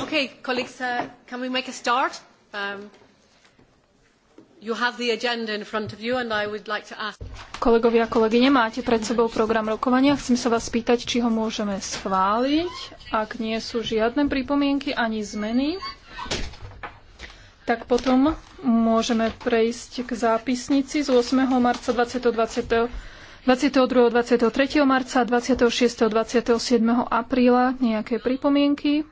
Okay, colleagues, uh, can we make a start? Um, you have the agenda in front of you and I would like to ask... Kolegovia a kolegyne, máte pred sebou program rokovania. Chcem sa vás spýtať, či ho môžeme schváliť. Ak nie sú žiadne pripomienky ani zmeny, tak potom môžeme prejsť k zápisnici z 8. marca 2020. 22. 23. marca, 26. 27. apríla nejaké pripomienky?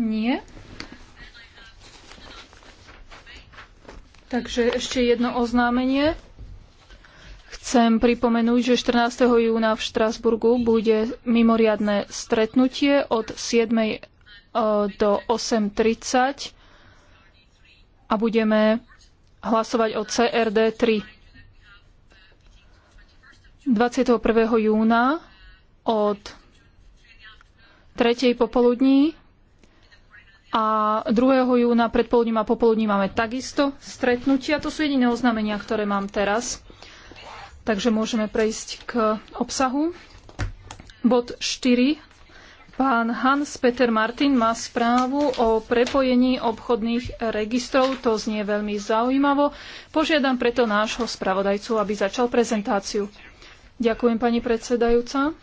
Nie. Takže ešte jedno oznámenie. Chcem pripomenúť, že 14. júna v Štrasburgu bude mimoriadne stretnutie od 7. E, do 8.30 a budeme hlasovať o CRD 3. 21. júna od 3. popoludní a 2. júna predpoludním a popoludní máme takisto stretnutia. To sú jediné oznámenia, ktoré mám teraz. Takže môžeme prejsť k obsahu. Bod 4 Pán Hans-Peter Martin má správu o prepojení obchodných registrov. To znie veľmi zaujímavo. Požiadam preto nášho spravodajcu, aby začal prezentáciu. Ďakujem, pani predsedajúca.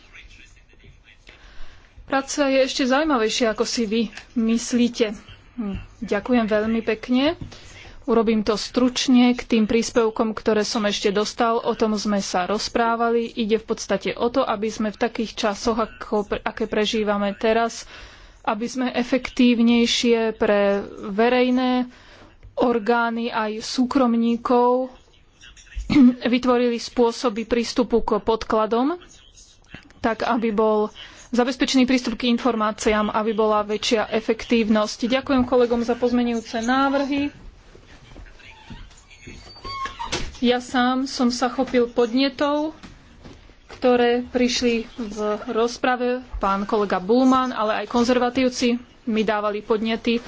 Práca je ešte zaujímavejšia, ako si vy myslíte. Hm, ďakujem veľmi pekne. Urobím to stručne k tým príspevkom, ktoré som ešte dostal. O tom sme sa rozprávali. Ide v podstate o to, aby sme v takých časoch, ako, aké prežívame teraz, aby sme efektívnejšie pre verejné orgány aj súkromníkov vytvorili spôsoby prístupu k podkladom, tak aby bol zabezpečený prístup k informáciám, aby bola väčšia efektívnosť. Ďakujem kolegom za pozmenujúce návrhy. Ja sám som sa chopil podnetov, ktoré prišli v rozprave. Pán kolega Bulman, ale aj konzervatívci mi dávali podnety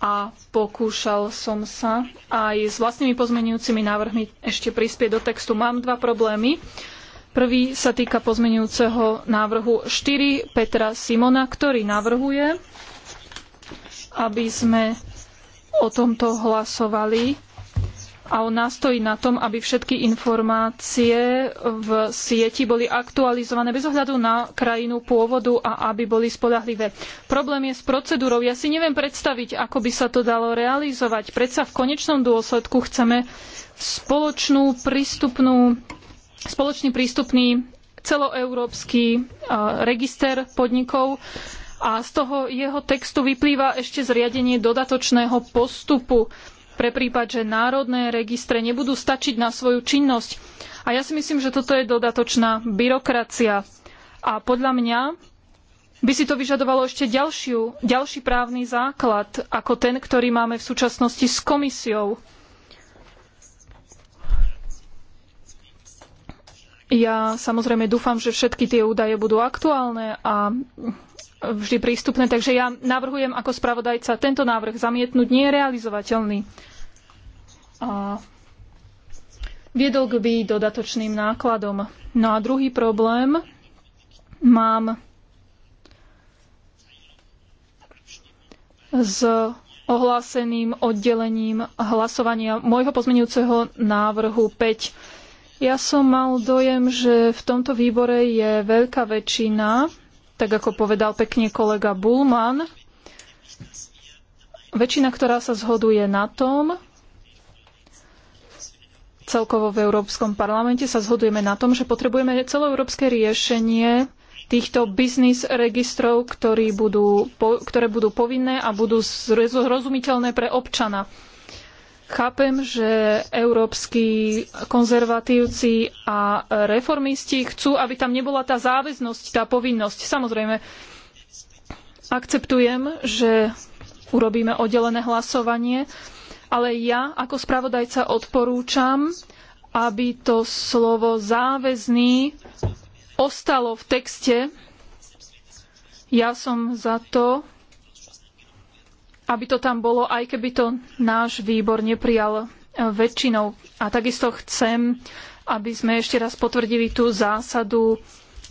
a pokúšal som sa aj s vlastnými pozmenujúcimi návrhmi ešte prispieť do textu. Mám dva problémy. Prvý sa týka pozmenujúceho návrhu 4 Petra Simona, ktorý navrhuje, aby sme o tomto hlasovali a on nastojí na tom, aby všetky informácie v sieti boli aktualizované bez ohľadu na krajinu pôvodu a aby boli spolahlivé. Problém je s procedúrou. Ja si neviem predstaviť, ako by sa to dalo realizovať. Predsa v konečnom dôsledku chceme spoločnú prístupnú, spoločný prístupný celoeurópsky e, register podnikov, a z toho jeho textu vyplýva ešte zriadenie dodatočného postupu pre prípad, že národné registre nebudú stačiť na svoju činnosť. A ja si myslím, že toto je dodatočná byrokracia. A podľa mňa by si to vyžadovalo ešte ďalšiu, ďalší právny základ ako ten, ktorý máme v súčasnosti s komisiou. Ja samozrejme dúfam, že všetky tie údaje budú aktuálne a vždy prístupné. Takže ja navrhujem ako spravodajca tento návrh zamietnúť, nie je realizovateľný. A viedol k by dodatočným nákladom. No a druhý problém mám s ohláseným oddelením hlasovania môjho pozmenujúceho návrhu 5. Ja som mal dojem, že v tomto výbore je veľká väčšina tak ako povedal pekne kolega Bulman, väčšina, ktorá sa zhoduje na tom, celkovo v Európskom parlamente sa zhodujeme na tom, že potrebujeme celoeurópske riešenie týchto biznis registrov, budú, ktoré budú povinné a budú zrozumiteľné pre občana. Chápem, že európsky konzervatívci a reformisti chcú, aby tam nebola tá záväznosť, tá povinnosť. Samozrejme, akceptujem, že urobíme oddelené hlasovanie, ale ja ako spravodajca odporúčam, aby to slovo záväzný ostalo v texte. Ja som za to, aby to tam bolo, aj keby to náš výbor neprijal e, väčšinou. A takisto chcem, aby sme ešte raz potvrdili tú zásadu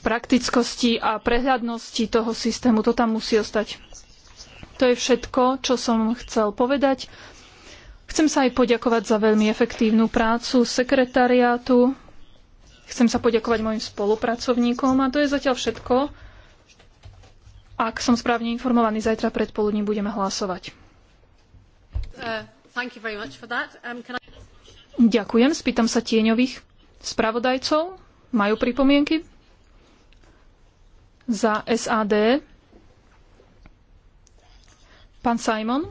praktickosti a prehľadnosti toho systému. To tam musí ostať. To je všetko, čo som chcel povedať. Chcem sa aj poďakovať za veľmi efektívnu prácu sekretariátu. Chcem sa poďakovať mojim spolupracovníkom a to je zatiaľ všetko, ak som správne informovaný, zajtra predpoludní budeme hlasovať. Uh, um, I... Ďakujem. Spýtam sa tieňových spravodajcov. Majú pripomienky? Za SAD. Pán Simon.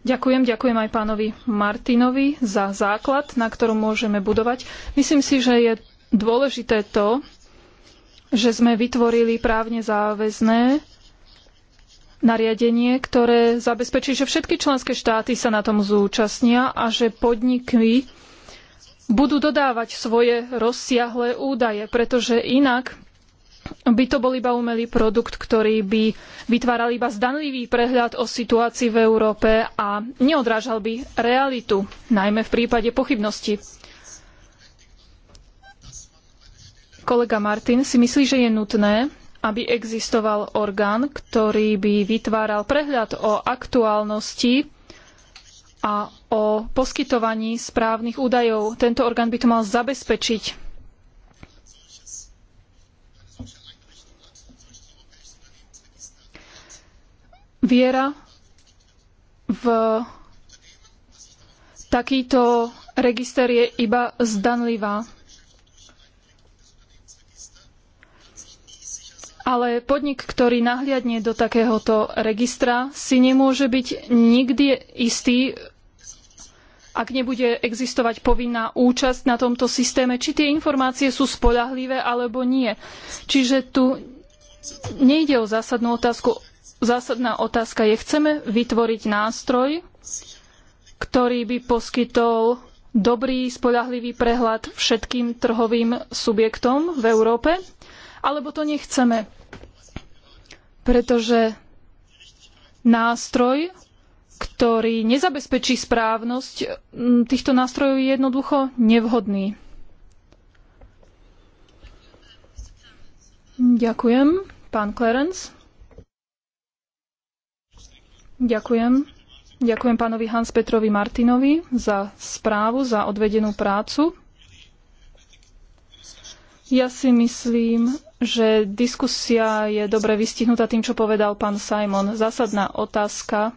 Ďakujem, ďakujem aj pánovi Martinovi za základ, na ktorom môžeme budovať. Myslím si, že je dôležité to, že sme vytvorili právne záväzné nariadenie, ktoré zabezpečí, že všetky členské štáty sa na tom zúčastnia a že podniky budú dodávať svoje rozsiahle údaje, pretože inak by to bol iba umelý produkt, ktorý by vytváral iba zdanlivý prehľad o situácii v Európe a neodrážal by realitu, najmä v prípade pochybnosti. Kolega Martin si myslí, že je nutné, aby existoval orgán, ktorý by vytváral prehľad o aktuálnosti a o poskytovaní správnych údajov. Tento orgán by to mal zabezpečiť. Viera v takýto register je iba zdanlivá. Ale podnik, ktorý nahliadne do takéhoto registra, si nemôže byť nikdy istý, ak nebude existovať povinná účasť na tomto systéme, či tie informácie sú spoľahlivé alebo nie. Čiže tu nejde o zásadnú otázku. Zásadná otázka je, chceme vytvoriť nástroj, ktorý by poskytol dobrý, spoľahlivý prehľad všetkým trhovým subjektom v Európe, alebo to nechceme. Pretože nástroj, ktorý nezabezpečí správnosť týchto nástrojov, je jednoducho nevhodný. Ďakujem. Pán Clarence. Ďakujem. Ďakujem pánovi Hans Petrovi Martinovi za správu, za odvedenú prácu. Ja si myslím, že diskusia je dobre vystihnutá tým, čo povedal pán Simon. Zásadná otázka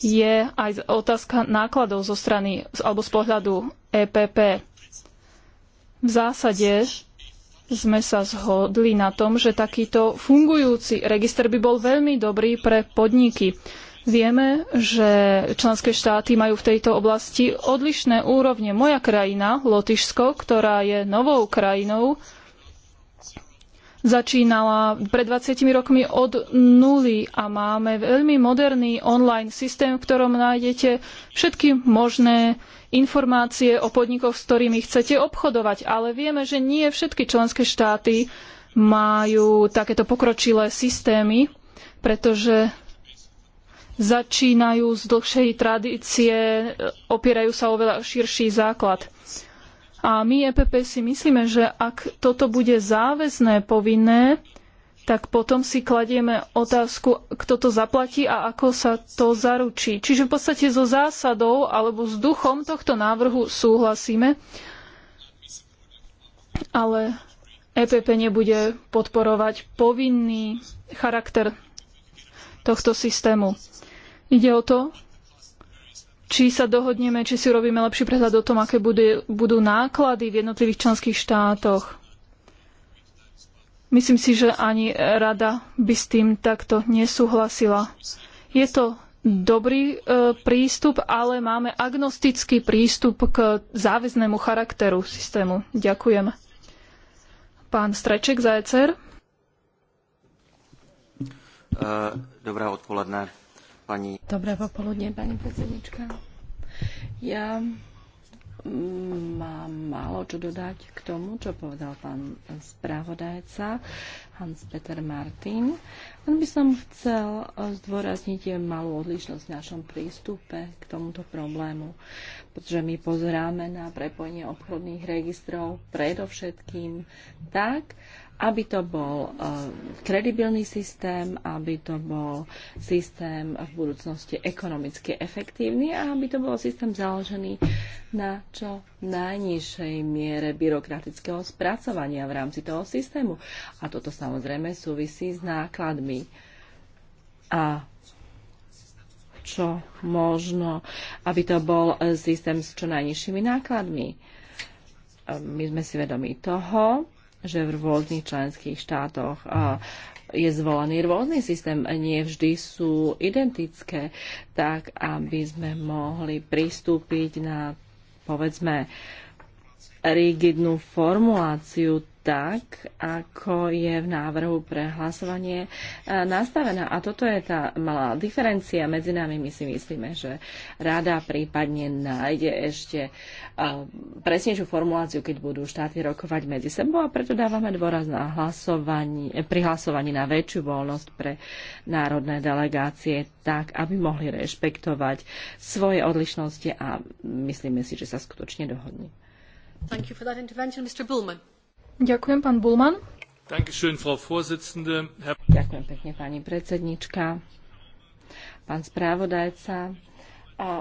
je aj otázka nákladov zo strany alebo z pohľadu EPP. V zásade sme sa zhodli na tom, že takýto fungujúci register by bol veľmi dobrý pre podniky. Vieme, že členské štáty majú v tejto oblasti odlišné úrovne. Moja krajina, Lotyšsko, ktorá je novou krajinou, začínala pred 20 rokmi od nuly a máme veľmi moderný online systém, v ktorom nájdete všetky možné informácie o podnikoch, s ktorými chcete obchodovať. Ale vieme, že nie všetky členské štáty majú takéto pokročilé systémy, pretože začínajú z dlhšej tradície, opierajú sa o veľa širší základ. A my EPP si myslíme, že ak toto bude záväzné, povinné, tak potom si kladieme otázku, kto to zaplatí a ako sa to zaručí. Čiže v podstate so zásadou alebo s duchom tohto návrhu súhlasíme, ale EPP nebude podporovať povinný charakter tohto systému. Ide o to, či sa dohodneme, či si urobíme lepší prehľad o tom, aké bude, budú náklady v jednotlivých členských štátoch. Myslím si, že ani rada by s tým takto nesúhlasila. Je to dobrý e, prístup, ale máme agnostický prístup k záväznému charakteru systému. Ďakujem. Pán Streček za ECR. E, e odpoledne pani... Dobré popoludne, pani predsednička. Ja mm, mám málo čo dodať k tomu, čo povedal pán správodajca Hans-Peter Martin. Len by som chcel zdôrazniť malú odlišnosť v našom prístupe k tomuto problému, pretože my pozeráme na prepojenie obchodných registrov predovšetkým tak, aby to bol eh, kredibilný systém, aby to bol systém v budúcnosti ekonomicky efektívny a aby to bol systém založený na čo najnižšej miere byrokratického spracovania v rámci toho systému. A toto samozrejme súvisí s nákladmi. A čo možno, aby to bol eh, systém s čo najnižšími nákladmi. Eh, my sme si vedomi toho, že v rôznych členských štátoch je zvolený rôzny systém, nie vždy sú identické, tak aby sme mohli pristúpiť na povedzme rigidnú formuláciu tak, ako je v návrhu pre hlasovanie e, nastavená. A toto je tá malá diferencia medzi nami. My si myslíme, že rada prípadne nájde ešte e, presnejšiu formuláciu, keď budú štáty rokovať medzi sebou a preto dávame dôraz na hlasovanie pri hlasovaní na väčšiu voľnosť pre národné delegácie tak, aby mohli rešpektovať svoje odlišnosti a myslíme si, že sa skutočne dohodne. Ďakujem, pán Bullman. Ďakujem pekne, pani predsednička, pán správodajca.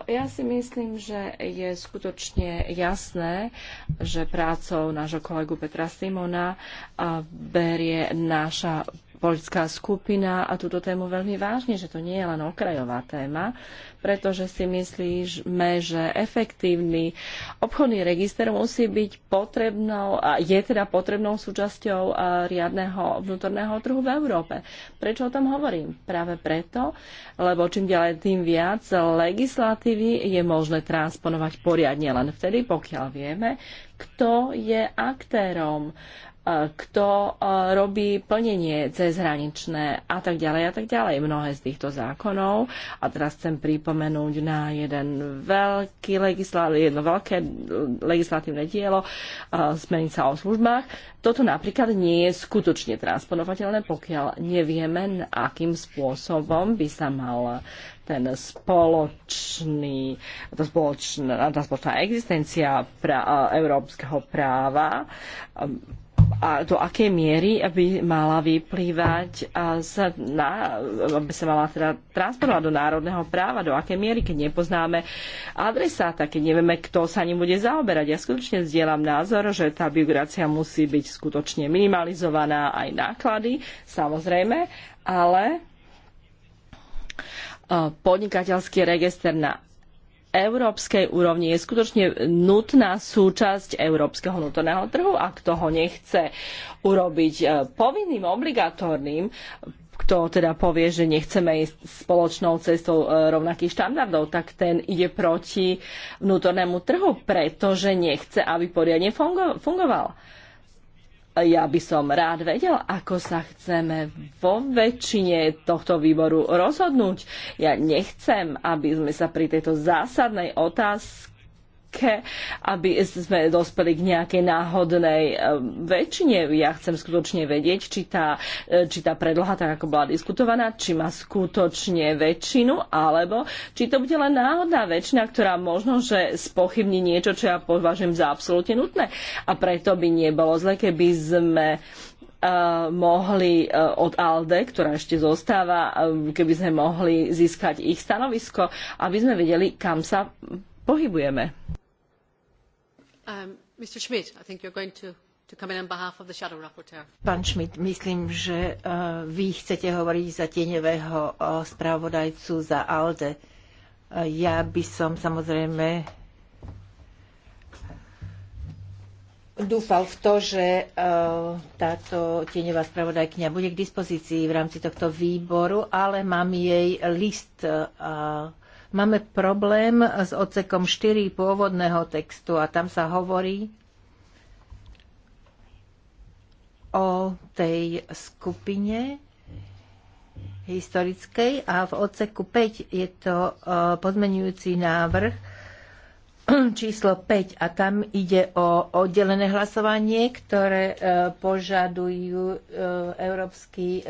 Ja si myslím, že je skutočne jasné, že prácou nášho kolegu Petra Simona berie naša politická skupina a túto tému veľmi vážne, že to nie je len okrajová téma, pretože si myslíme, že efektívny obchodný register musí byť potrebnou, a je teda potrebnou súčasťou eh, riadneho vnútorného trhu v Európe. Prečo o tom hovorím? Práve preto, lebo čím ďalej tým viac legislatívy je možné transponovať poriadne len vtedy, pokiaľ vieme, kto je aktérom uh, kto e, robí plnenie cezhraničné a tak ďalej a tak ďalej. Mnohé z týchto zákonov a teraz chcem pripomenúť na jeden veľký jedno veľké legislatívne dielo e, Smernica o službách. Toto napríklad nie je skutočne transponovateľné, pokiaľ nevieme, akým spôsobom by sa mal ten spoločný, to spoločná, tá spoločná existencia pra, európskeho práva a do akej miery by mala vyplývať, sa na, aby sa mala teda transponovať do národného práva, do akej miery, keď nepoznáme adresáta, keď nevieme, kto sa ním bude zaoberať. Ja skutočne vzdielam názor, že tá biografia musí byť skutočne minimalizovaná aj náklady, samozrejme, ale podnikateľský register na európskej úrovni je skutočne nutná súčasť európskeho vnútorného trhu a kto ho nechce urobiť e, povinným, obligatórnym, kto teda povie, že nechceme ísť spoločnou cestou e, rovnakých štandardov, tak ten ide proti vnútornému trhu, pretože nechce, aby poriadne fungoval ja by som rád vedel, ako sa chceme vo väčšine tohto výboru rozhodnúť. Ja nechcem, aby sme sa pri tejto zásadnej otázke také, aby sme dospeli k nejakej náhodnej e, väčšine. Ja chcem skutočne vedieť, či tá, e, či tá predloha, tak ako bola diskutovaná, či má skutočne väčšinu, alebo či to bude len náhodná väčšina, ktorá možno, že spochybní niečo, čo ja považujem za absolútne nutné. A preto by nebolo zle, keby sme Uh, mohli uh, od ALDE, ktorá ešte zostáva, uh, keby sme mohli získať ich stanovisko, aby sme vedeli, kam sa pohybujeme. Pán um, Schmidt, myslím, že uh, vy chcete hovoriť za tieňového uh, spravodajcu za ALDE. Uh, ja by som samozrejme dúfal v to, že táto tieňová spravodajkyňa bude k dispozícii v rámci tohto výboru, ale mám jej list Máme problém s odsekom 4 pôvodného textu a tam sa hovorí o tej skupine historickej a v odseku 5 je to e, pozmenujúci návrh číslo 5 a tam ide o oddelené hlasovanie, ktoré e, požadujú e, európsky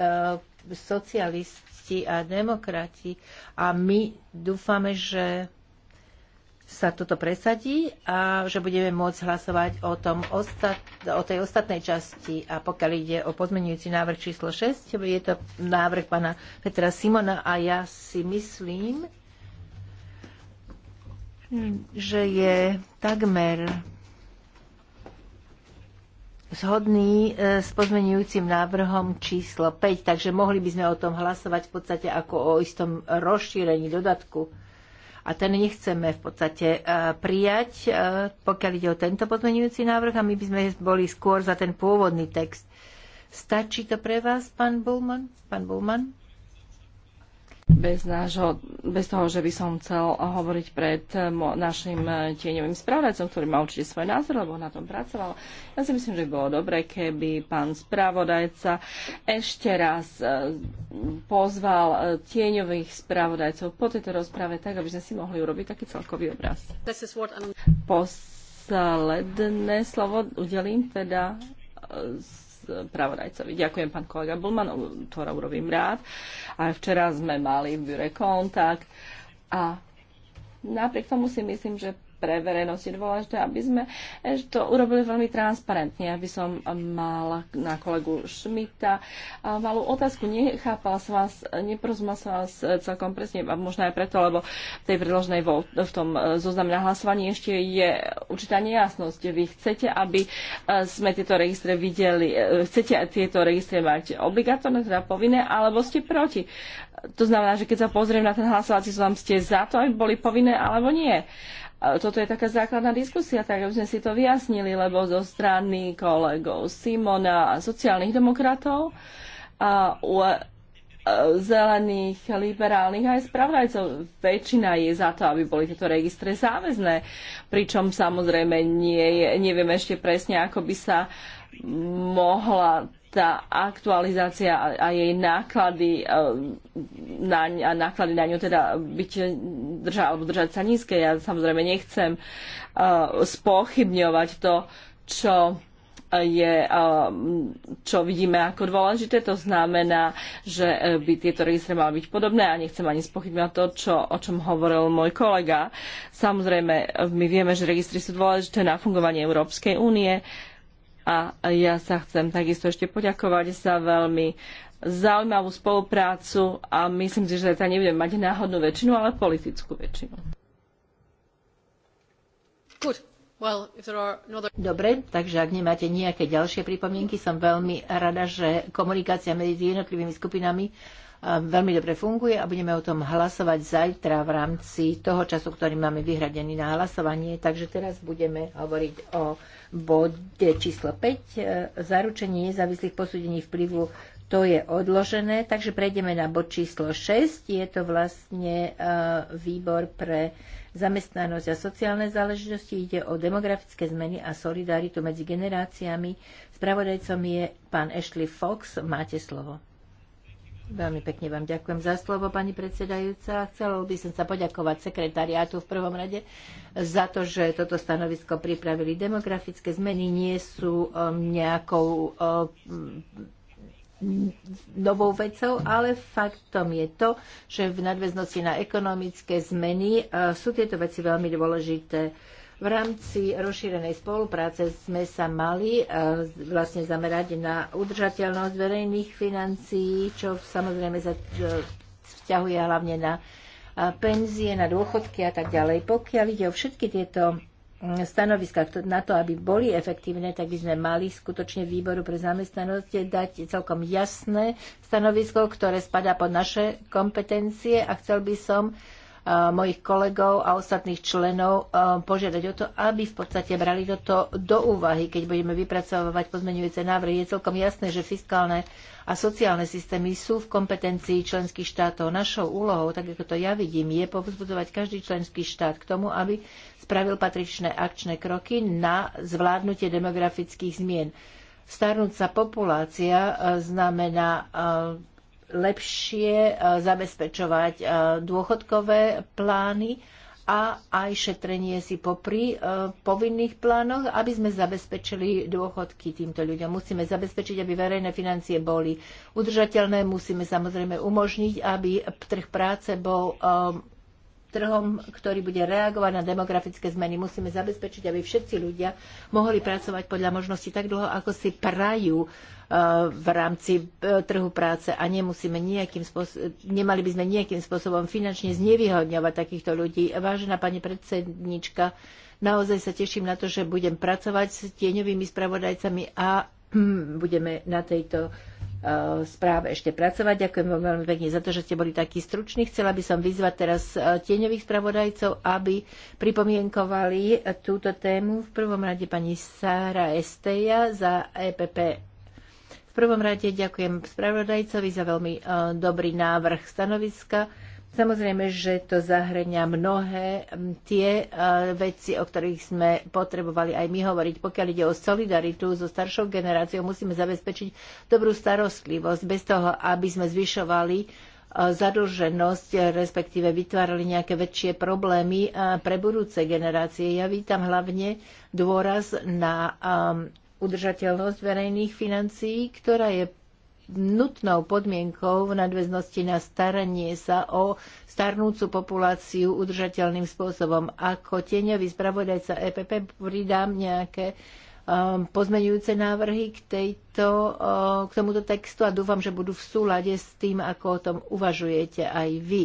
socialist socialisti a demokrati. A my dúfame, že sa toto presadí a že budeme môcť hlasovať o, tom ostat, o tej ostatnej časti. A pokiaľ ide o pozmenujúci návrh číslo 6, je to návrh pána Petra Simona a ja si myslím, že je takmer zhodný e, s pozmenujúcim návrhom číslo 5, takže mohli by sme o tom hlasovať v podstate ako o istom rozšírení dodatku. A ten nechceme v podstate e, prijať, e, pokiaľ ide o tento pozmenujúci návrh a my by sme boli skôr za ten pôvodný text. Stačí to pre vás, pán Bulman? Pán Bulman? bez, nášho, bez toho, že by som chcel hovoriť pred našim eh, tieňovým správacom, ktorý má určite svoj názor, lebo na tom pracoval. Ja si myslím, že by bolo dobre, keby pán spravodajca ešte raz eh, pozval eh, tieňových spravodajcov po tejto rozprave, tak aby sme si mohli urobiť taký celkový obraz. Posledné slovo udelím teda spravodajcovi. Ďakujem, pán kolega Bulman, to urobím rád. A včera sme mali v kontakt a napriek tomu si myslím, že pre verejnosť je dôležité, aby sme to urobili veľmi transparentne. Aby som mala na kolegu Šmita malú otázku. Nechápala som vás, neporozumela som vás celkom presne, a možno aj preto, lebo v tej predložnej vo, v tom e, zozname na hlasovaní ešte je určitá nejasnosť. Vy chcete, aby e, sme tieto registre videli, e, chcete tieto registre mať obligatórne, teda povinné, alebo ste proti? To znamená, že keď sa pozriem na ten hlasovací zoznam, ste za to, aby boli povinné, alebo nie? Uh, toto je taká základná diskusia, tak aby sme si to vyjasnili, lebo zo strany kolegov Simona a sociálnych demokratov a u e, zelených, liberálnych aj spravodajcov. Väčšina je za to, aby boli tieto registre záväzné, pričom samozrejme nie, nevieme ešte presne, ako by sa mohla tá aktualizácia a jej náklady e, na, a náklady na ňu teda byť držať alebo držať sa nízke. Ja samozrejme nechcem e, spochybňovať to, čo je, e, čo vidíme ako dôležité. To znamená, že by tieto registre mali byť podobné a nechcem ani spochybňovať to, čo, o čom hovoril môj kolega. Samozrejme, my vieme, že registry sú dôležité na fungovanie Európskej únie a ja sa chcem takisto ešte poďakovať za veľmi zaujímavú spoluprácu a myslím si, že teda nebudem mať náhodnú väčšinu, ale politickú väčšinu. No dobre, takže ak nemáte nejaké ďalšie pripomienky, som veľmi rada, že komunikácia medzi jednotlivými skupinami eh, veľmi dobre funguje a budeme o tom hlasovať zajtra v rámci toho času, ktorý máme vyhradený na hlasovanie. Takže teraz budeme hovoriť o bode číslo 5, e, zaručenie nezávislých posúdení vplyvu, to je odložené, takže prejdeme na bod číslo 6, je to vlastne e, výbor pre zamestnanosť a sociálne záležitosti, ide o demografické zmeny a solidaritu medzi generáciami. Spravodajcom je pán Ashley Fox, máte slovo. Veľmi pekne vám ďakujem za slovo, pani predsedajúca. Chcela by som sa poďakovať sekretariátu v prvom rade za to, že toto stanovisko pripravili. Demografické zmeny nie sú um, nejakou um, novou vecou, ale faktom je to, že v nadväznosti na ekonomické zmeny uh, sú tieto veci veľmi dôležité v rámci rozšírenej spolupráce sme sa mali e, vlastne zamerať na udržateľnosť verejných financií, čo samozrejme e, vzťahuje hlavne na e, penzie, na dôchodky a tak ďalej. Pokiaľ ide o všetky tieto stanoviska na to, aby boli efektívne, tak by sme mali skutočne výboru pre zamestnanosť dať celkom jasné stanovisko, ktoré spadá pod naše kompetencie a chcel by som Eh, mojich kolegov a ostatných členov eh, požiadať o to, aby v podstate brali toto do úvahy, keď budeme vypracovávať pozmeňujúce návrhy. Je celkom jasné, že fiskálne a sociálne systémy sú v kompetencii členských štátov. Našou úlohou, tak ako to ja vidím, je povzbudzovať každý členský štát k tomu, aby spravil patričné akčné kroky na zvládnutie demografických zmien. Starnúca populácia eh, znamená lepšie e, zabezpečovať e, dôchodkové plány a aj šetrenie si popri e, povinných plánoch, aby sme zabezpečili dôchodky týmto ľuďom. Musíme zabezpečiť, aby verejné financie boli udržateľné, musíme samozrejme umožniť, aby trh práce bol trhom, ktorý bude reagovať na demografické zmeny. Musíme zabezpečiť, aby všetci ľudia mohli pracovať podľa možnosti tak dlho, ako si prajú v rámci e, trhu práce a nemusíme nejakým spôsobom, nemali by sme nejakým spôsobom finančne znevýhodňovať takýchto ľudí. Vážená pani predsednička, naozaj sa teším na to, že budem pracovať s tieňovými spravodajcami a budeme na tejto e, správe ešte pracovať. Ďakujem vám veľmi pekne za to, že ste boli takí struční. Chcela by som vyzvať teraz e, tieňových spravodajcov, aby pripomienkovali túto tému. V prvom rade pani Sara Esteja za EPP v prvom rade ďakujem spravodajcovi za veľmi e, dobrý návrh stanoviska. Samozrejme, že to zahrania mnohé tie e, veci, o ktorých sme potrebovali aj my hovoriť. Pokiaľ ide o solidaritu so staršou generáciou, musíme zabezpečiť dobrú starostlivosť bez toho, aby sme zvyšovali e, zadlženosť, respektíve vytvárali nejaké väčšie problémy pre budúce generácie. Ja vítam hlavne dôraz na udržateľnosť verejných financií, ktorá je nutnou podmienkou v nadväznosti na staranie sa o starnúcu populáciu udržateľným spôsobom. Ako tieňový spravodajca EPP pridám nejaké um, pozmeňujúce návrhy k, tejto, uh, k tomuto textu a dúfam, že budú v súlade s tým, ako o tom uvažujete aj vy.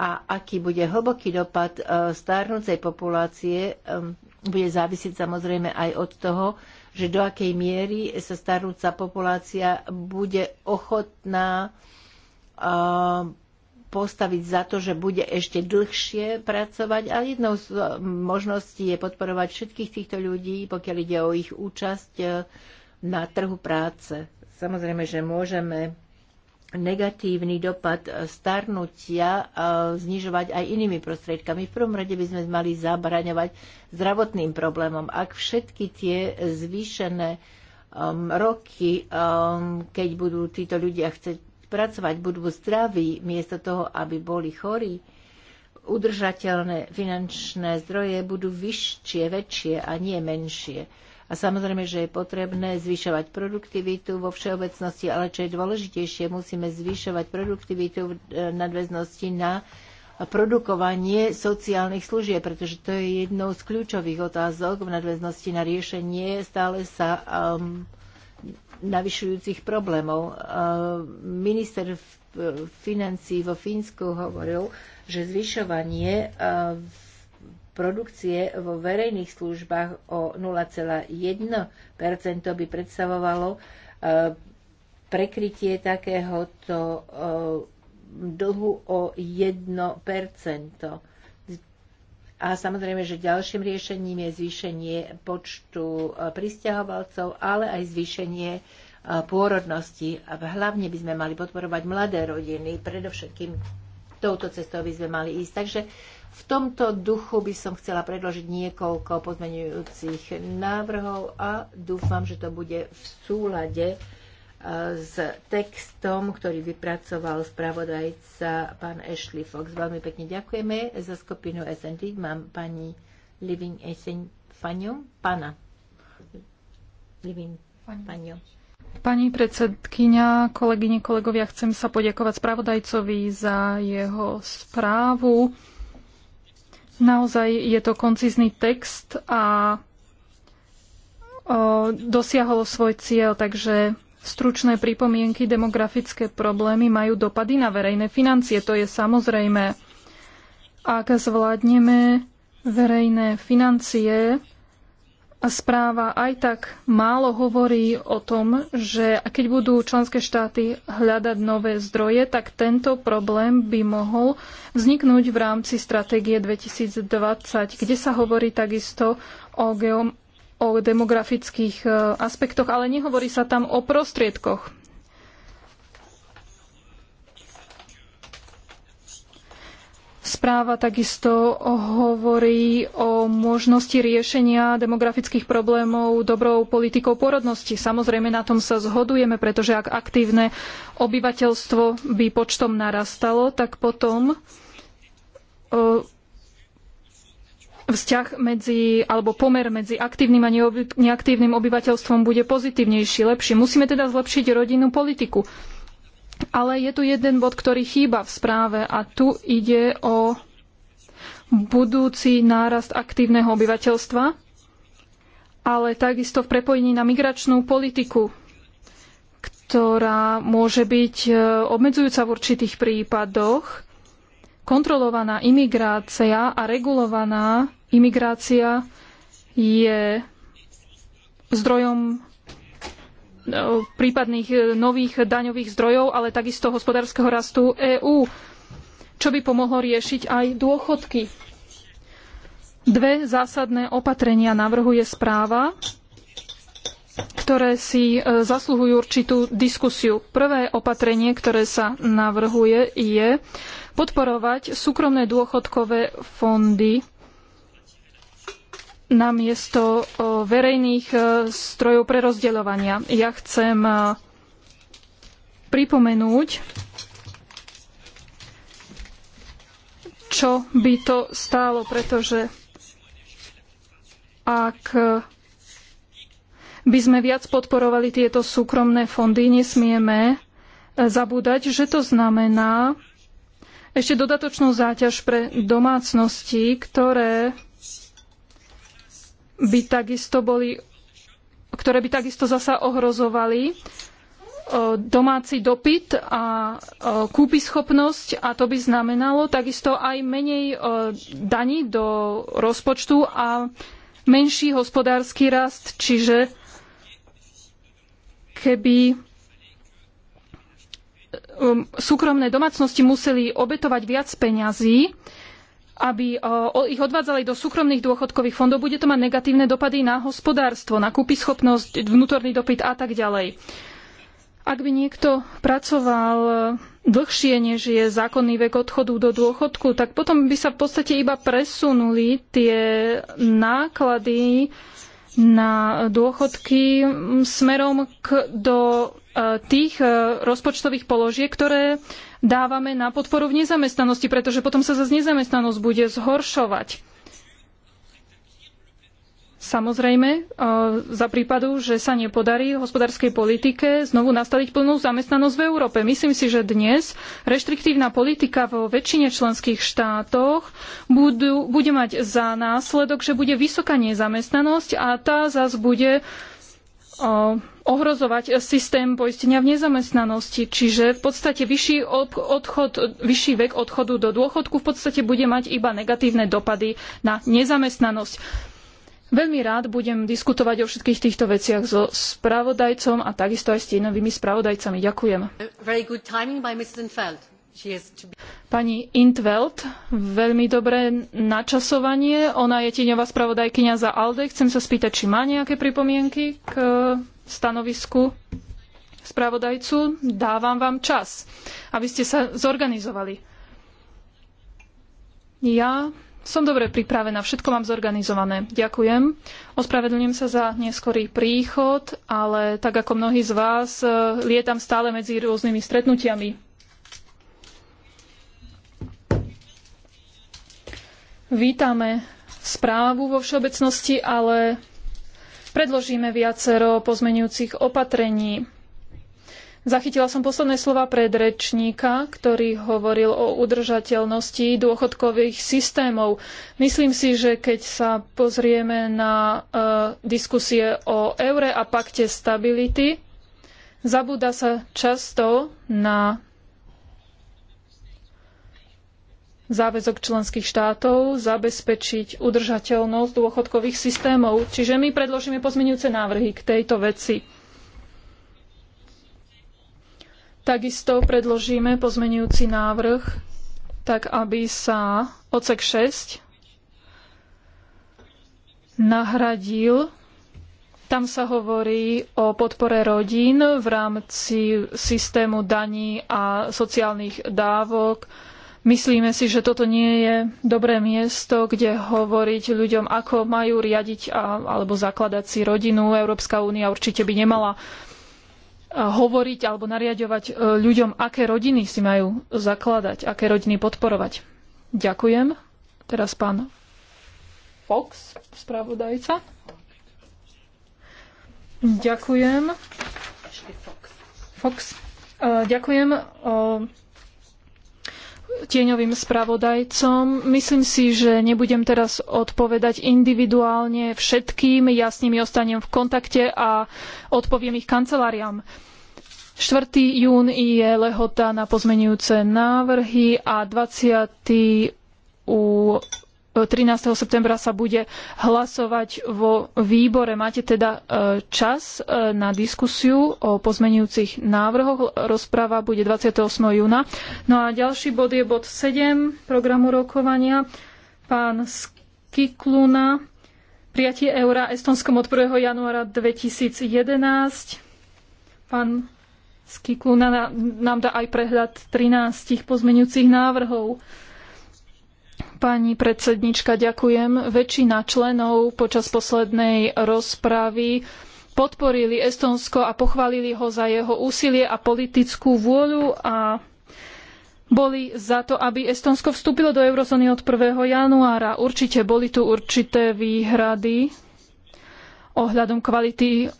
A aký bude hlboký dopad uh, starnúcej populácie, um, bude závisieť samozrejme aj od toho, že do akej miery sa starúca populácia bude ochotná postaviť za to, že bude ešte dlhšie pracovať. A jednou z e, možností je podporovať všetkých týchto ľudí, pokiaľ ide o ich účasť e, na trhu práce. Samozrejme, že môžeme negatívny dopad e, starnutia e, znižovať aj inými prostriedkami. V prvom rade by sme mali zabraňovať zdravotným problémom. Ak všetky tie zvýšené um, roky, um, keď budú títo ľudia chcieť pracovať, budú zdraví, miesto toho, aby boli chorí, udržateľné finančné zdroje budú vyššie, väčšie a nie menšie. A samozrejme, že je potrebné zvyšovať produktivitu vo všeobecnosti, ale čo je dôležitejšie, musíme zvyšovať produktivitu v e, nadväznosti na produkovanie sociálnych služieb, pretože to je jednou z kľúčových otázok v nadväznosti na riešenie stále sa um, navyšujúcich problémov. Um, minister e, financí vo Fínsku hovoril, že zvyšovanie v produkcie vo verejných službách o 0,1 by predstavovalo e, prekrytie takéhoto e, dlhu o 1 a samozrejme, že ďalším riešením je zvýšenie počtu e, pristahovalcov, ale aj zvýšenie pôrodnosti. A hlavne by sme mali podporovať mladé rodiny, predovšetkým touto cestou by sme mali ísť. Takže v tomto duchu by som chcela predložiť niekoľko pozmenujúcich návrhov a dúfam, že to bude v súlade e, s textom, ktorý vypracoval spravodajca pán Ashley Fox. Veľmi pekne ďakujeme. Za skupinu SND mám pani Living Eseň Fanyu, pana. Living Fanyu. Pani predsedkynia, kolegyne, kolegovia, chcem sa poďakovať spravodajcovi za jeho správu. Naozaj je to koncizný text a dosiahol svoj cieľ, takže stručné pripomienky, demografické problémy majú dopady na verejné financie, to je samozrejme. Ak zvládneme verejné financie, správa aj tak málo hovorí o tom, že keď budú členské štáty hľadať nové zdroje, tak tento problém by mohol vzniknúť v rámci stratégie 2020, kde sa hovorí takisto o, geom- o demografických e, aspektoch, ale nehovorí sa tam o prostriedkoch. Správa takisto hovorí o možnosti riešenia demografických problémov dobrou politikou porodnosti. Samozrejme, na tom sa zhodujeme, pretože ak aktívne obyvateľstvo by počtom narastalo, tak potom e, vzťah medzi, alebo pomer medzi aktívnym a neaktívnym obyvateľstvom bude pozitívnejší, lepší. Musíme teda zlepšiť rodinnú politiku. Ale je tu jeden bod, ktorý chýba v správe a tu ide o budúci nárast aktívneho obyvateľstva, ale takisto v prepojení na migračnú politiku, ktorá môže byť e, obmedzujúca v určitých prípadoch. Kontrolovaná imigrácia a regulovaná imigrácia je zdrojom E, prípadných e, nových daňových zdrojov, ale takisto hospodárskeho rastu EÚ, čo by pomohlo riešiť aj dôchodky. Dve zásadné opatrenia navrhuje správa, ktoré si e, zasluhujú určitú diskusiu. Prvé opatrenie, ktoré sa navrhuje, je podporovať súkromné dôchodkové fondy namiesto verejných e, strojov pre rozdeľovania. Ja chcem e, pripomenúť, čo by to stálo, pretože ak e, by sme viac podporovali tieto súkromné fondy, nesmieme zabúdať, že to znamená ešte dodatočnú záťaž pre domácnosti, ktoré by takisto boli, ktoré by takisto zasa ohrozovali e, domáci dopyt a e, kúpyschopnosť a to by znamenalo takisto aj menej e, daní do rozpočtu a menší hospodársky rast, čiže keby súkromné domácnosti museli obetovať viac peňazí, aby ich odvádzali do súkromných dôchodkových fondov, bude to mať negatívne dopady na hospodárstvo, na kúpyschopnosť, vnútorný dopyt a tak ďalej. Ak by niekto pracoval e, dlhšie, než je zákonný vek odchodu do dôchodku, tak potom by sa v podstate iba presunuli tie náklady na dôchodky smerom k, do e, tých e, rozpočtových položiek, ktoré dávame na podporu v nezamestnanosti, pretože potom sa zase nezamestnanosť bude zhoršovať. Samozrejme, e, za prípadu, že sa nepodarí hospodárskej politike znovu nastaviť plnú zamestnanosť v Európe. Myslím si, že dnes reštriktívna politika vo väčšine členských štátoch budú, bude mať za následok, že bude vysoká nezamestnanosť a tá zase bude e, ohrozovať systém poistenia v nezamestnanosti. Čiže v podstate vyšší, odchod, vyšší vek odchodu do dôchodku v podstate bude mať iba negatívne dopady na nezamestnanosť. Veľmi rád budem diskutovať o všetkých týchto veciach so spravodajcom a takisto aj s tieňovými spravodajcami. Ďakujem. Pani Intveld, veľmi dobré načasovanie. Ona je tieňová spravodajkyňa za ALDE. Chcem sa spýtať, či má nejaké pripomienky k stanovisku spravodajcu. Dávam vám čas, aby ste sa zorganizovali. Ja som dobre pripravená, všetko mám zorganizované. Ďakujem. Ospravedlňujem sa za neskorý príchod, ale tak ako mnohí z vás, eh, lietam stále medzi rôznymi stretnutiami. Vítame správu vo všeobecnosti, ale predložíme viacero pozmenujúcich opatrení. Zachytila som posledné slova predrečníka, ktorý hovoril o udržateľnosti dôchodkových systémov. Myslím si, že keď sa pozrieme na e, diskusie o eure a pakte stability, zabúda sa často na záväzok členských štátov zabezpečiť udržateľnosť dôchodkových systémov. Čiže my predložíme pozmeňujúce návrhy k tejto veci. Takisto predložíme pozmeňujúci návrh, tak aby sa odsek 6 nahradil. Tam sa hovorí o podpore rodín v rámci systému daní a sociálnych dávok, Myslíme si, že toto nie je dobré miesto, kde hovoriť ľuďom, ako majú riadiť a, alebo zakladať si rodinu. Európska únia určite by nemala e, hovoriť alebo nariadovať e, ľuďom, aké rodiny si majú zakladať, aké rodiny podporovať. Ďakujem. Teraz pán Fox, spravodajca. Ďakujem. Fox. E, ďakujem tieňovým spravodajcom. Myslím si, že nebudem teraz odpovedať individuálne všetkým. Ja s nimi ostanem v kontakte a odpoviem ich kanceláriám. 4. jún je lehota na pozmenujúce návrhy a 20. u 13. septembra sa bude hlasovať vo výbore. Máte teda e, čas e, na diskusiu o pozmenujúcich návrhoch. Rozpráva bude 28. júna. No a ďalší bod je bod 7 programu rokovania. Pán Skikluna, prijatie eura Estonskom od 1. januára 2011. Pán Skikluna nám dá aj prehľad 13 pozmenujúcich návrhov. Pani predsednička, ďakujem. Väčšina členov počas poslednej rozpravy podporili Estónsko a pochválili ho za jeho úsilie a politickú vôľu a boli za to, aby Estónsko vstúpilo do eurozóny od 1. januára. Určite boli tu určité výhrady ohľadom kvality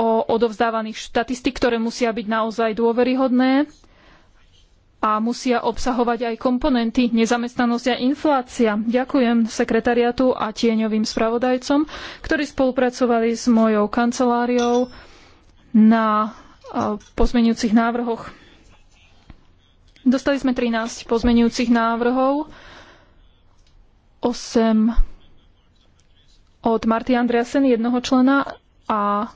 o odovzdávaných štatistik, ktoré musia byť naozaj dôveryhodné a musia obsahovať aj komponenty nezamestnanosť a inflácia. Ďakujem sekretariatu a tieňovým spravodajcom, ktorí spolupracovali s mojou kanceláriou na e, pozmenujúcich návrhoch. Dostali sme 13 pozmenujúcich návrhov, 8 od Marty Andreasen, jednoho člena, a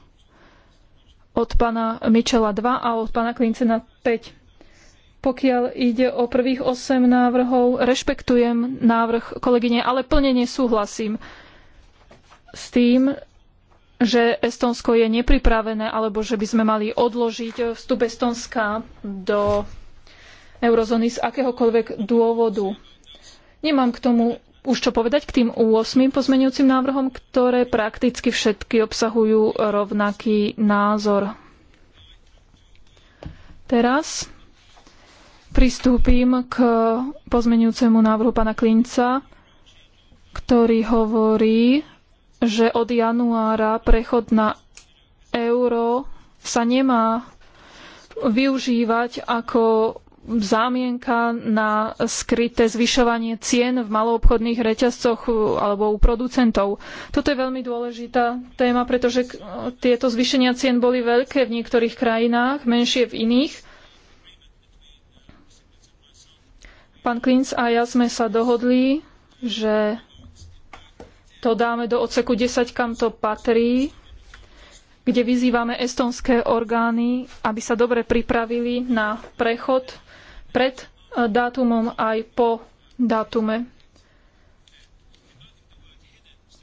od pána Michela 2 a od pána Klincena 5. Pokiaľ ide o prvých 8 návrhov, rešpektujem návrh kolegyne, ale plne nesúhlasím s tým, že Estonsko je nepripravené alebo že by sme mali odložiť vstup Estonska do eurozóny z akéhokoľvek dôvodu. Nemám k tomu už čo povedať k tým 8 pozmeňujúcim návrhom, ktoré prakticky všetky obsahujú rovnaký názor. Teraz pristúpim k pozmenujúcemu návrhu pána Klinca, ktorý hovorí, že od januára prechod na euro sa nemá využívať ako zámienka na skryté zvyšovanie cien v maloobchodných reťazcoch alebo u producentov. Toto je veľmi dôležitá téma, pretože tieto zvýšenia cien boli veľké v niektorých krajinách, menšie v iných. Pán Klinc a ja sme sa dohodli, že to dáme do odseku 10, kam to patrí, kde vyzývame estonské orgány, aby sa dobre pripravili na prechod pred e, dátumom aj po dátume.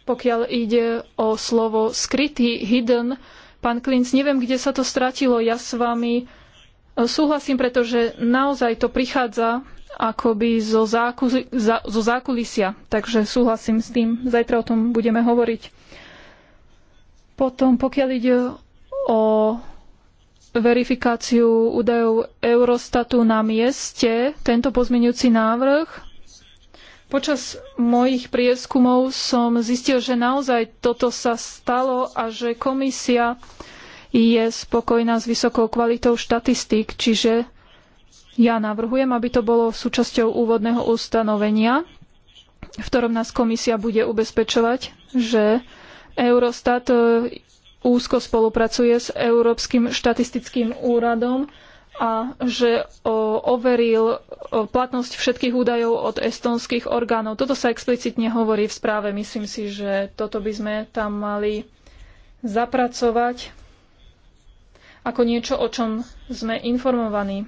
Pokiaľ ide o slovo skrytý, hidden, pán Klinc, neviem, kde sa to stratilo. Ja s vami e, súhlasím, pretože naozaj to prichádza akoby zo, záku, za, zo zákulisia. Takže súhlasím s tým, zajtra o tom budeme hovoriť. Potom, pokiaľ ide o verifikáciu údajov Eurostatu na mieste, tento pozmeňujúci návrh. Počas mojich prieskumov som zistil, že naozaj toto sa stalo a že komisia je spokojná s vysokou kvalitou štatistík, čiže ja navrhujem, aby to bolo súčasťou úvodného ustanovenia, v ktorom nás komisia bude ubezpečovať, že Eurostat e, úzko spolupracuje s Európskym štatistickým úradom a že e, overil e, platnosť všetkých údajov od estónskych orgánov. Toto sa explicitne hovorí v správe. Myslím si, že toto by sme tam mali zapracovať ako niečo, o čom sme informovaní.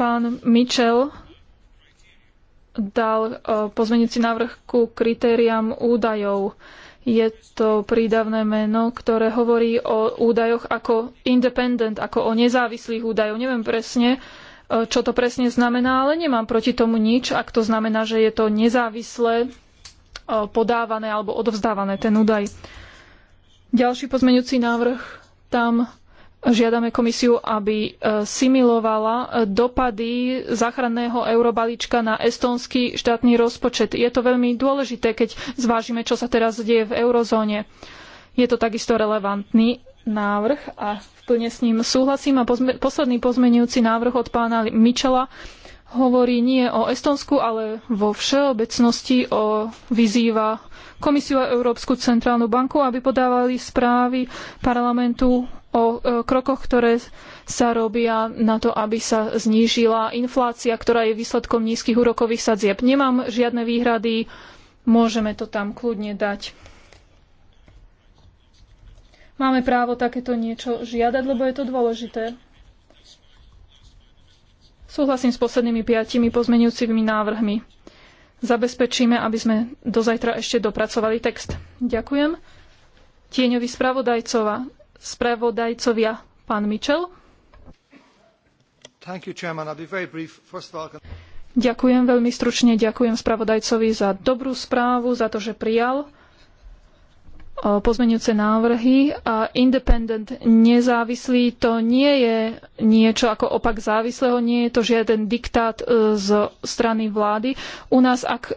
Pán Mitchell dal e, pozmenujúci návrh ku kritériám údajov. Je to prídavné meno, ktoré hovorí o údajoch ako independent, ako o nezávislých údajoch. Neviem presne, e, čo to presne znamená, ale nemám proti tomu nič, ak to znamená, že je to nezávisle podávané alebo odovzdávané ten údaj. Ďalší pozmeňujúci návrh tam Žiadame komisiu, aby e, similovala e, dopady záchranného eurobalíčka na estónsky štátny rozpočet. Je to veľmi dôležité, keď zvážime, čo sa teraz deje v eurozóne. Je to takisto relevantný návrh a plne s ním súhlasím. A pozme- posledný pozmenujúci návrh od pána Michela hovorí nie o Estonsku, ale vo všeobecnosti o, vyzýva Komisiu a Európsku centrálnu banku, aby podávali správy parlamentu o e, krokoch, ktoré sa robia na to, aby sa znížila inflácia, ktorá je výsledkom nízkych úrokových sadzieb. Nemám žiadne výhrady, môžeme to tam kľudne dať. Máme právo takéto niečo žiadať, lebo je to dôležité. Súhlasím s poslednými piatimi pozmenujúcimi návrhmi. Zabezpečíme, aby sme do zajtra ešte dopracovali text. Ďakujem. Tieňovi spravodajcova spravodajcovia. Pán Mitchell. Ďakujem veľmi stručne, ďakujem spravodajcovi za dobrú správu, za to, že prijal pozmeňujúce návrhy a independent nezávislý to nie je niečo ako opak závislého, nie je to žiaden diktát e, z strany vlády. U nás, ak e,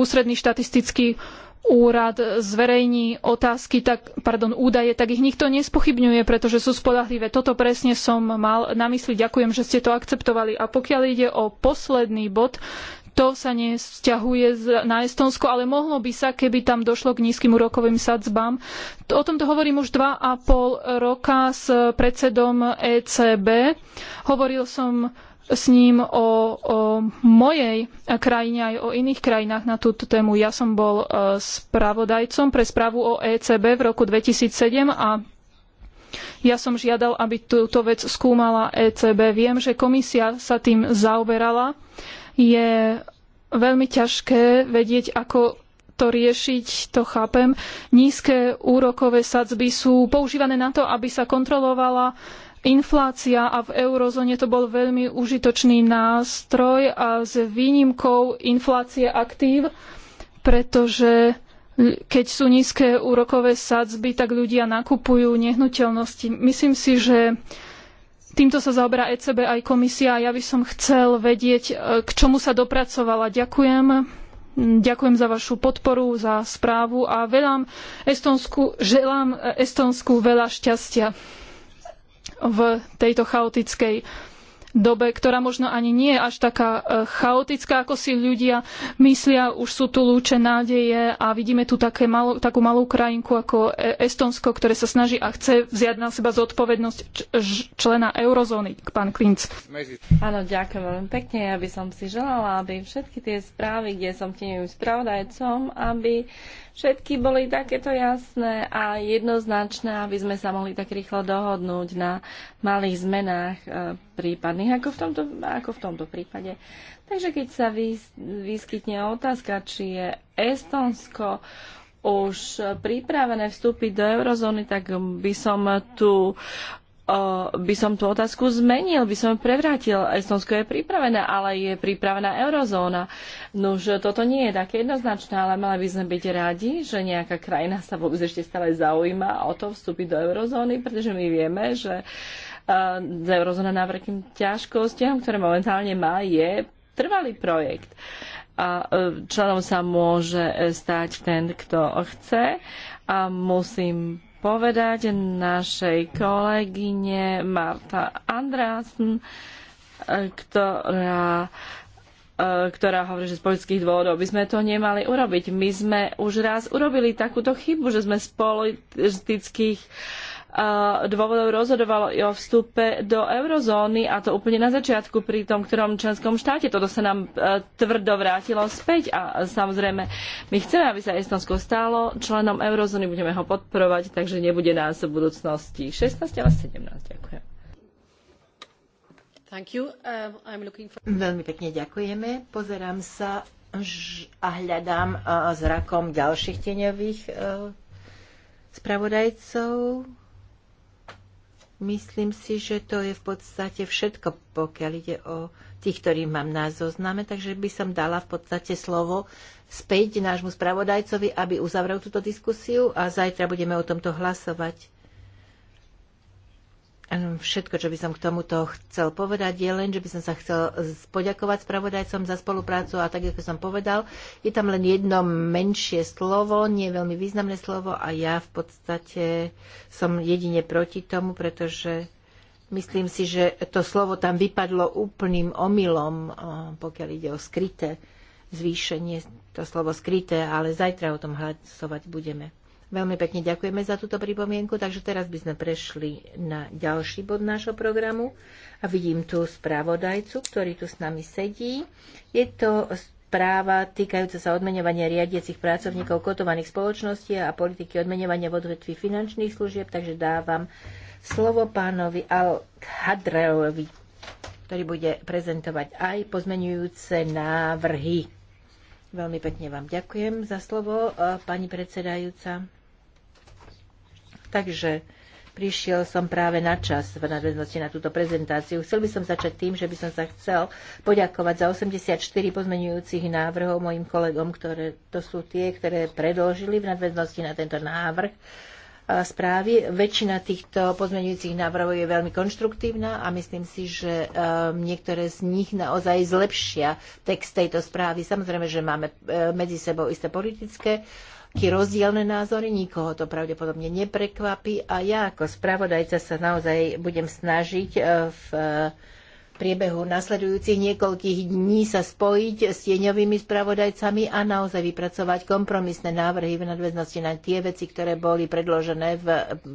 ústredný štatistický úrad zverejní otázky, tak, pardon, údaje, tak ich nikto nespochybňuje, pretože sú spolahlivé. Toto presne som mal na mysli. Ďakujem, že ste to akceptovali. A pokiaľ ide o posledný bod, to sa nesťahuje na Estonsko, ale mohlo by sa, keby tam došlo k nízkym úrokovým sadzbám. O tomto hovorím už dva a pol roka s predsedom ECB. Hovoril som s ním o, o mojej krajine aj o iných krajinách na túto tému. Ja som bol e, spravodajcom pre správu o ECB v roku 2007 a ja som žiadal, aby túto vec skúmala ECB. Viem, že komisia sa tým zaoberala. Je veľmi ťažké vedieť, ako to riešiť, to chápem. Nízke úrokové sadzby sú používané na to, aby sa kontrolovala inflácia a v eurozóne to bol veľmi užitočný nástroj a s výnimkou inflácie aktív, pretože keď sú nízke úrokové sadzby, tak ľudia nakupujú nehnuteľnosti. Myslím si, že týmto sa zaoberá ECB aj komisia a ja by som chcel vedieť, e, k čomu sa dopracovala. Ďakujem. Ďakujem za vašu podporu, za správu a Estonsku, želám Estonsku veľa šťastia v tejto chaotickej dobe, ktorá možno ani nie je až taká e, chaotická, ako si ľudia myslia. Už sú tu lúče nádeje a vidíme tu malo, takú malú krajinku ako e, Estonsko, ktoré sa snaží a chce vziať na seba zodpovednosť člena eurozóny, pán Klinc. Áno, ďakujem veľmi pekne. Ja by som si želala, aby všetky tie správy, kde som tieňovým spravodajcom, aby všetky boli takéto jasné a jednoznačné, aby sme sa mohli tak rýchlo dohodnúť na malých zmenách e, prípadne prítomných, ako v tomto, ako v tomto prípade. Takže keď sa vyskytne otázka, či je Estonsko už pripravené vstúpiť do eurozóny, tak by som tu by som tú otázku zmenil, by som prevrátil. Estonsko je pripravené, ale je pripravená eurozóna. Nož toto nie je také jednoznačné, ale mali by sme byť radi, že nejaká krajina sa vôbec ešte stále zaujíma o to vstúpiť do eurozóny, pretože my vieme, že uh, eurozóna navrkým ťažkostiam, ktoré momentálne má, je trvalý projekt. A e, členom sa môže e, stať ten, kto chce. A musím povedať našej kolegyne Marta Andrásn, e, ktorá ktorá hovorí, že z politických dôvodov by sme to nemali urobiť. My sme už raz urobili takúto chybu, že sme z politických uh, Eh, dôvodov rozhodovalo i o vstupe do eurozóny a to úplne na začiatku pri tom ktorom členskom štáte. Toto sa nám eh, tvrdo vrátilo späť a eh, samozrejme my chceme, aby sa Estonsko stalo členom eurozóny, budeme ho podporovať, takže nebude nás v budúcnosti 16, ale 17. Ďakujem. Um, for... Veľmi pekne ďakujeme. Pozerám sa a hľadám zrakom ďalších tieňových spravodajcov. Myslím si, že to je v podstate všetko, pokiaľ ide o tých, ktorých mám na zozname, takže by som dala v podstate slovo späť nášmu spravodajcovi, aby uzavrel túto diskusiu a zajtra budeme o tomto hlasovať. Všetko, čo by som k tomuto chcel povedať, je len, že by som sa chcel poďakovať spravodajcom za spoluprácu a tak, ako som povedal, je tam len jedno menšie slovo, nie veľmi významné slovo a ja v podstate som jedine proti tomu, pretože myslím si, že to slovo tam vypadlo úplným omylom, pokiaľ ide o skryté zvýšenie, to slovo skryté, ale zajtra o tom hlasovať budeme. Veľmi pekne ďakujeme za túto pripomienku, takže teraz by sme prešli na ďalší bod nášho programu. A vidím tu správodajcu, ktorý tu s nami sedí. Je to správa týkajúca sa odmenovania riadiacich pracovníkov kotovaných spoločností a politiky odmenovania v odvetví finančných služieb, takže dávam slovo pánovi al khadrelovi ktorý bude prezentovať aj pozmenujúce návrhy. Veľmi pekne vám ďakujem za slovo, eh, pani predsedajúca. Takže prišiel som práve na čas v nadväznosti na túto prezentáciu. Chcel by som začať tým, že by som sa chcel poďakovať za 84 pozmenujúcich návrhov mojim kolegom, ktoré to sú tie, ktoré predložili v nadväznosti na tento návrh správy. Väčšina týchto pozmenujúcich návrhov je veľmi konštruktívna a myslím si, že niektoré z nich naozaj zlepšia text tejto správy. Samozrejme, že máme e, medzi sebou isté politické nejaké rozdielne názory, nikoho to pravdepodobne neprekvapí a ja ako spravodajca sa naozaj budem snažiť e, v e, priebehu nasledujúcich niekoľkých dní sa spojiť s tieňovými spravodajcami a naozaj vypracovať kompromisné návrhy v nadväznosti na tie veci, ktoré boli predložené v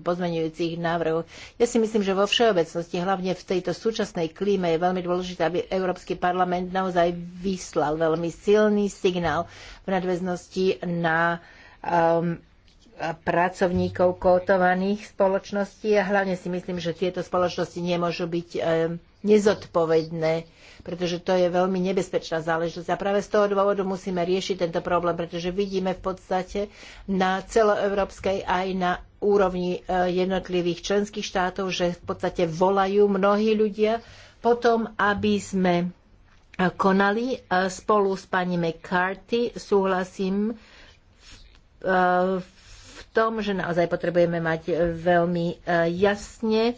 pozmenujúcich návrhoch. Ja si myslím, že vo všeobecnosti, hlavne v tejto súčasnej klíme, je veľmi dôležité, aby Európsky parlament naozaj vyslal veľmi silný signál v nadväznosti na um, pracovníkov kotovaných spoločností a hlavne si myslím, že tieto spoločnosti nemôžu byť um, nezodpovedné, pretože to je veľmi nebezpečná záležitosť. A práve z toho dôvodu musíme riešiť tento problém, pretože vidíme v podstate na celoeurópskej aj na úrovni uh, jednotlivých členských štátov, že v podstate volajú mnohí ľudia potom, aby sme uh, konali uh, spolu s pani McCarthy. Súhlasím v tom, že naozaj potrebujeme mať veľmi e, jasne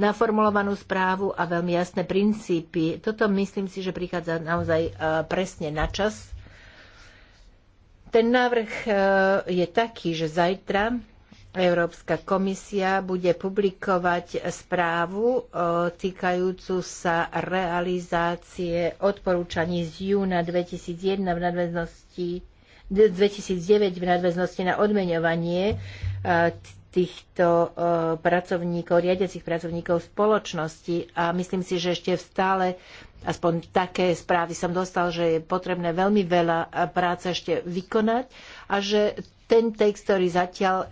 naformulovanú správu a veľmi jasné princípy. Toto myslím si, že prichádza naozaj e, presne na čas. Ten návrh e, je taký, že zajtra Európska komisia bude publikovať správu týkajúcu sa realizácie odporúčaní z júna 2001 v nadväznosti 2009 v nadväznosti na odmeňovanie e, týchto e, pracovníkov, riadiacich pracovníkov spoločnosti a myslím si, že ešte stále aspoň také správy som dostal, že je potrebné veľmi veľa e, práce ešte vykonať a že ten text, ktorý zatiaľ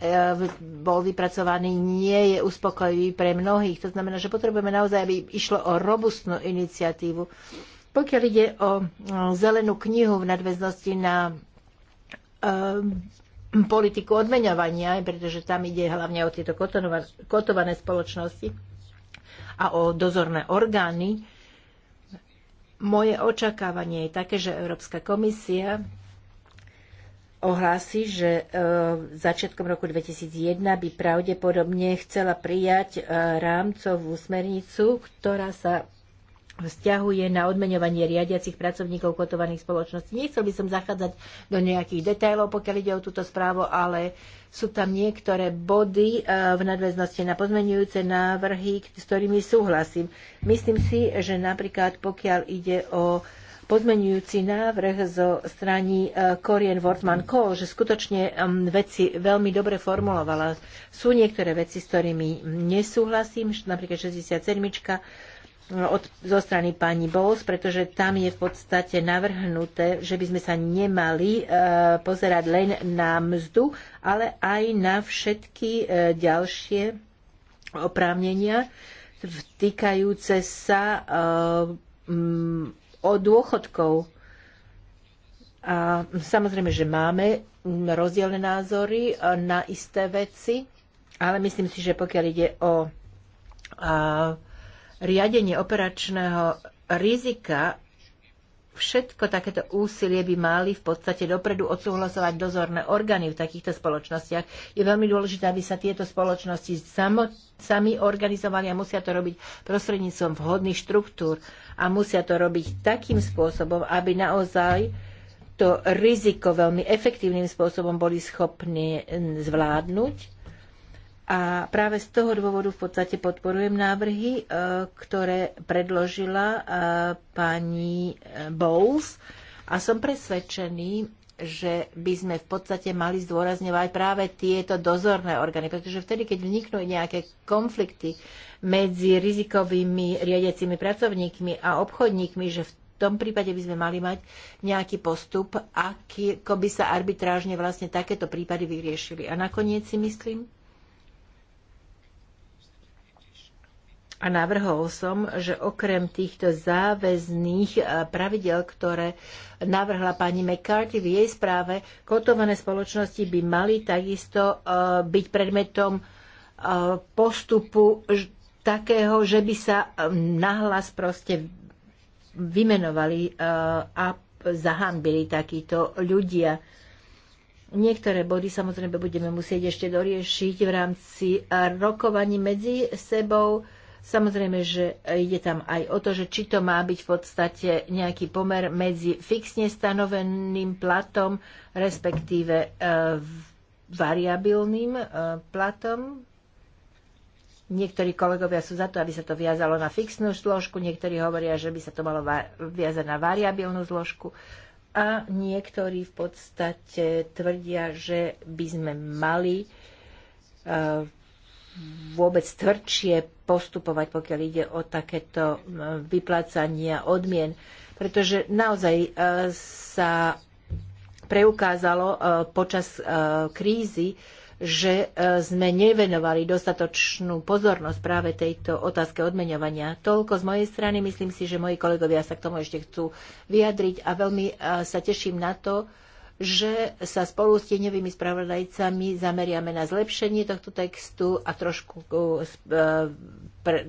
bol vypracovaný, nie je uspokojivý pre mnohých. To znamená, že potrebujeme naozaj, aby išlo o robustnú iniciatívu. Pokiaľ ide o zelenú knihu v nadväznosti na Um, politiku odmeňovania, pretože tam ide hlavne o tieto kotované spoločnosti a o dozorné orgány. Moje očakávanie je také, že Európska komisia ohlási, že uh, začiatkom roku 2001 by pravdepodobne chcela prijať uh, rámcovú smernicu, ktorá sa vzťahuje na odmeňovanie riadiacich pracovníkov kotovaných spoločností. Nechcel by som zachádzať do nejakých detajlov, pokiaľ ide o túto správu, ale sú tam niektoré body eh, v nadväznosti na pozmenujúce návrhy, s ktorými súhlasím. Myslím si, že napríklad pokiaľ ide o pozmenujúci návrh zo strany Korien eh, Wortman Kohl, že skutočne mm, veci veľmi dobre formulovala. Sú niektoré veci, s ktorými nesúhlasím, napríklad 67 Eh, od, zo strany pani Bowles, pretože tam je v podstate navrhnuté, že by sme sa nemali e, pozerať len na mzdu, ale aj na všetky e, ďalšie oprávnenia týkajúce sa e, m, mm, o dôchodkov. A samozrejme, že máme rozdielne názory na isté veci, ale myslím si, že pokiaľ ide o a, riadenie operačného rizika, všetko takéto úsilie by mali v podstate dopredu odsúhlasovať dozorné orgány v takýchto spoločnostiach. Je veľmi dôležité, aby sa tieto spoločnosti samo, sami organizovali a musia to robiť prostredníctvom vhodných štruktúr a musia to robiť takým spôsobom, aby naozaj to riziko veľmi efektívnym spôsobom boli schopní zvládnuť a práve z toho dôvodu v podstate podporujem návrhy, e, ktoré predložila e, pani e, Bowles. A som presvedčený, že by sme v podstate mali zdôrazňovať práve tieto dozorné orgány, pretože vtedy, keď vzniknú nejaké konflikty medzi rizikovými riadiacimi pracovníkmi a obchodníkmi, že v tom prípade by sme mali mať nejaký postup, ako by sa arbitrážne vlastne takéto prípady vyriešili. A nakoniec si myslím, a navrhol som, že okrem týchto záväzných eh, pravidel, ktoré navrhla pani McCarthy v jej správe, kotované spoločnosti by mali takisto eh, byť predmetom eh, postupu takého, že by sa nahlas proste vymenovali a zahambili takíto ľudia. Niektoré body samozrejme budeme musieť ešte doriešiť v rámci rokovaní medzi sebou Samozrejme, že ide tam aj o to, že či to má byť v podstate nejaký pomer medzi fixne stanoveným platom, respektíve e, variabilným e, platom. Niektorí kolegovia sú za to, aby sa to viazalo na fixnú zložku, niektorí hovoria, že by sa to malo viazať na variabilnú zložku a niektorí v podstate tvrdia, že by sme mali e, vôbec tvrdšie postupovať, pokiaľ ide o takéto e, vyplácania odmien. Pretože naozaj e, sa preukázalo e, počas krízy, že sme nevenovali dostatočnú pozornosť práve tejto otázke odmeňovania. Toľko z mojej strany, myslím si, že moji kolegovia sa k tomu ešte chcú vyjadriť a veľmi sa teším na to, že sa spolu s tieňovými spravodajcami zameriame na zlepšenie tohto textu a trošku uh, uh,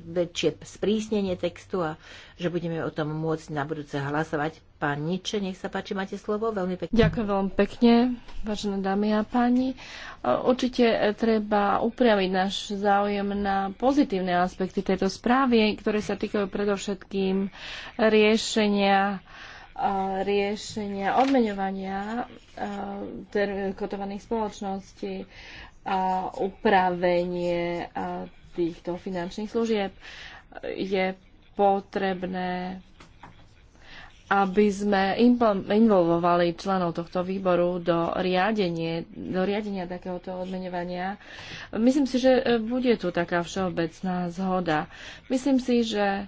väčšie sprísnenie textu a že budeme o tom môcť na budúce hlasovať. Pán Niče, nech sa páči, máte slovo veľmi pekne. Ďakujem veľmi pekne, vážené dámy a páni. Uh, určite treba upriamiť náš záujem na pozitívne aspekty tejto správy, ktoré sa týkajú predovšetkým riešenia riešenia odmeňovania kotovaných spoločností, a upravenie týchto finančných služieb. Je potrebné, aby sme involvovali členov tohto výboru do, do riadenia takéhoto odmenovania. Myslím si, že e, bude tu taká všeobecná zhoda. Myslím si, že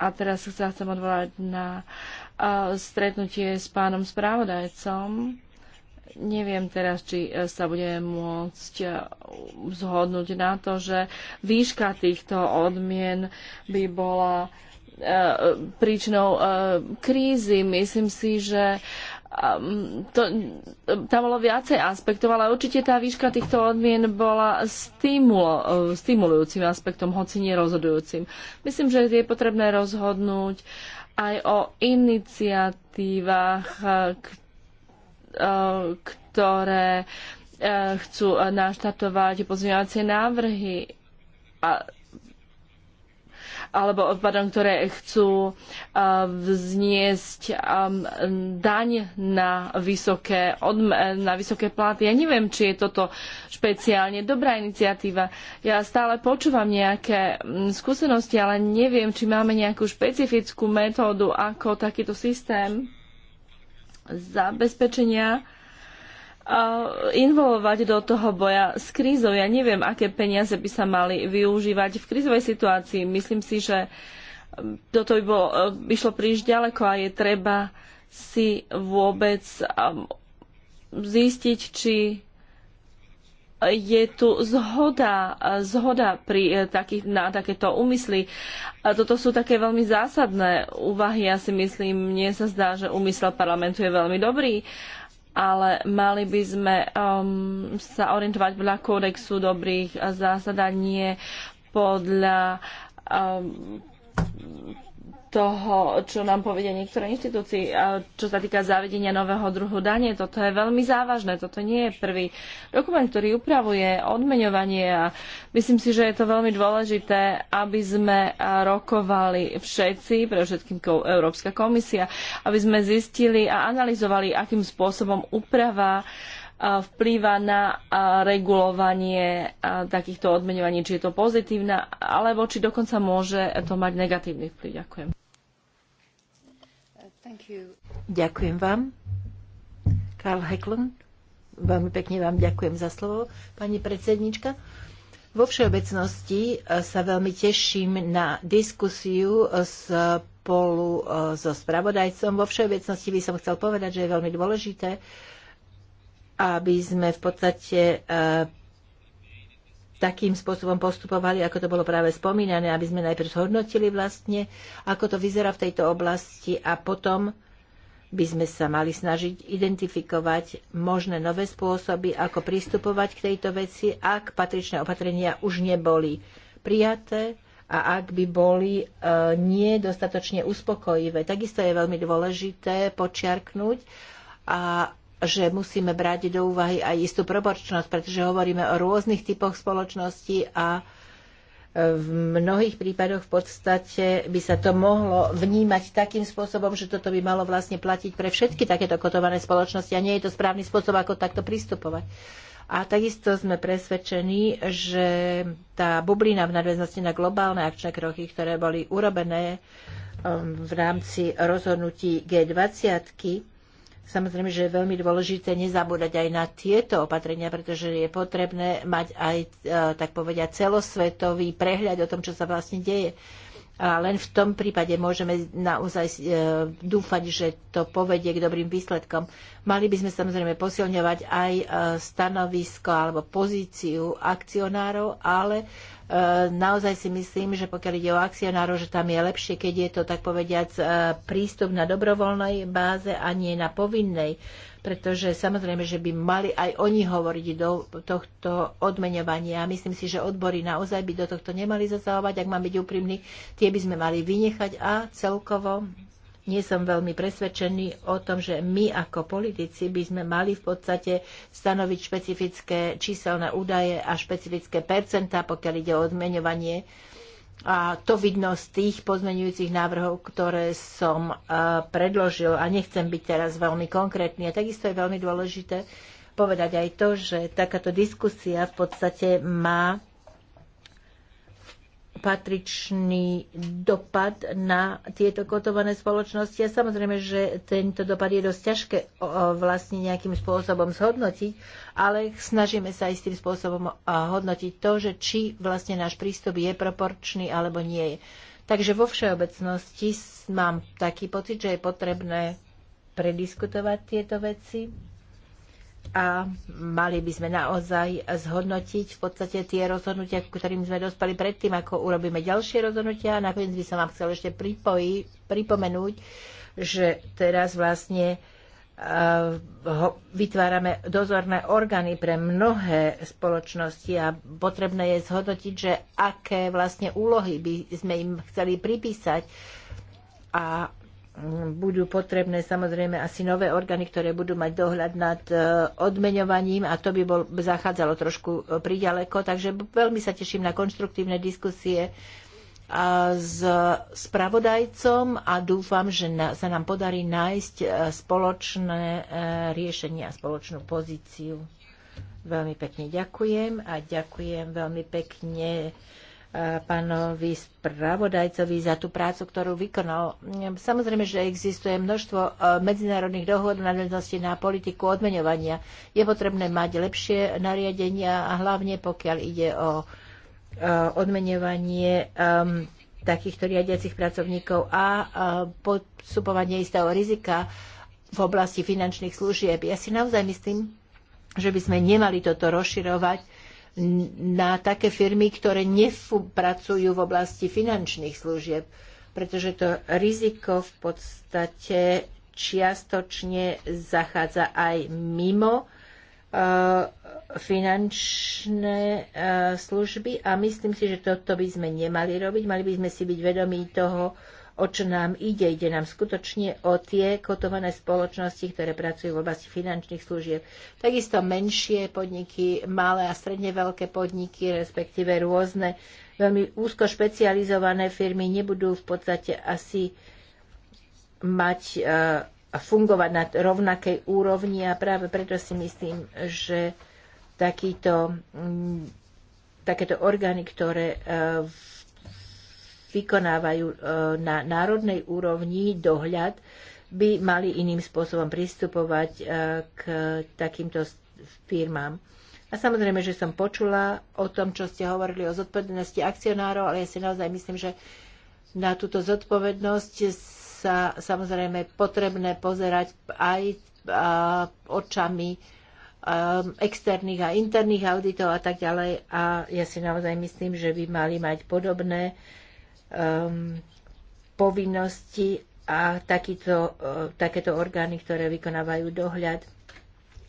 a teraz sa chcem odvolať na uh, stretnutie s pánom správodajcom. Neviem teraz, či e, sa budeme môcť e, zhodnúť na to, že výška týchto odmien by bola e, príčinou krízy. Myslím si, že to, tam bolo viacej aspektov, ale určite tá výška týchto odmien bola stimulo, stimulujúcim aspektom, hoci nerozhodujúcim. Myslím, že je potrebné rozhodnúť aj o iniciatívach, eh, eh, ktoré eh, chcú naštartovať pozmeňovacie návrhy a alebo pardon, ktoré chcú eh, vzniesť eh, daň na vysoké, eh, na vysoké platy. Ja neviem, či je toto špeciálne dobrá iniciatíva. Ja stále počúvam nejaké mm, skúsenosti, ale neviem, či máme nejakú špecifickú metódu, ako takýto systém zabezpečenia involovať do toho boja s krízou. Ja neviem, aké peniaze by sa mali využívať v krízovej situácii. Myslím si, že um, toto by bolo, um, išlo príliš ďaleko a je treba si vôbec um, zistiť, či je tu zhoda, zhoda pri eh, takých, na takéto úmysly. toto sú také veľmi zásadné úvahy. Ja si myslím, mne sa zdá, že úmysel parlamentu je veľmi dobrý. Uh, ale mali by sme um, sa orientovať podľa kódexu dobrých zásad a nie podľa um, toho, čo nám povedia niektoré inštitúcie, čo sa týka zavedenia nového druhu dane. Toto je veľmi závažné, toto nie je prvý dokument, ktorý upravuje odmeňovanie a myslím si, že je to veľmi dôležité, aby sme rokovali všetci, pre všetkým Európska komisia, aby sme zistili a analyzovali, akým spôsobom uprava. uh, vplýva na regulovanie takýchto odmeňovaní, či je to pozitívne, alebo či dokonca môže to mať negatívny vplyv. Ďakujem. Ďakujem vám. Karl Heklund, veľmi pekne vám ďakujem za slovo, pani predsednička. Vo všeobecnosti e, sa veľmi teším na diskusiu s e, spolu e, so spravodajcom. Vo všeobecnosti by som chcel povedať, že je veľmi dôležité, aby sme v podstate e, takým spôsobom postupovali, ako to bolo práve spomínané, aby sme najprv zhodnotili vlastne, ako to vyzerá v tejto oblasti a potom by sme sa mali snažiť identifikovať možné nové spôsoby, ako pristupovať k tejto veci, ak patričné opatrenia už neboli prijaté a ak by boli e, nedostatočne uspokojivé. Takisto je veľmi dôležité počiarknúť, a že musíme brať do úvahy aj istú proporčnosť, pretože hovoríme o rôznych typoch spoločnosti a e, v mnohých prípadoch v podstate by sa to mohlo vnímať takým spôsobom, že toto by malo vlastne platiť pre všetky takéto kotované spoločnosti a nie je to správny spôsob, ako takto pristupovať. A takisto sme presvedčení, že tá bublina v nadväznosti na globálne akčné kroky, ktoré boli urobené um, v rámci rozhodnutí G20, Samozrejme, že je veľmi dôležité nezabúdať aj na tieto opatrenia, pretože je potrebné mať aj, e, tak povediať, celosvetový prehľad o tom, čo sa vlastne deje. A len v tom prípade môžeme naozaj e, dúfať, že to povedie k dobrým výsledkom. Mali by sme samozrejme posilňovať aj e, stanovisko alebo pozíciu akcionárov, ale E, naozaj si myslím, že pokiaľ ide o akcionárov, že tam je lepšie, keď je to tak povediac e, prístup na dobrovoľnej báze a nie na povinnej pretože samozrejme, že by mali aj oni hovoriť do tohto odmeňovania. Myslím si, že odbory naozaj by do tohto nemali zasahovať, ak mám byť úprimný, tie by sme mali vynechať a celkovo nie som veľmi presvedčený o tom, že my ako politici by sme mali v podstate stanoviť špecifické číselné údaje a špecifické percentá, pokiaľ ide o odmeňovanie. A to vidno z tých pozmeňujúcich návrhov, ktoré som e, predložil a nechcem byť teraz veľmi konkrétny. A takisto je veľmi dôležité povedať aj to, že takáto diskusia v podstate má patričný dopad na tieto kotované spoločnosti. A samozrejme, že tento dopad je dosť ťažké vlastne nejakým spôsobom zhodnotiť, ale snažíme sa istým spôsobom hodnotiť to, že či vlastne náš prístup je proporčný alebo nie je. Takže vo všeobecnosti mám taký pocit, že je potrebné prediskutovať tieto veci a mali by sme naozaj zhodnotiť v podstate tie rozhodnutia, ktorým sme dospali predtým, ako urobíme ďalšie rozhodnutia. A nakoniec by som vám chcel ešte pripoji, pripomenúť, že teraz vlastne e, vytvárame dozorné orgány pre mnohé spoločnosti a potrebné je zhodnotiť, že aké vlastne úlohy by sme im chceli pripísať a budú potrebné samozrejme asi nové orgány, ktoré budú mať dohľad nad e, odmeňovaním a to by bol, zachádzalo trošku e, priďaleko, takže veľmi sa teším na konštruktívne diskusie a e, s spravodajcom a dúfam, že na, sa nám podarí nájsť spoločné riešenie a spoločnú pozíciu. Veľmi pekne ďakujem a ďakujem veľmi pekne pánovi spravodajcovi za tú prácu, ktorú vykonal. Samozrejme, že existuje množstvo e, medzinárodných dohod na na politiku odmeňovania. Je potrebné mať lepšie nariadenia a hlavne pokiaľ ide o e, odmeňovanie e, takýchto riadiacich pracovníkov a podsupovanie istého rizika v oblasti finančných služieb. Ja si naozaj myslím, že by sme nemali toto rozširovať na také firmy, ktoré nepracujú v oblasti finančných služieb, pretože to riziko v podstate čiastočne zachádza aj mimo e, finančné e, služby a myslím si, že toto by sme nemali robiť. Mali by sme si byť vedomí toho, o čo nám ide. Ide nám skutočne o tie kotované spoločnosti, ktoré pracujú v oblasti finančných služieb. Takisto menšie podniky, malé a stredne veľké podniky, respektíve rôzne veľmi úzko špecializované firmy nebudú v podstate asi mať a eh, fungovať na rovnakej úrovni a práve preto si myslím, že takýto, mm, takéto orgány, ktoré eh, v vykonávajú e, na národnej úrovni dohľad, by mali iným spôsobom pristupovať e, k takýmto firmám. A samozrejme, že som počula o tom, čo ste hovorili o zodpovednosti akcionárov, ale ja si naozaj myslím, že na túto zodpovednosť sa samozrejme potrebné pozerať aj očami e, externých a interných auditov a tak ďalej. A ja si naozaj myslím, že by mali mať podobné um, povinnosti a takýto, uh, takéto orgány, ktoré vykonávajú dohľad.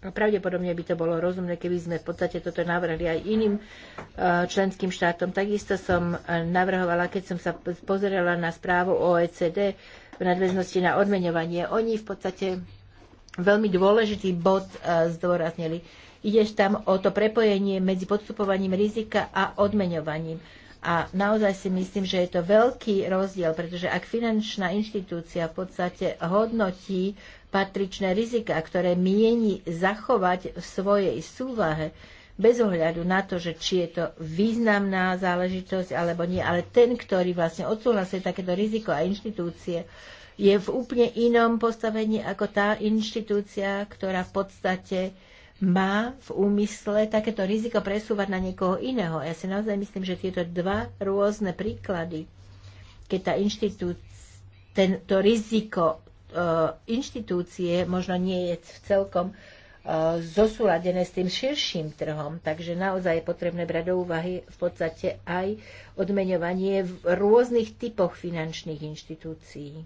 A pravdepodobne by to bolo rozumné, keby sme v podstate toto navrhli aj iným uh, členským štátom. Takisto som uh, navrhovala, keď som sa pozerala na správu OECD v nadväznosti na odmeňovanie. Oni v podstate veľmi dôležitý bod zdôraznili. Ideš tam o to prepojenie medzi podstupovaním rizika a odmeňovaním. A naozaj si myslím, že je to veľký rozdiel, pretože ak finančná inštitúcia v podstate hodnotí patričné rizika, ktoré mieni zachovať v svojej súvahe, bez ohľadu na to, že či je to významná záležitosť alebo nie, ale ten, ktorý vlastne odsúhlasuje takéto riziko a inštitúcie, je v úplne inom postavení ako tá inštitúcia, ktorá v podstate má v úmysle takéto riziko presúvať na niekoho iného. Ja si naozaj myslím, že tieto dva rôzne príklady, keď tá to riziko uh, inštitúcie možno nie je celkom uh, zosúladené s tým širším trhom, takže naozaj je potrebné brať do úvahy v podstate aj odmeňovanie v rôznych typoch finančných inštitúcií.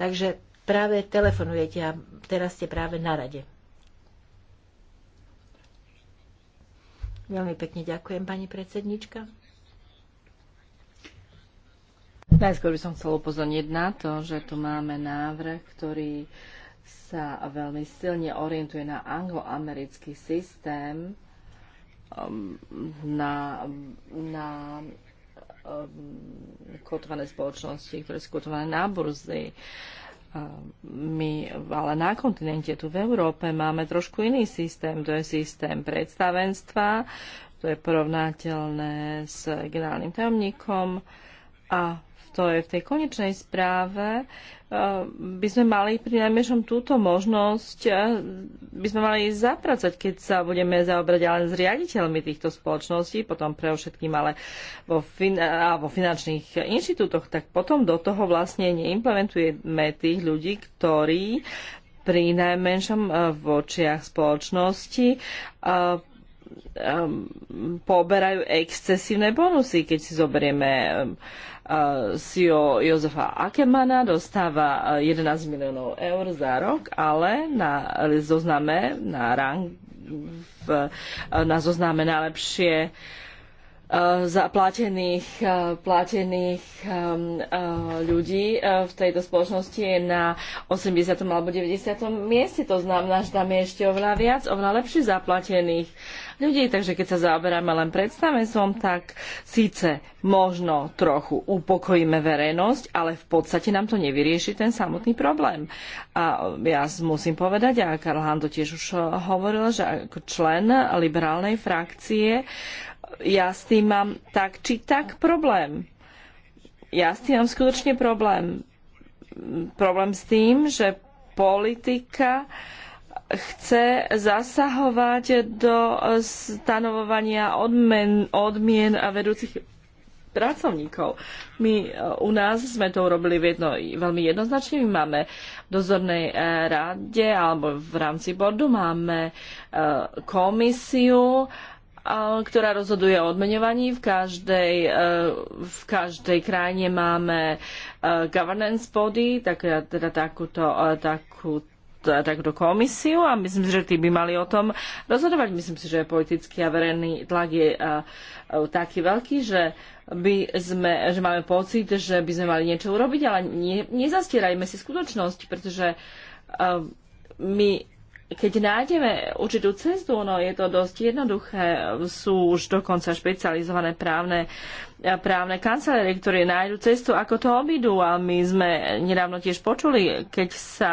Takže práve telefonujete a teraz ste práve na rade. Veľmi pekne ďakujem, pani predsednička. Najskôr by som chcela upozorniť na to, že tu máme návrh, ktorý sa veľmi silne orientuje na angloamerický systém, um, na, na um, kotované spoločnosti, ktoré sú kotované na burzy, my ale na kontinente, tu v Európe, máme trošku iný systém. To je systém predstavenstva, to je porovnateľné s generálnym tajomníkom a to je v tej konečnej správe, e, by sme mali pri najmäšom túto možnosť, e, by sme mali zapracať, keď sa budeme zaobrať ale s riaditeľmi týchto spoločností, potom pre všetkým ale vo, fin- a vo finančných inštitútoch, tak potom do toho vlastne neimplementujeme tých ľudí, ktorí pri najmenšom e, v očiach spoločnosti poberajú excesívne bonusy, keď si zoberieme CEO Jozefa Akemana dostáva 11 e, miliónov eur za rok, ale na zozname, na rang, v, e, na zozname najlepšie uh, Eh, zaplatených platených, eh, eh, ľudí v tejto spoločnosti je na 80. alebo 90. mieste. To znamená, že tam je ešte oveľa viac, oveľa lepšie zaplatených ľudí. Takže keď sa zaoberáme len predstavenstvom, tak síce možno trochu upokojíme verejnosť, ale v podstate nám to nevyrieši ten samotný problém. A ja musím povedať, a Karl Han to tiež už hovoril, že ako člen liberálnej frakcie ja s tým mám tak či tak problém. Ja s tým mám skutočne problém. Problém s tým, že politika chce zasahovať do stanovovania odmen, odmien a vedúcich pracovníkov. My e, u nás sme to urobili v jedno, veľmi jednoznačne. My máme v dozornej e, rade alebo v rámci bordu máme e, komisiu, Eh, ktorá rozhoduje o odmeňovaní. V každej, eh, v každej krajine máme eh, governance body, tak, teda takúto, takú, takúto komisiu a myslím si, že tí by mali o tom rozhodovať. Myslím si, že politický a verejný tlak je taký veľký, že by sme, že máme pocit, že by sme mali niečo urobiť, ale ne, nezastierajme si skutočnosť, pretože my keď nájdeme určitú cestu, no je to dosť jednoduché, sú už dokonca špecializované právne, eh, právne kancelárie, ktoré nájdu cestu, ako to obidú. A my sme nedávno tiež počuli, keď sa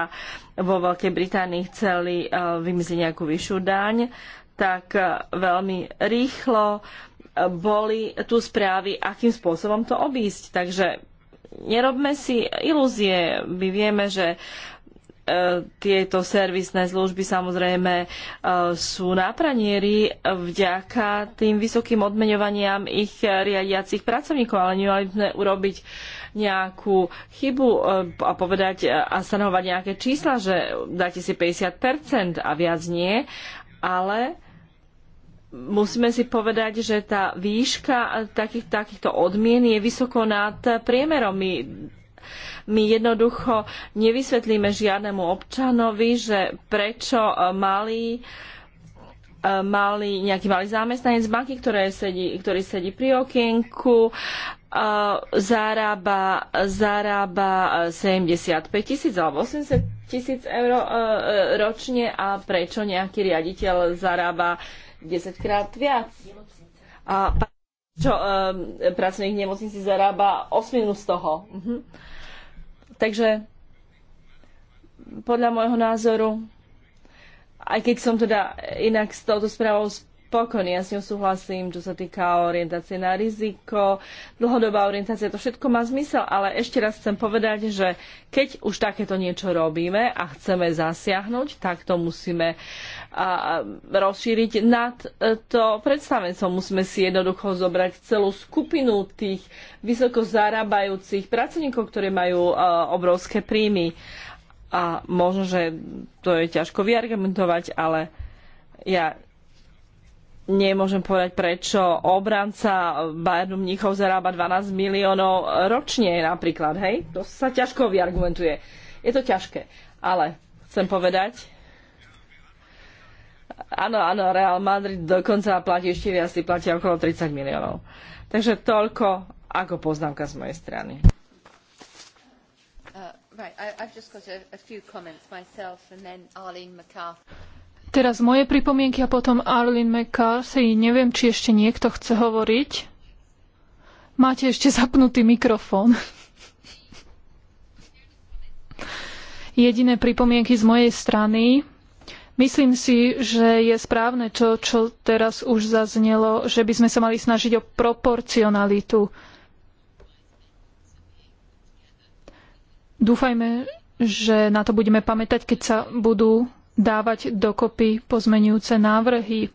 vo Veľkej Británii chceli eh, vymyslieť nejakú vyššiu daň, tak eh, veľmi rýchlo boli tu správy, akým spôsobom to obísť. Takže nerobme si ilúzie. My vieme, že E, tieto servisné služby samozrejme e, sú na pranieri vďaka tým vysokým odmeňovaniam ich riadiacich pracovníkov, ale nemali sme urobiť nejakú chybu e, a povedať a stanovať nejaké čísla, že dáte si 50% a viac nie, ale musíme si povedať, že tá výška takých, takýchto odmien je vysoko nad priemerom. My my jednoducho nevysvetlíme žiadnemu občanovi, že prečo e, mali e, mali nejaký malý zamestnanec z banky, ktoré sedí, ktorý sedí pri okienku, e, zarába, zarába 75 tisíc alebo 80 tisíc eur ročne a prečo nejaký riaditeľ zarába 10 krát viac. A čo pracovník nemocnici zarába 8 z toho. Uh-huh. Takže podľa môjho názoru, aj keď som teda inak s touto správou spokojný, ja s ňou súhlasím, čo sa týka orientácie na riziko, dlhodobá orientácia, to všetko má zmysel, ale ešte raz chcem povedať, že keď už takéto niečo robíme a chceme zasiahnuť, tak to musíme rozšíriť nad e, to predstavencov. Musíme si jednoducho zobrať celú skupinu tých vysoko zarábajúcich pracovníkov, ktorí majú e, obrovské príjmy. A možno, že to je ťažko vyargumentovať, ale ja nemôžem povedať prečo obranca Bayernu Mníchov zarába 12 miliónov ročne napríklad, hej? To sa ťažko vyargumentuje. Je to ťažké, ale chcem povedať, áno, áno, Real Madrid dokonca platí ešte viac, si platia okolo 30 miliónov. Takže toľko ako poznámka z mojej strany. Uh, right, I, Teraz moje pripomienky a potom Arlene McCarthy. Neviem, či ešte niekto chce hovoriť. Máte ešte zapnutý mikrofón. Jediné pripomienky z mojej strany. Myslím si, že je správne to, čo teraz už zaznelo, že by sme sa mali snažiť o proporcionalitu. Dúfajme, že na to budeme pamätať, keď sa budú dávať dokopy pozmenujúce návrhy.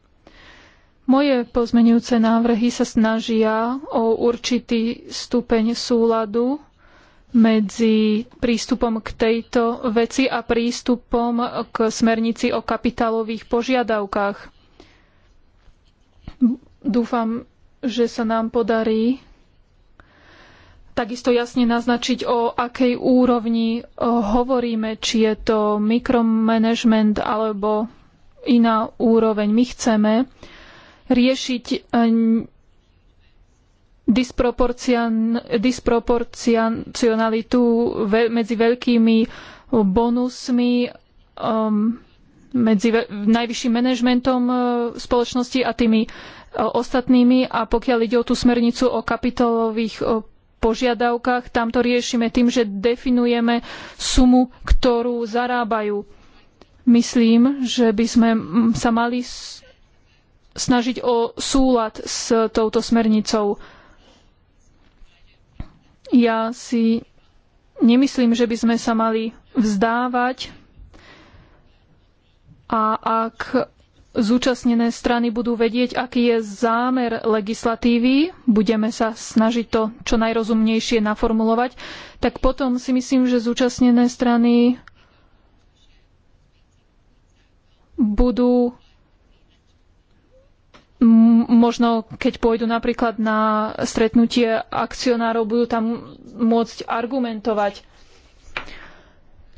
Moje pozmenujúce návrhy sa snažia o určitý stupeň súladu medzi prístupom k tejto veci a prístupom k smernici o kapitálových požiadavkách. Dúfam, že sa nám podarí takisto jasne naznačiť, o akej úrovni hovoríme, či je to mikromanagement alebo iná úroveň. My chceme riešiť ehm, disproporcionalitu medzi veľkými bonusmi, ehm, medzi najvyšším manažmentom e, spoločnosti a tými e, ostatnými. A pokiaľ ide o tú smernicu o kapitálových e, požiadavkách. Tam to riešime tým, že definujeme sumu, ktorú zarábajú. Myslím, že by sme sa mali snažiť o súlad s touto smernicou. Ja si nemyslím, že by sme sa mali vzdávať a ak zúčastnené strany budú vedieť, aký je zámer legislatívy, budeme sa snažiť to čo najrozumnejšie naformulovať, tak potom si myslím, že zúčastnené strany budú možno keď pôjdu napríklad na stretnutie akcionárov, budú tam môcť argumentovať.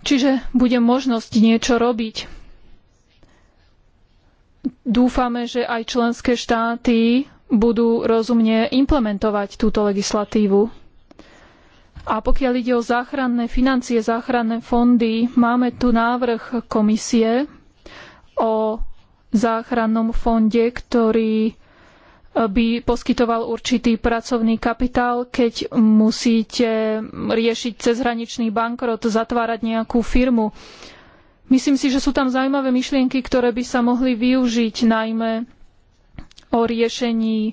Čiže bude možnosť niečo robiť dúfame, že aj členské štáty budú rozumne implementovať túto legislatívu. A pokiaľ ide o záchranné financie, záchranné fondy, máme tu návrh komisie o záchrannom fonde, ktorý eh, by poskytoval určitý pracovný kapitál, keď musíte riešiť cezhraničný bankrot, zatvárať nejakú firmu. Uh, Myslím si, že sú tam zaujímavé myšlienky, ktoré by sa mohli využiť najmä o riešení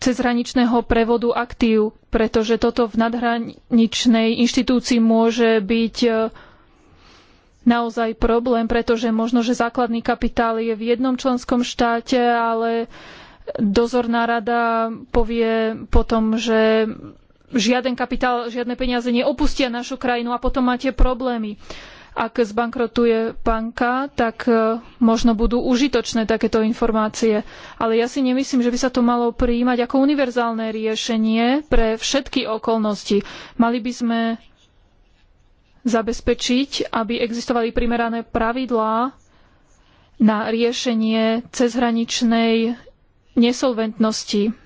cezhraničného prevodu aktív, pretože toto v nadhraničnej inštitúcii môže byť e, naozaj problém, pretože možno, že základný kapitál je v jednom členskom štáte, ale dozorná rada povie potom, že žiaden kapitál, žiadne peniaze neopustia našu krajinu a potom máte problémy. Uh, ak zbankrotuje banka, tak e, možno budú užitočné takéto informácie. Ale ja si nemyslím, že by sa to malo prijímať ako univerzálne riešenie pre všetky okolnosti. Mali by sme zabezpečiť, aby existovali primerané pravidlá na riešenie cezhraničnej nesolventnosti.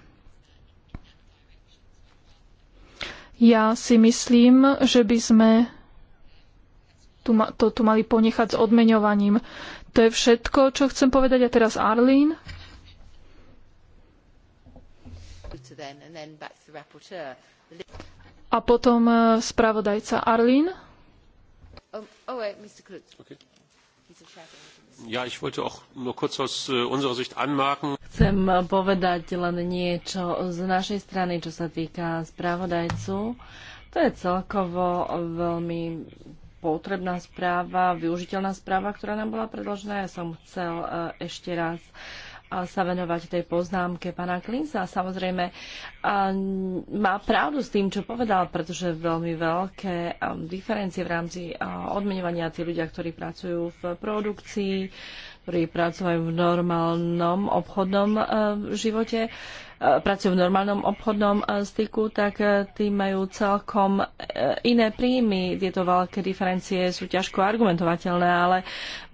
Ja si myslím, že by sme tu, ma, to tu mali ponechať s odmeňovaním. To je všetko, čo chcem povedať. A teraz Arlín. A potom uh, spravodajca Arlín. Um, oh, ja, ich wollte auch nur kurz aus äh, unserer Sicht anmerken. Chcem äh, povedať len niečo z našej strany, čo sa týka spravodajcu. To je celkovo äh, veľmi potrebná správa, využiteľná správa, ktorá nám bola predložená. Ja som chcel e, ešte raz sa venovať tej poznámke pána Klinsa. Samozrejme, má pravdu s tým, čo povedal, pretože veľmi veľké diferencie v rámci odmenovania tí ľudia, ktorí pracujú v produkcii, ktorí pracujú v normálnom obchodnom e, živote, Eh, pracujú v normálnom obchodnom eh, styku, tak eh, tí majú celkom iné príjmy. Tieto veľké diferencie sú ťažko argumentovateľné, ale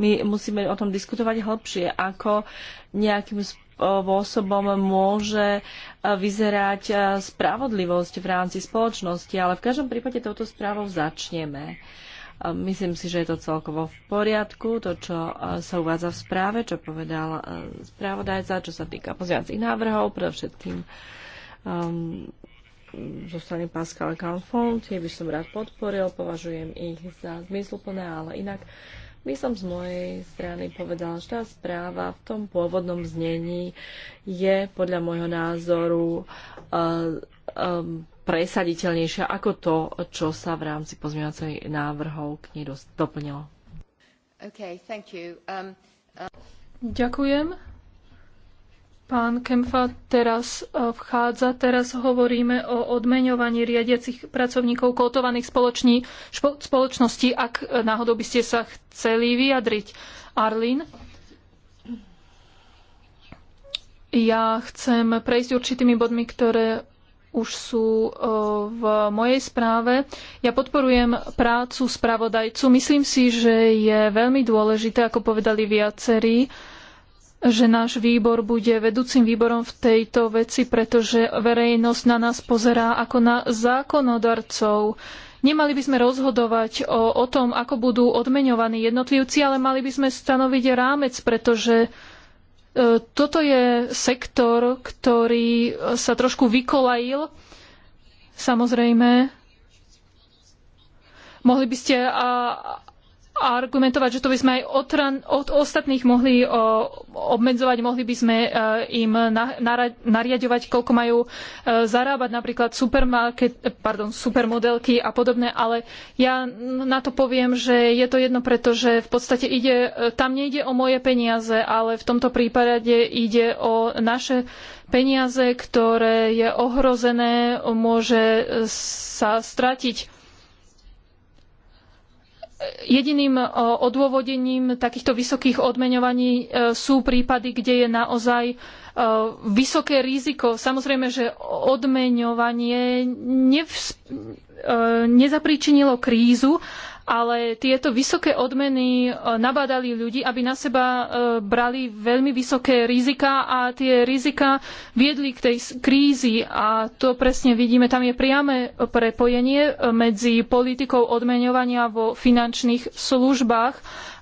my musíme o tom diskutovať hlbšie, ako nejakým spôsobom môže vyzerať spravodlivosť v rámci spoločnosti, ale v každom prípade touto správou začneme. Uh, Myslím si, že je to celkovo v poriadku, to, čo sa uvádza v správe, čo povedal správodajca, čo sa týka pozviacich návrhov, predovšetkým um, zo strany Pascal Canfon, tie by som rád podporil, považujem ich za zmysluplné, ale inak by som z mojej strany povedala, že tá správa v tom pôvodnom znení je podľa môjho názoru uh, um, presaditeľnejšia ako to, čo sa v rámci pozmeňovacej návrhov k nej doplnilo. Okay, um, uh... Ďakujem. Pán Kemfa teraz uh, vchádza. Teraz hovoríme o odmeňovaní riadiacich pracovníkov kotovaných spoloční, špo, spoločností, ak uh, náhodou by ste sa chceli vyjadriť. Arlín? Ja chcem prejsť určitými bodmi, ktoré už sú e, v mojej správe. Ja podporujem prácu spravodajcu. Myslím si, že je veľmi dôležité, ako povedali viacerí, že náš výbor bude vedúcim výborom v tejto veci, pretože verejnosť na nás pozerá ako na zákonodarcov. Nemali by sme rozhodovať o, o tom, ako budú odmeňovaní jednotlivci, ale mali by sme stanoviť rámec, pretože E, toto je sektor, ktorý sa trošku vykolajil. Samozrejme, mohli by ste argumentovať, že to by sme aj od, od ostatných mohli o, obmedzovať, mohli by sme e, im na, nariadovať, koľko majú e, zarábať, napríklad pardon, supermodelky a podobné, ale ja na to poviem, že je to jedno, pretože v podstate ide, e, tam nejde o moje peniaze, ale v tomto prípade ide o naše peniaze, ktoré je ohrozené, môže e, sa stratiť. Jediným e, odôvodením takýchto vysokých odmeňovaní e, sú prípady, kde je naozaj e, vysoké riziko. Samozrejme, že odmeňovanie nezapríčinilo krízu, ale tieto vysoké odmeny e, nabádali ľudí, aby na seba e, brali veľmi vysoké rizika a tie rizika viedli k tej krízi a to presne vidíme, tam je priame prepojenie e, medzi politikou odmeňovania vo finančných službách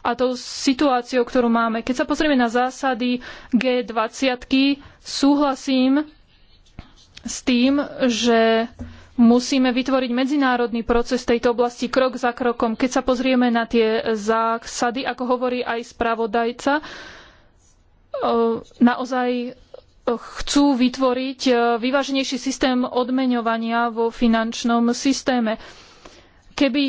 a tou situáciou, ktorú máme. Keď sa pozrieme na zásady G20, súhlasím s tým, že Musíme vytvoriť medzinárodný proces v tejto oblasti krok za krokom. Keď sa pozrieme na tie zásady, ako hovorí aj spravodajca, e, naozaj chcú vytvoriť e, vyváženejší systém odmeňovania vo finančnom systéme. Keby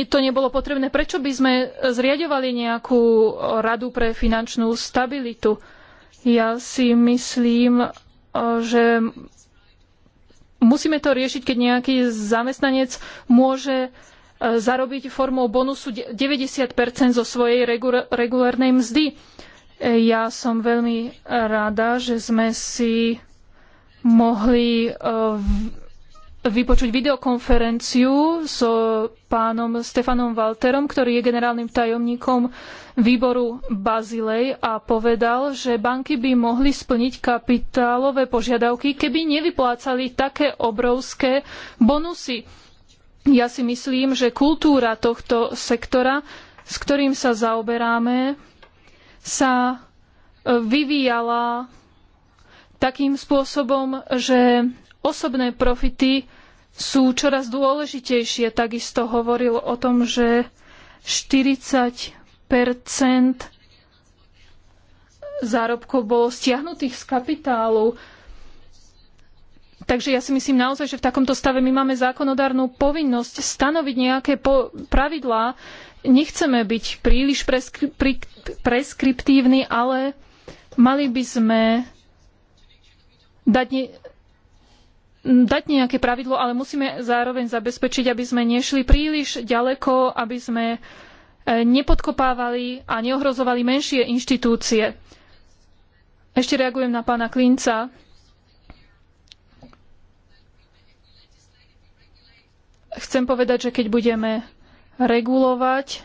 e, to nebolo potrebné, prečo by sme zriadovali nejakú radu pre finančnú stabilitu? Ja si myslím, že musíme to riešiť, keď nejaký zamestnanec môže e, zarobiť formou bonusu 90 zo svojej regulárnej mzdy. E, ja som veľmi rada, že sme si mohli e, vypočuť videokonferenciu so pánom Stefanom Walterom, ktorý je generálnym tajomníkom výboru Bazilej a povedal, že banky by mohli splniť kapitálové požiadavky, keby nevyplácali také obrovské bonusy. Ja si myslím, že kultúra tohto sektora, s ktorým sa zaoberáme, sa e, vyvíjala takým spôsobom, že osobné profity sú čoraz dôležitejšie. Takisto hovoril o tom, že 40 zárobkov bolo stiahnutých z kapitálu. Takže ja si myslím naozaj, že v takomto stave my máme zákonodárnu povinnosť stanoviť nejaké pravidlá. Nechceme byť príliš preskri- preskriptívni, ale mali by sme dať dať nejaké pravidlo, ale musíme zároveň zabezpečiť, aby sme nešli príliš ďaleko, aby sme e, nepodkopávali a neohrozovali menšie inštitúcie. Ešte reagujem na pána Klinca. Chcem povedať, že keď budeme regulovať,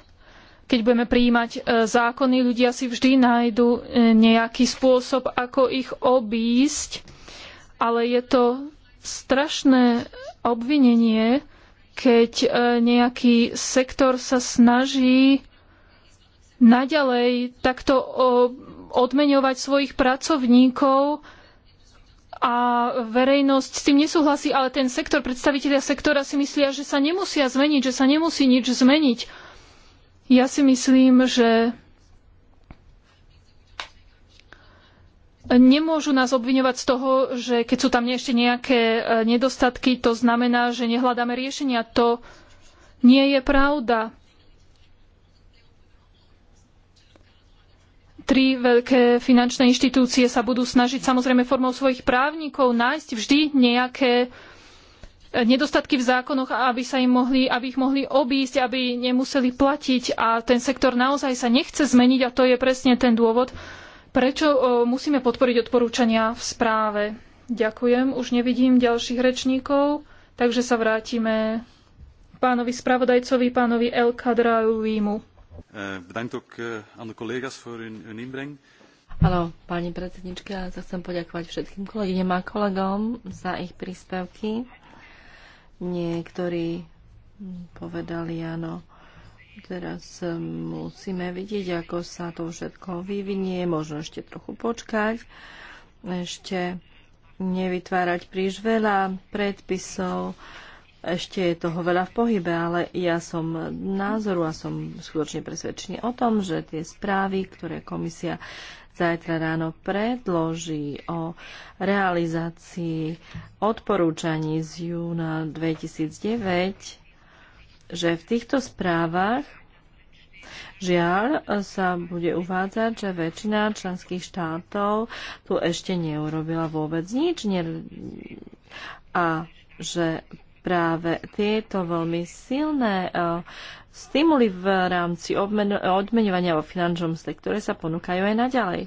keď budeme prijímať e, zákony, ľudia si vždy nájdu e, nejaký spôsob, ako ich obísť, ale je to strašné obvinenie, keď e, nejaký sektor sa snaží naďalej takto odmeňovať svojich pracovníkov a verejnosť s tým nesúhlasí, ale ten sektor, predstavitelia sektora si myslia, že sa nemusia zmeniť, že sa nemusí nič zmeniť. Ja si myslím, že Nemôžu nás obviňovať z toho, že keď sú tam ešte nejaké e, nedostatky, to znamená, že nehľadáme riešenia. To nie je pravda. Tri veľké finančné inštitúcie sa budú snažiť samozrejme formou svojich právnikov nájsť vždy nejaké e, nedostatky v zákonoch, aby, sa im mohli, aby ich mohli obísť, aby nemuseli platiť. A ten sektor naozaj sa nechce zmeniť a to je presne ten dôvod, Prečo e, musíme podporiť odporúčania v správe? Ďakujem, už nevidím ďalších rečníkov, takže sa vrátime pánovi spravodajcovi, pánovi El Kadrauimu. Áno, e, e, pani predsednička, sa chcem poďakovať všetkým kolegyňam a kolegom za ich príspevky. Niektorí povedali áno, Teraz e, musíme vidieť, ako sa to všetko vyvinie, možno ešte trochu počkať, ešte nevytvárať príliš veľa predpisov, ešte je toho veľa v pohybe, ale ja som názoru a som skutočne presvedčený o tom, že tie správy, ktoré komisia zajtra ráno predloží o realizácii odporúčaní z júna 2009 že v týchto správach Žiaľ sa bude uvádzať, že väčšina členských štátov tu ešte neurobila vôbec nič ne... a že práve tieto veľmi silné e, stimuly v rámci odmenovania vo finančnom sektore sa ponúkajú aj naďalej.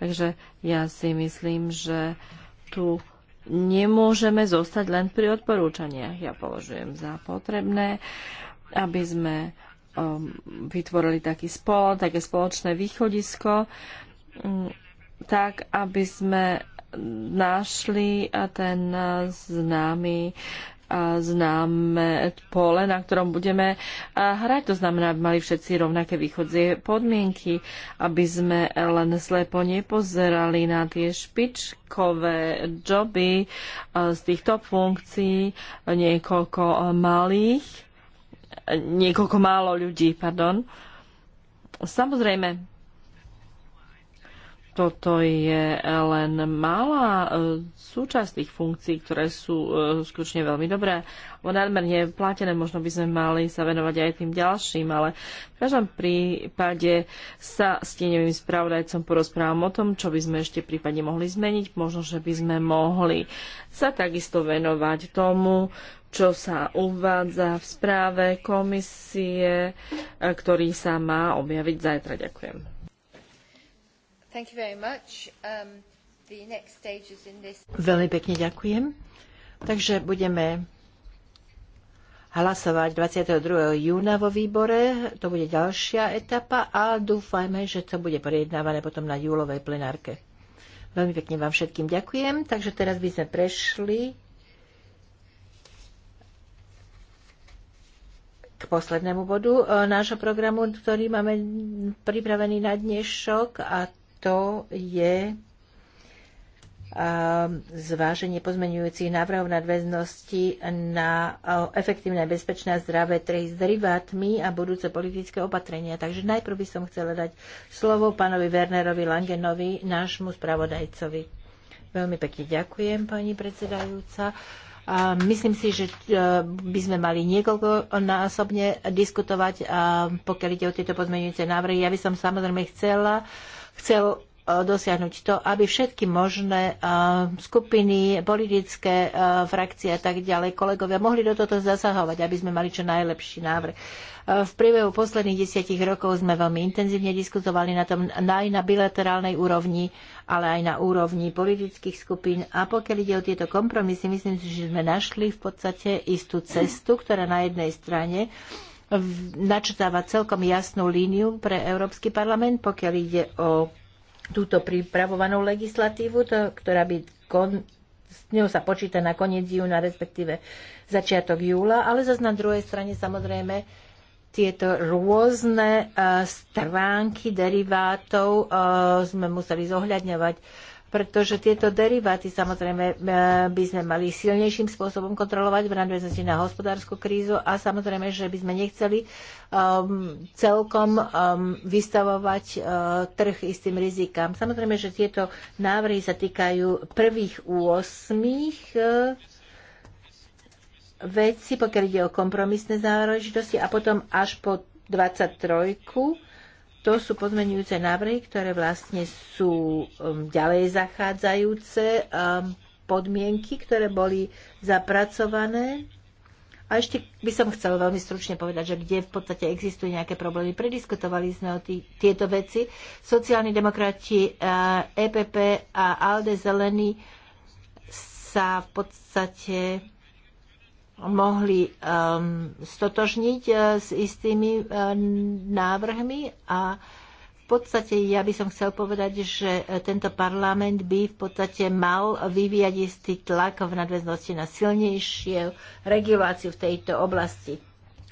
Takže ja si myslím, že tu nemôžeme zostať len pri odporúčaniach. Ja považujem za potrebné, aby sme um, vytvorili taký spolo, také spoločné východisko, um, tak aby sme našli ten uh, známy známe pole, na ktorom budeme hrať. To znamená, aby mali všetci rovnaké východzie podmienky, aby sme len slepo nepozerali na tie špičkové joby z týchto funkcií niekoľko malých, niekoľko málo ľudí, pardon. Samozrejme, toto je len malá e, súčasť tých funkcií, ktoré sú e, skutočne veľmi dobré. O nadmerne platené možno by sme mali sa venovať aj tým ďalším, ale v každom prípade sa s tieňovým spravodajcom porozprávam o tom, čo by sme ešte prípadne mohli zmeniť. Možno, že by sme mohli sa takisto venovať tomu, čo sa uvádza v správe komisie, e, ktorý sa má objaviť zajtra. Ďakujem. Um, Veľmi pekne ďakujem. Takže budeme hlasovať 22. júna vo výbore. To bude ďalšia etapa a dúfajme, že to bude prejednávané potom na júlovej plenárke. Veľmi pekne vám všetkým ďakujem. Takže teraz by sme prešli k poslednému bodu eh, nášho programu, ktorý máme pripravený na dnešok a to je um, zváženie pozmenujúcich návrhov nadväznosti na uh, efektívne, bezpečné a zdravé trhy s derivátmi a budúce politické opatrenia. Takže najprv by som chcela dať slovo pánovi Wernerovi Langenovi, nášmu spravodajcovi. Veľmi pekne ďakujem, pani predsedajúca. A myslím si, že uh, by sme mali niekoľko násobne diskutovať, uh, pokiaľ ide o tieto pozmenujúce návrhy. Ja by som samozrejme chcela uh, chcel e, dosiahnuť to, aby všetky možné e, skupiny, politické e, frakcie a tak ďalej, kolegovia mohli do toto zasahovať, aby sme mali čo najlepší návrh. V priebehu posledných desiatich rokov sme veľmi intenzívne diskutovali na tom aj na bilaterálnej úrovni, ale aj na úrovni politických skupín. A pokiaľ ide o tieto kompromisy, myslím si, že sme našli v podstate istú cestu, ktorá na jednej strane načrtáva celkom jasnú líniu pre Európsky parlament, pokiaľ ide o túto pripravovanú legislatívu, to, ktorá by kon, s ňou sa počíta na koniec júna, respektíve začiatok júla, ale zase na druhej strane samozrejme tieto rôzne uh, stránky derivátov uh, sme museli zohľadňovať pretože tieto deriváty samozrejme e, by sme mali silnejším spôsobom kontrolovať v nadväznosti na hospodárskú krízu a samozrejme, že by sme nechceli um, celkom um, vystavovať uh, trh istým rizikám. Samozrejme, že tieto návrhy sa týkajú prvých 8 e, vecí, pokiaľ ide o kompromisné záležitosti a potom až po 23 to sú pozmenujúce návrhy, ktoré vlastne sú um, ďalej zachádzajúce um, podmienky, ktoré boli zapracované. A ešte by som chcela veľmi stručne povedať, že kde v podstate existujú nejaké problémy. Prediskutovali sme o tý, tieto veci. Sociálni demokrati, uh, EPP a ALDE Zelení sa v podstate mohli um, stotožniť uh, s istými um, návrhmi a v podstate ja by som chcel povedať, že uh, tento parlament by v podstate mal vyvíjať istý tlak v nadväznosti na silnejšie reguláciu v tejto oblasti.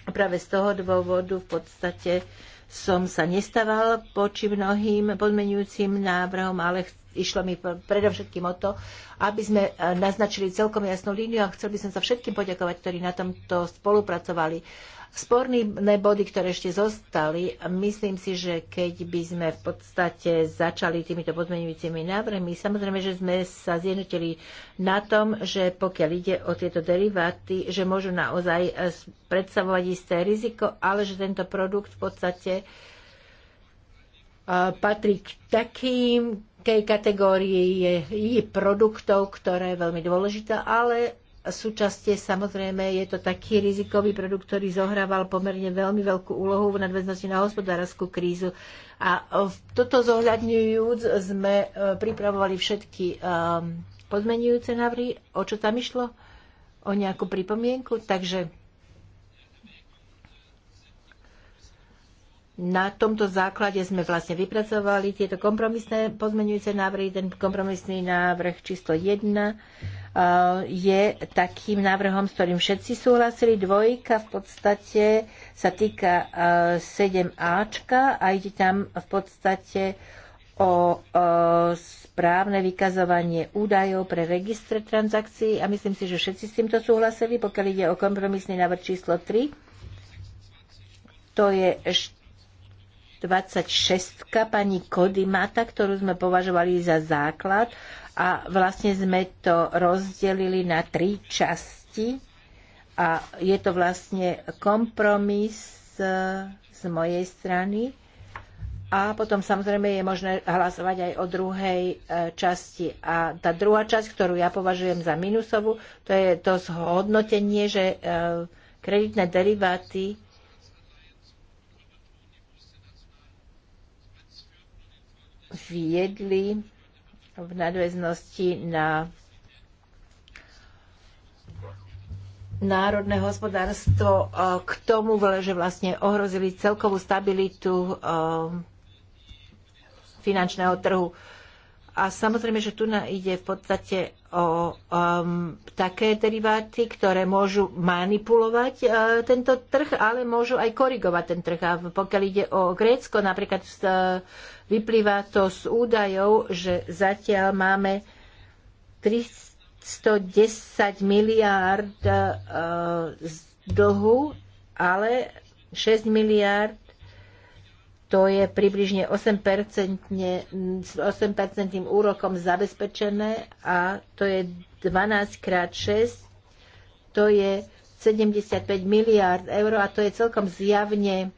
A Práve z toho dôvodu v podstate som sa nestával poči mnohým podmenujúcim návrhom, ale chcem Išlo mi predovšetkým o to, aby sme e, naznačili celkom jasnú líniu a chcel by som sa všetkým poďakovať, ktorí na tomto spolupracovali. Sporné body, ktoré ešte zostali, myslím si, že keď by sme v podstate začali týmito podmenujúcimi návrhmi, samozrejme, že sme sa zjednotili na tom, že pokiaľ ide o tieto deriváty, že môžu naozaj e, predstavovať isté riziko, ale že tento produkt v podstate e, patrí k takým veľkej kategórii je, i produktov, ktorá je veľmi dôležitá, ale súčasne samozrejme je to taký rizikový produkt, ktorý zohrával pomerne veľmi veľkú úlohu v nadväznosti na hospodárskú krízu. A e, toto zohľadňujúc sme e, pripravovali všetky um, pozmenujúce návrhy. O čo tam išlo? O nejakú pripomienku? Takže na tomto základe sme vlastne vypracovali tieto kompromisné pozmeňujúce návrhy. Ten kompromisný návrh číslo 1 e, je takým návrhom, s ktorým všetci súhlasili. Dvojka v podstate sa týka 7Ačka e, a ide tam v podstate o e, správne vykazovanie údajov pre registre transakcií a myslím si, že všetci s týmto súhlasili, pokiaľ ide o kompromisný návrh číslo 3. To je 26 pani Kodimata, ktorú sme považovali za základ a vlastne sme to rozdelili na tri časti a je to vlastne kompromis e, z mojej strany. A potom samozrejme je možné hlasovať aj o druhej e, časti. A tá druhá časť, ktorú ja považujem za minusovú, to je to zhodnotenie, že e, kreditné deriváty viedli v nadväznosti na národné hospodárstvo e, k tomu, že vlastne ohrozili celkovú stabilitu e, finančného trhu. A samozrejme, že tu ide v podstate o um, také deriváty, ktoré môžu manipulovať uh, tento trh, ale môžu aj korigovať ten trh. A pokiaľ ide o Grécko, napríklad uh, vyplýva to z údajov, že zatiaľ máme 310 miliárd uh, z dlhu, ale 6 miliárd to je približne 8%, 8% úrokom zabezpečené a to je 12 krát 6, to je 75 miliárd eur a to je celkom zjavne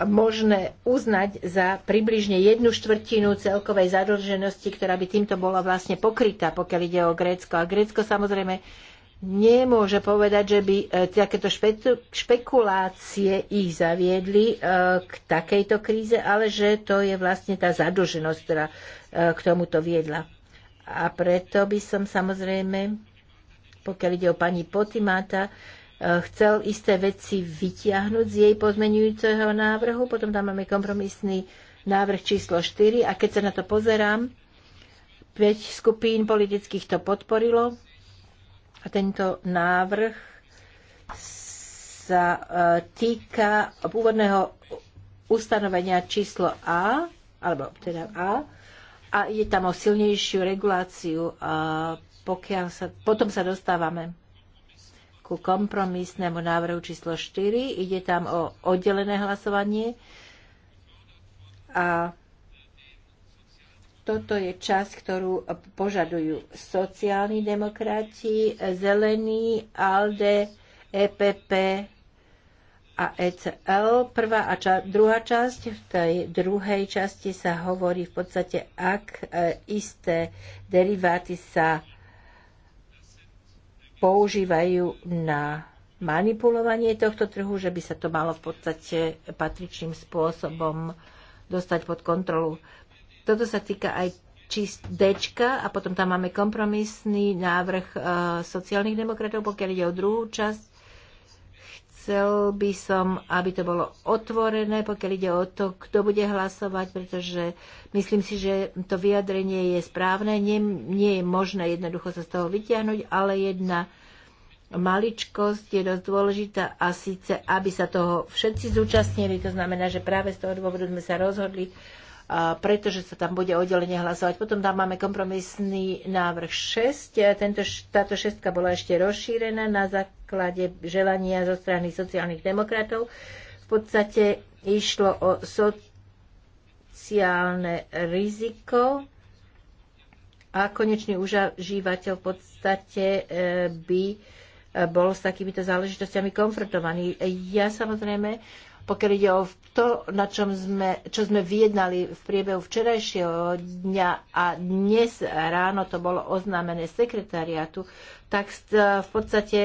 možné uznať za približne jednu štvrtinu celkovej zadlženosti, ktorá by týmto bola vlastne pokrytá, pokiaľ ide o Grécko. A Grécko samozrejme nemôže povedať, že by e, takéto špekulácie ich zaviedli e, k takejto kríze, ale že to je vlastne tá zadlženosť, ktorá e, k tomuto viedla. A preto by som samozrejme, pokiaľ ide o pani Potimáta, chcel isté veci vytiahnuť z jej pozmenujúceho návrhu. Potom tam máme kompromisný návrh číslo 4 a keď sa na to pozerám, 5 skupín politických to podporilo, a tento návrh sa e, týka pôvodného ustanovenia číslo A, alebo teda A, a je tam o silnejšiu reguláciu, a e, pokiaľ sa, potom sa dostávame ku kompromisnému návrhu číslo 4. Ide tam o oddelené hlasovanie a toto je čas, ktorú požadujú sociálni demokrati, zelení, ALDE, EPP a ECL. Prvá a ča- druhá časť, v tej druhej časti sa hovorí v podstate, ak e, isté deriváty sa používajú na manipulovanie tohto trhu, že by sa to malo v podstate patričným spôsobom dostať pod kontrolu. Toto sa týka aj čist D a potom tam máme kompromisný návrh uh, sociálnych demokratov, pokiaľ ide o druhú časť. Chcel by som, aby to bolo otvorené, pokiaľ ide o to, kto bude hlasovať, pretože myslím si, že to vyjadrenie je správne. Nie, nie je možné jednoducho sa z toho vytiahnuť, ale jedna maličkosť je dosť dôležitá a síce, aby sa toho všetci zúčastnili. To znamená, že práve z toho dôvodu sme sa rozhodli, pretože sa tam bude oddelenie hlasovať. Potom tam máme kompromisný návrh 6. Tento, táto šestka bola ešte rozšírená na základe želania zo strany sociálnych demokratov. V podstate išlo o sociálne riziko a konečný užívateľ v podstate e, by e, bol s takýmito záležitosťami konfrontovaný. Ja samozrejme pokiaľ ide o to, na čom sme, čo sme vyjednali v priebehu včerajšieho dňa a dnes ráno to bolo oznámené sekretariátu, tak e, v podstate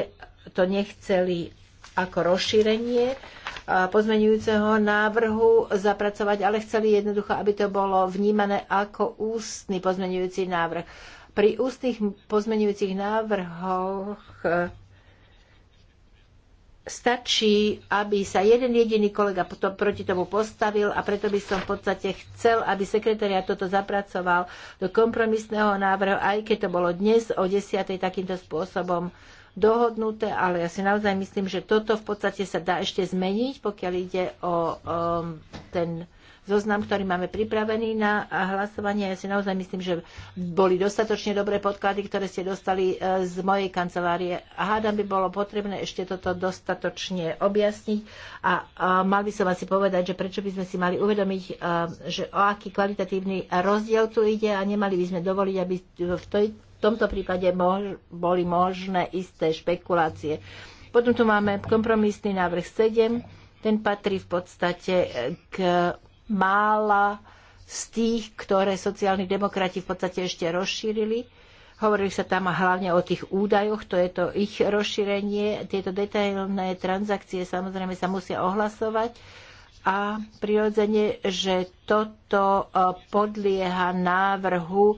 to nechceli ako rozšírenie e, pozmeňujúceho návrhu zapracovať, ale chceli jednoducho, aby to bolo vnímané ako ústny pozmenujúci návrh. Pri ústnych pozmeňujúcich návrhoch e, stačí, aby sa jeden jediný kolega proti tomu postavil a preto by som v podstate chcel, aby sekretariat toto zapracoval do kompromisného návrhu, aj keď to bolo dnes o 10. takýmto spôsobom dohodnuté, ale ja si naozaj myslím, že toto v podstate sa dá ešte zmeniť, pokiaľ ide o um, ten zoznam, ktorý máme pripravený na hlasovanie. Ja si naozaj myslím, že boli dostatočne dobré podklady, ktoré ste dostali e, z mojej kancelárie. A hádam by bolo potrebné ešte toto dostatočne objasniť a, mal by som asi povedať, že prečo by sme si mali uvedomiť, e, že o aký kvalitatívny rozdiel tu ide a nemali by sme dovoliť, aby v tomto prípade boli možné isté špekulácie. Potom tu máme kompromisný návrh 7. Ten patrí v podstate k mála z tých, ktoré sociálni demokrati v podstate ešte rozšírili. Hovorili sa tam hlavne o tých údajoch, to je to ich rozšírenie. Tieto detailné transakcie samozrejme sa musia ohlasovať a prirodzene, že toto e, podlieha návrhu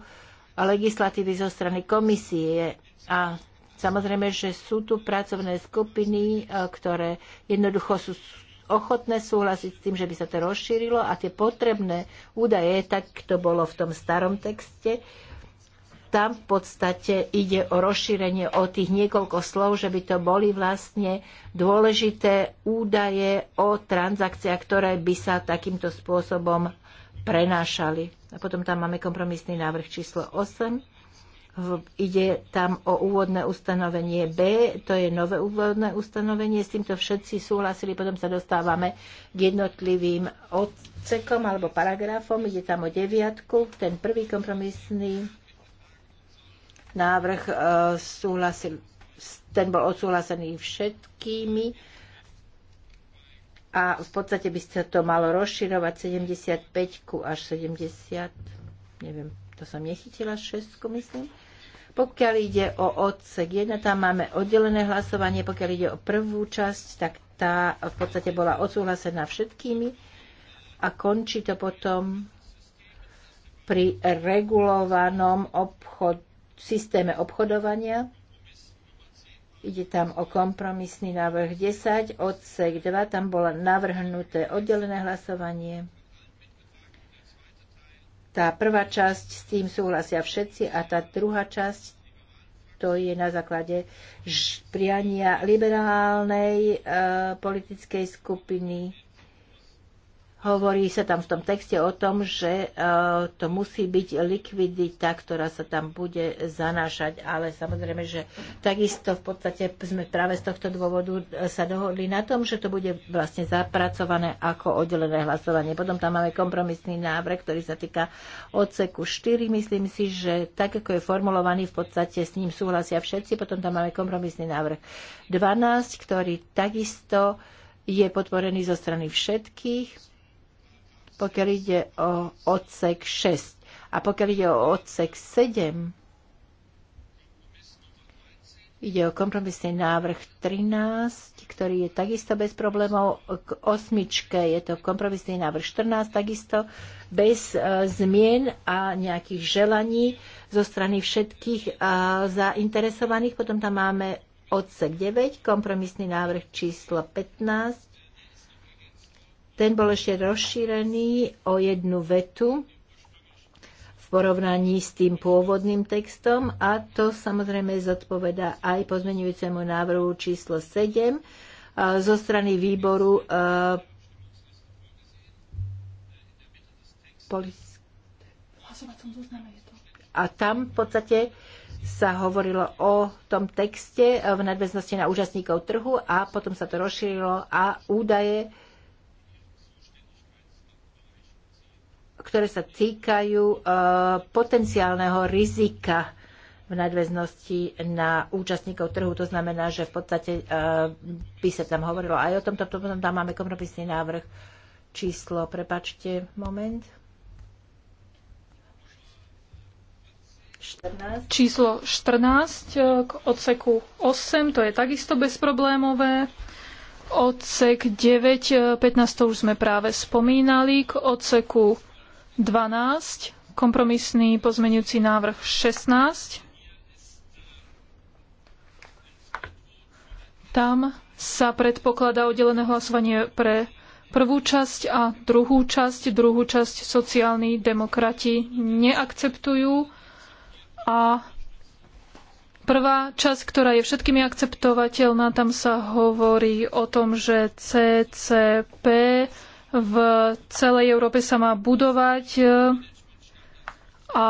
legislatívy zo strany komisie a samozrejme, že sú tu pracovné skupiny, e, ktoré jednoducho sú ochotné súhlasiť s tým, že by sa to rozšírilo a tie potrebné údaje, tak to bolo v tom starom texte, tam v podstate ide o rozšírenie o tých niekoľko slov, že by to boli vlastne dôležité údaje o transakciách, ktoré by sa takýmto spôsobom prenášali. A potom tam máme kompromisný návrh číslo 8, Ide tam o úvodné ustanovenie B, to je nové úvodné ustanovenie, s týmto všetci súhlasili, potom sa dostávame k jednotlivým odsekom alebo paragrafom, ide tam o deviatku, ten prvý kompromisný návrh e, súhlasil, ten bol odsúhlasený všetkými a v podstate by sa to malo rozširovať 75 až 70, neviem, to som nechytila, šestku myslím. Pokiaľ ide o odsek 1, tam máme oddelené hlasovanie. Pokiaľ ide o prvú časť, tak tá v podstate bola odsúhlasená všetkými a končí to potom pri regulovanom obchod, systéme obchodovania. Ide tam o kompromisný návrh 10, odsek 2, tam bolo navrhnuté oddelené hlasovanie tá prvá časť, s tým súhlasia všetci a tá druhá časť, to je na základe priania liberálnej e, politickej skupiny Hovorí sa tam v tom texte o tom, že e, to musí byť likvidita, ktorá sa tam bude zanášať, ale samozrejme, že takisto v podstate sme práve z tohto dôvodu e, sa dohodli na tom, že to bude vlastne zapracované ako oddelené hlasovanie. Potom tam máme kompromisný návrh, ktorý sa týka odseku 4. Myslím si, že tak, ako je formulovaný, v podstate s ním súhlasia všetci. Potom tam máme kompromisný návrh 12, ktorý takisto je podporený zo strany všetkých pokiaľ ide o odsek 6. A pokiaľ ide o odsek 7, ide o kompromisný návrh 13, ktorý je takisto bez problémov. K osmičke je to kompromisný návrh 14, takisto bez e, zmien a nejakých želaní zo strany všetkých e, zainteresovaných. Potom tam máme odsek 9, kompromisný návrh číslo 15, ten bol ešte rozšírený o jednu vetu v porovnaní s tým pôvodným textom a to samozrejme zodpoveda aj pozmenujúcemu návrhu číslo 7 e, zo strany výboru e, a tam v podstate sa hovorilo o tom texte e, v nadväznosti na účastníkov trhu a potom sa to rozšírilo a údaje ktoré sa týkajú e, potenciálneho rizika v nadväznosti na účastníkov trhu. To znamená, že v podstate e, by sa tam hovorilo aj o tomto, potom tam máme kompromisný návrh číslo, prepačte, moment. 14. Číslo 14 e, k odseku 8, to je takisto bezproblémové. Odsek 9, 15 to už sme práve spomínali, k odseku 12, kompromisný pozmenujúci návrh 16. Tam sa predpokladá oddelené hlasovanie pre prvú časť a druhú časť. Druhú časť sociálni demokrati neakceptujú a prvá časť, ktorá je všetkými akceptovateľná, tam sa hovorí o tom, že CCP v celej Európe sa má budovať e, a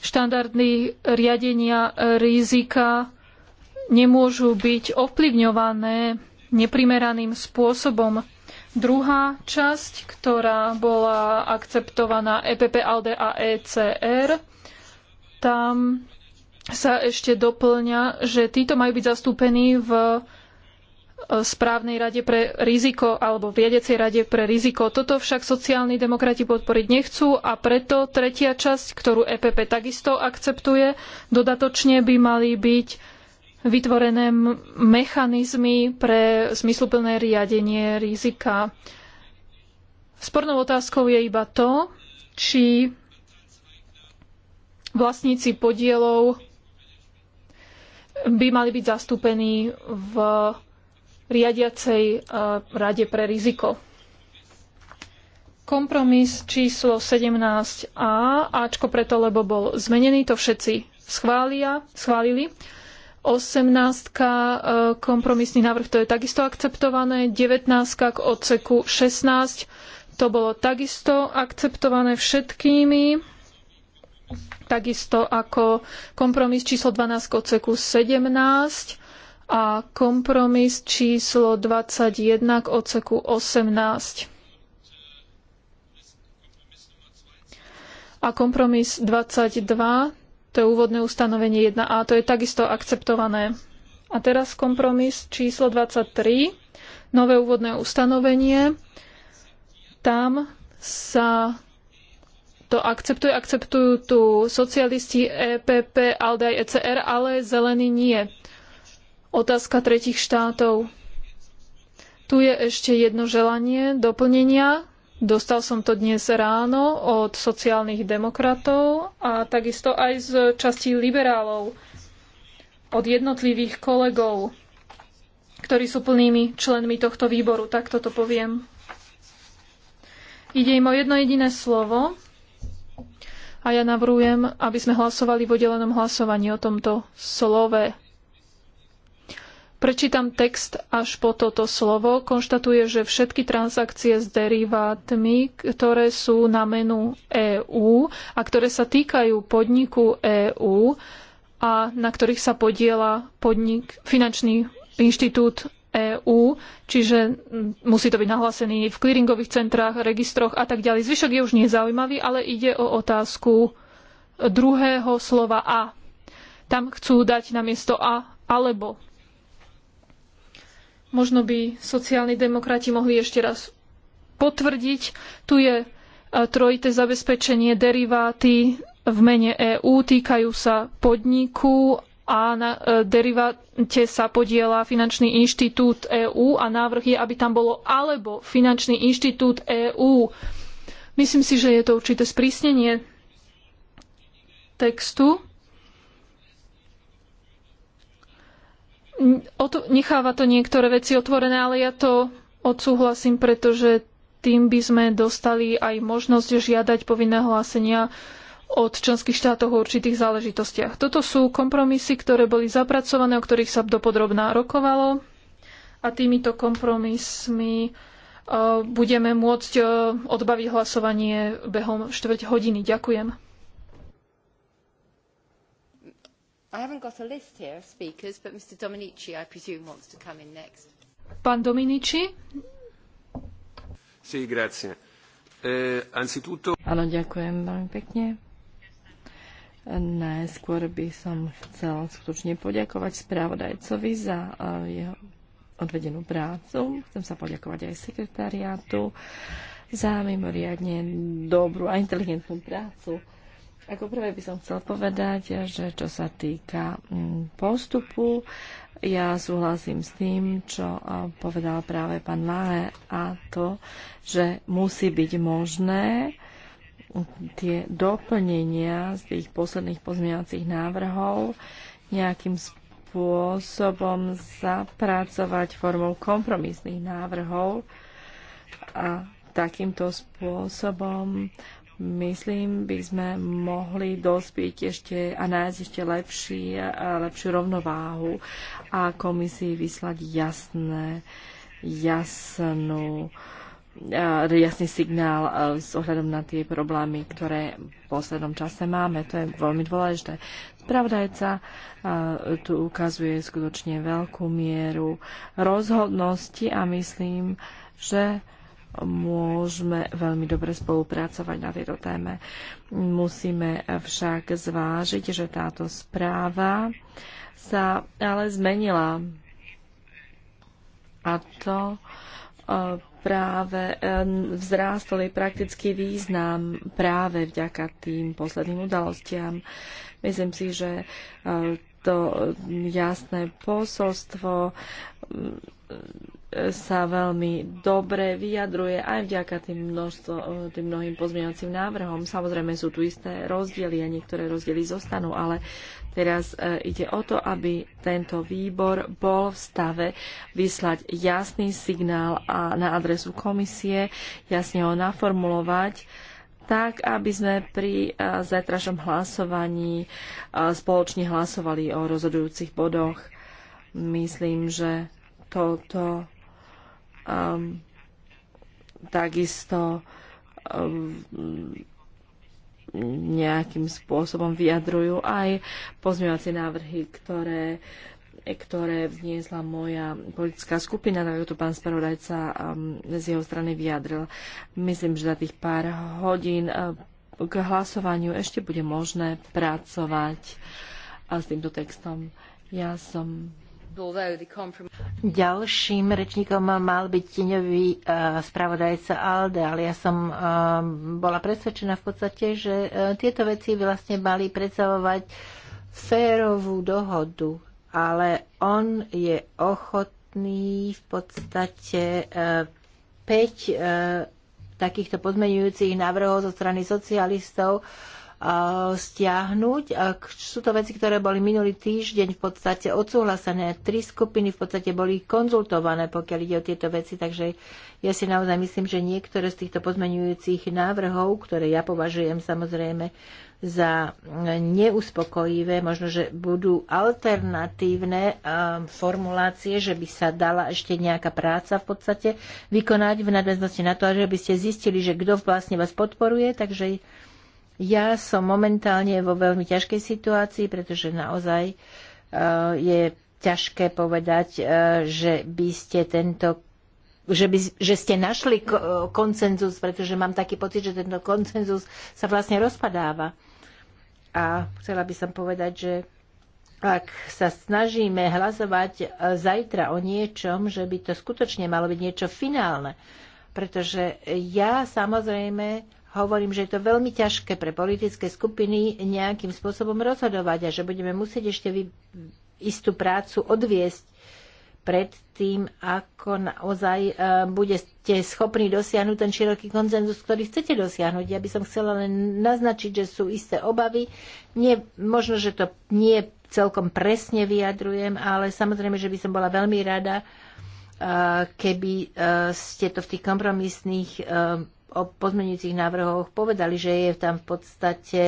štandardy riadenia rizika nemôžu byť ovplyvňované neprimeraným spôsobom. Druhá časť, ktorá bola akceptovaná EPP, ALDE a ECR, tam sa ešte doplňa, že títo majú byť zastúpení v E, správnej rade pre riziko alebo riadecej rade pre riziko. Toto však sociálni demokrati podporiť nechcú a preto tretia časť, ktorú EPP takisto akceptuje, dodatočne by mali byť vytvorené mechanizmy pre zmysluplné riadenie rizika. Spornou otázkou je iba to, či vlastníci podielov by mali byť zastúpení v riadiacej e, rade pre riziko. Kompromis číslo 17a, Ačko preto, lebo bol zmenený, to všetci schvália, schválili. 18. E, kompromisný návrh, to je takisto akceptované. 19. k odseku 16, to bolo takisto akceptované všetkými. Takisto ako kompromis číslo 12 k odseku 17 a kompromis číslo 21 k odseku 18. A kompromis 22, to je úvodné ustanovenie 1a, to je takisto akceptované. A teraz kompromis číslo 23, nové úvodné ustanovenie. Tam sa to akceptuje, akceptujú tu socialisti, EPP, ALDE aj ECR, ale zelení nie. Otázka tretich štátov. Tu je ešte jedno želanie doplnenia. Dostal som to dnes ráno od sociálnych demokratov a takisto aj z časti liberálov, od jednotlivých kolegov, ktorí sú plnými členmi tohto výboru. Takto to poviem. Ide im o jedno jediné slovo a ja navrhujem, aby sme hlasovali v oddelenom hlasovaní o tomto slove Prečítam text až po toto slovo. Konštatuje, že všetky transakcie s derivátmi, ktoré sú na menu EÚ a ktoré sa týkajú podniku EÚ a na ktorých sa podiela podnik, finančný inštitút EÚ, čiže musí to byť nahlásený v clearingových centrách, registroch a tak ďalej. Zvyšok je už nezaujímavý, ale ide o otázku druhého slova a. Tam chcú dať namiesto a alebo Možno by sociálni demokrati mohli ešte raz potvrdiť. Tu je e, trojité zabezpečenie deriváty v mene EÚ, týkajú sa podniku a na e, deriváte sa podiela finančný inštitút EÚ a návrh je, aby tam bolo alebo finančný inštitút EÚ. Myslím si, že je to určité sprísnenie textu. necháva to niektoré veci otvorené, ale ja to odsúhlasím, pretože tým by sme dostali aj možnosť žiadať povinné hlásenia od členských štátov o určitých záležitostiach. Toto sú kompromisy, ktoré boli zapracované, o ktorých sa dopodrobná rokovalo a týmito kompromismi e, budeme môcť e, odbaviť hlasovanie behom štvrť hodiny. Ďakujem. I haven't got a list here of speakers, but Mr. Dominici, I presume, wants to come in next. Dominici? Sì, grazie. Eh, anzitutto... Áno, ďakujem veľmi pekne. Najskôr by som chcel skutočne poďakovať správodajcovi za eh, jeho odvedenú prácu. Chcem sa poďakovať aj sekretariátu za mimoriadne dobrú a inteligentnú prácu ako prvé by som chcel povedať, že čo sa týka mm, postupu, ja súhlasím s tým, čo povedal práve pán Lahe a to, že musí byť možné mm, tie doplnenia z tých posledných pozmeňovacích návrhov nejakým spôsobom zapracovať formou kompromisných návrhov a takýmto spôsobom myslím, by sme mohli dospieť ešte a nájsť ešte lepší, lepšiu rovnováhu a komisii vyslať jasné, jasnú, jasný signál s ohľadom na tie problémy, ktoré v poslednom čase máme. To je veľmi dôležité. Spravodajca tu ukazuje skutočne veľkú mieru rozhodnosti a myslím, že môžeme veľmi dobre spolupracovať na tejto téme. Musíme však zvážiť, že táto správa sa ale zmenila. A to e, práve e, vzrástol jej praktický význam práve vďaka tým posledným udalostiam. Myslím si, že e, to jasné posolstvo sa veľmi dobre vyjadruje aj vďaka tým, množstvo, tým mnohým pozmeňovacím návrhom. Samozrejme sú tu isté rozdiely a niektoré rozdiely zostanú, ale teraz e, ide o to, aby tento výbor bol v stave vyslať jasný signál a na adresu komisie, jasne ho naformulovať tak, aby sme pri e, zajtrašom hlasovaní e, spoločne hlasovali o rozhodujúcich bodoch. Myslím, že toto Um, takisto um, nejakým spôsobom vyjadrujú aj pozmeňovacie návrhy, ktoré ktoré vzniesla moja politická skupina, tak ako to pán spravodajca um, z jeho strany vyjadril. Myslím, že za tých pár hodín uh, k hlasovaniu ešte bude možné pracovať a e, s týmto textom. Ja som Ďalším rečníkom mal byť tieňový e, spravodajca ALDE, ale ja som e, bola presvedčená v podstate, že e, tieto veci vlastne mali predstavovať férovú dohodu, ale on je ochotný v podstate 5 takýchto pozmenujúcich návrhov zo strany socialistov, stiahnuť. Sú to veci, ktoré boli minulý týždeň v podstate odsúhlasené. Tri skupiny v podstate boli konzultované, pokiaľ ide o tieto veci, takže ja si naozaj myslím, že niektoré z týchto pozmenujúcich návrhov, ktoré ja považujem samozrejme za neuspokojivé, možno, že budú alternatívne formulácie, že by sa dala ešte nejaká práca v podstate vykonať v nadväznosti na to, že by ste zistili, že kto vlastne vás podporuje, takže ja som momentálne vo veľmi ťažkej situácii, pretože naozaj e, je ťažké povedať, e, že by ste tento že, by, že ste našli e, koncenzus, pretože mám taký pocit, že tento koncenzus sa vlastne rozpadáva. A chcela by som povedať, že ak sa snažíme hlasovať zajtra o niečom, že by to skutočne malo byť niečo finálne. Pretože ja samozrejme hovorím, že je to veľmi ťažké pre politické skupiny nejakým spôsobom rozhodovať a že budeme musieť ešte vy, istú prácu odviesť pred tým, ako naozaj e, budete schopní dosiahnuť ten široký konzenzus, ktorý chcete dosiahnuť. Ja by som chcela len naznačiť, že sú isté obavy. Nie, možno, že to nie celkom presne vyjadrujem, ale samozrejme, že by som bola veľmi rada, e, keby e, ste to v tých kompromisných o pozmeňujúcich návrhoch povedali, že je tam v podstate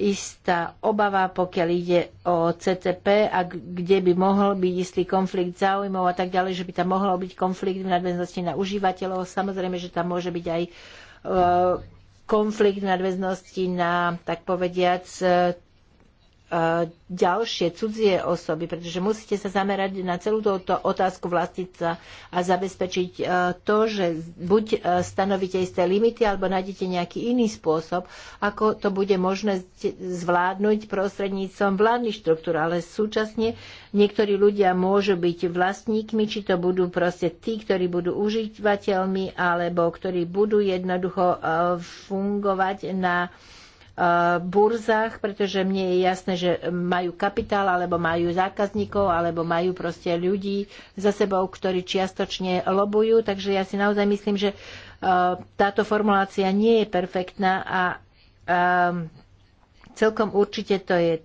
istá obava, pokiaľ ide o CTP a kde by mohol byť istý konflikt záujmov a tak ďalej, že by tam mohol byť konflikt v nadväznosti na užívateľov. Samozrejme, že tam môže byť aj e, konflikt v nadväznosti na, tak povediac, E, ďalšie cudzie osoby, pretože musíte sa zamerať na celú túto otázku vlastníca a zabezpečiť e, to, že buď e, stanovíte isté limity, alebo nájdete nejaký iný spôsob, ako to bude možné zvládnuť prostredníctvom vládnych štruktúr, ale súčasne niektorí ľudia môžu byť vlastníkmi, či to budú proste tí, ktorí budú užívateľmi, alebo ktorí budú jednoducho fungovať na E, burzách, pretože mne je jasné, že majú kapitál, alebo majú zákazníkov, alebo majú proste ľudí za sebou, ktorí čiastočne lobujú. Takže ja si naozaj myslím, že e, táto formulácia nie je perfektná a e, celkom určite to je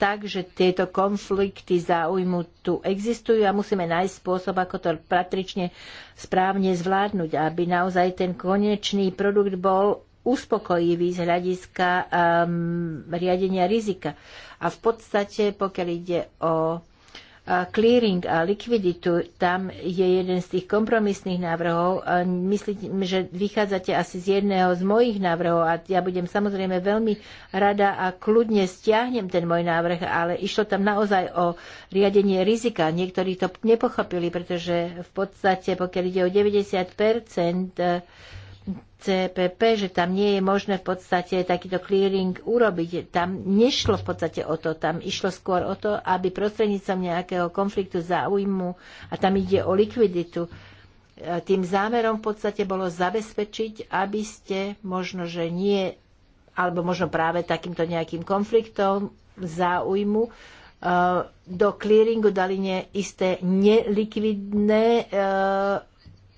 tak, že tieto konflikty záujmu tu existujú a musíme nájsť spôsob, ako to patrične správne zvládnuť, aby naozaj ten konečný produkt bol uspokojivý z hľadiska um, riadenia rizika. A v podstate, pokiaľ ide o uh, clearing a likviditu, tam je jeden z tých kompromisných návrhov. Myslím, že vychádzate asi z jedného z mojich návrhov a ja budem samozrejme veľmi rada a kľudne stiahnem ten môj návrh, ale išlo tam naozaj o riadenie rizika. Niektorí to nepochopili, pretože v podstate, pokiaľ ide o 90 CPP, že tam nie je možné v podstate takýto clearing urobiť. Tam nešlo v podstate o to, tam išlo skôr o to, aby prostrednícom nejakého konfliktu záujmu, a tam ide o likviditu, e, tým zámerom v podstate bolo zabezpečiť, aby ste možno, že nie, alebo možno práve takýmto nejakým konfliktom záujmu e, do clearingu dali neisté isté nelikvidné e,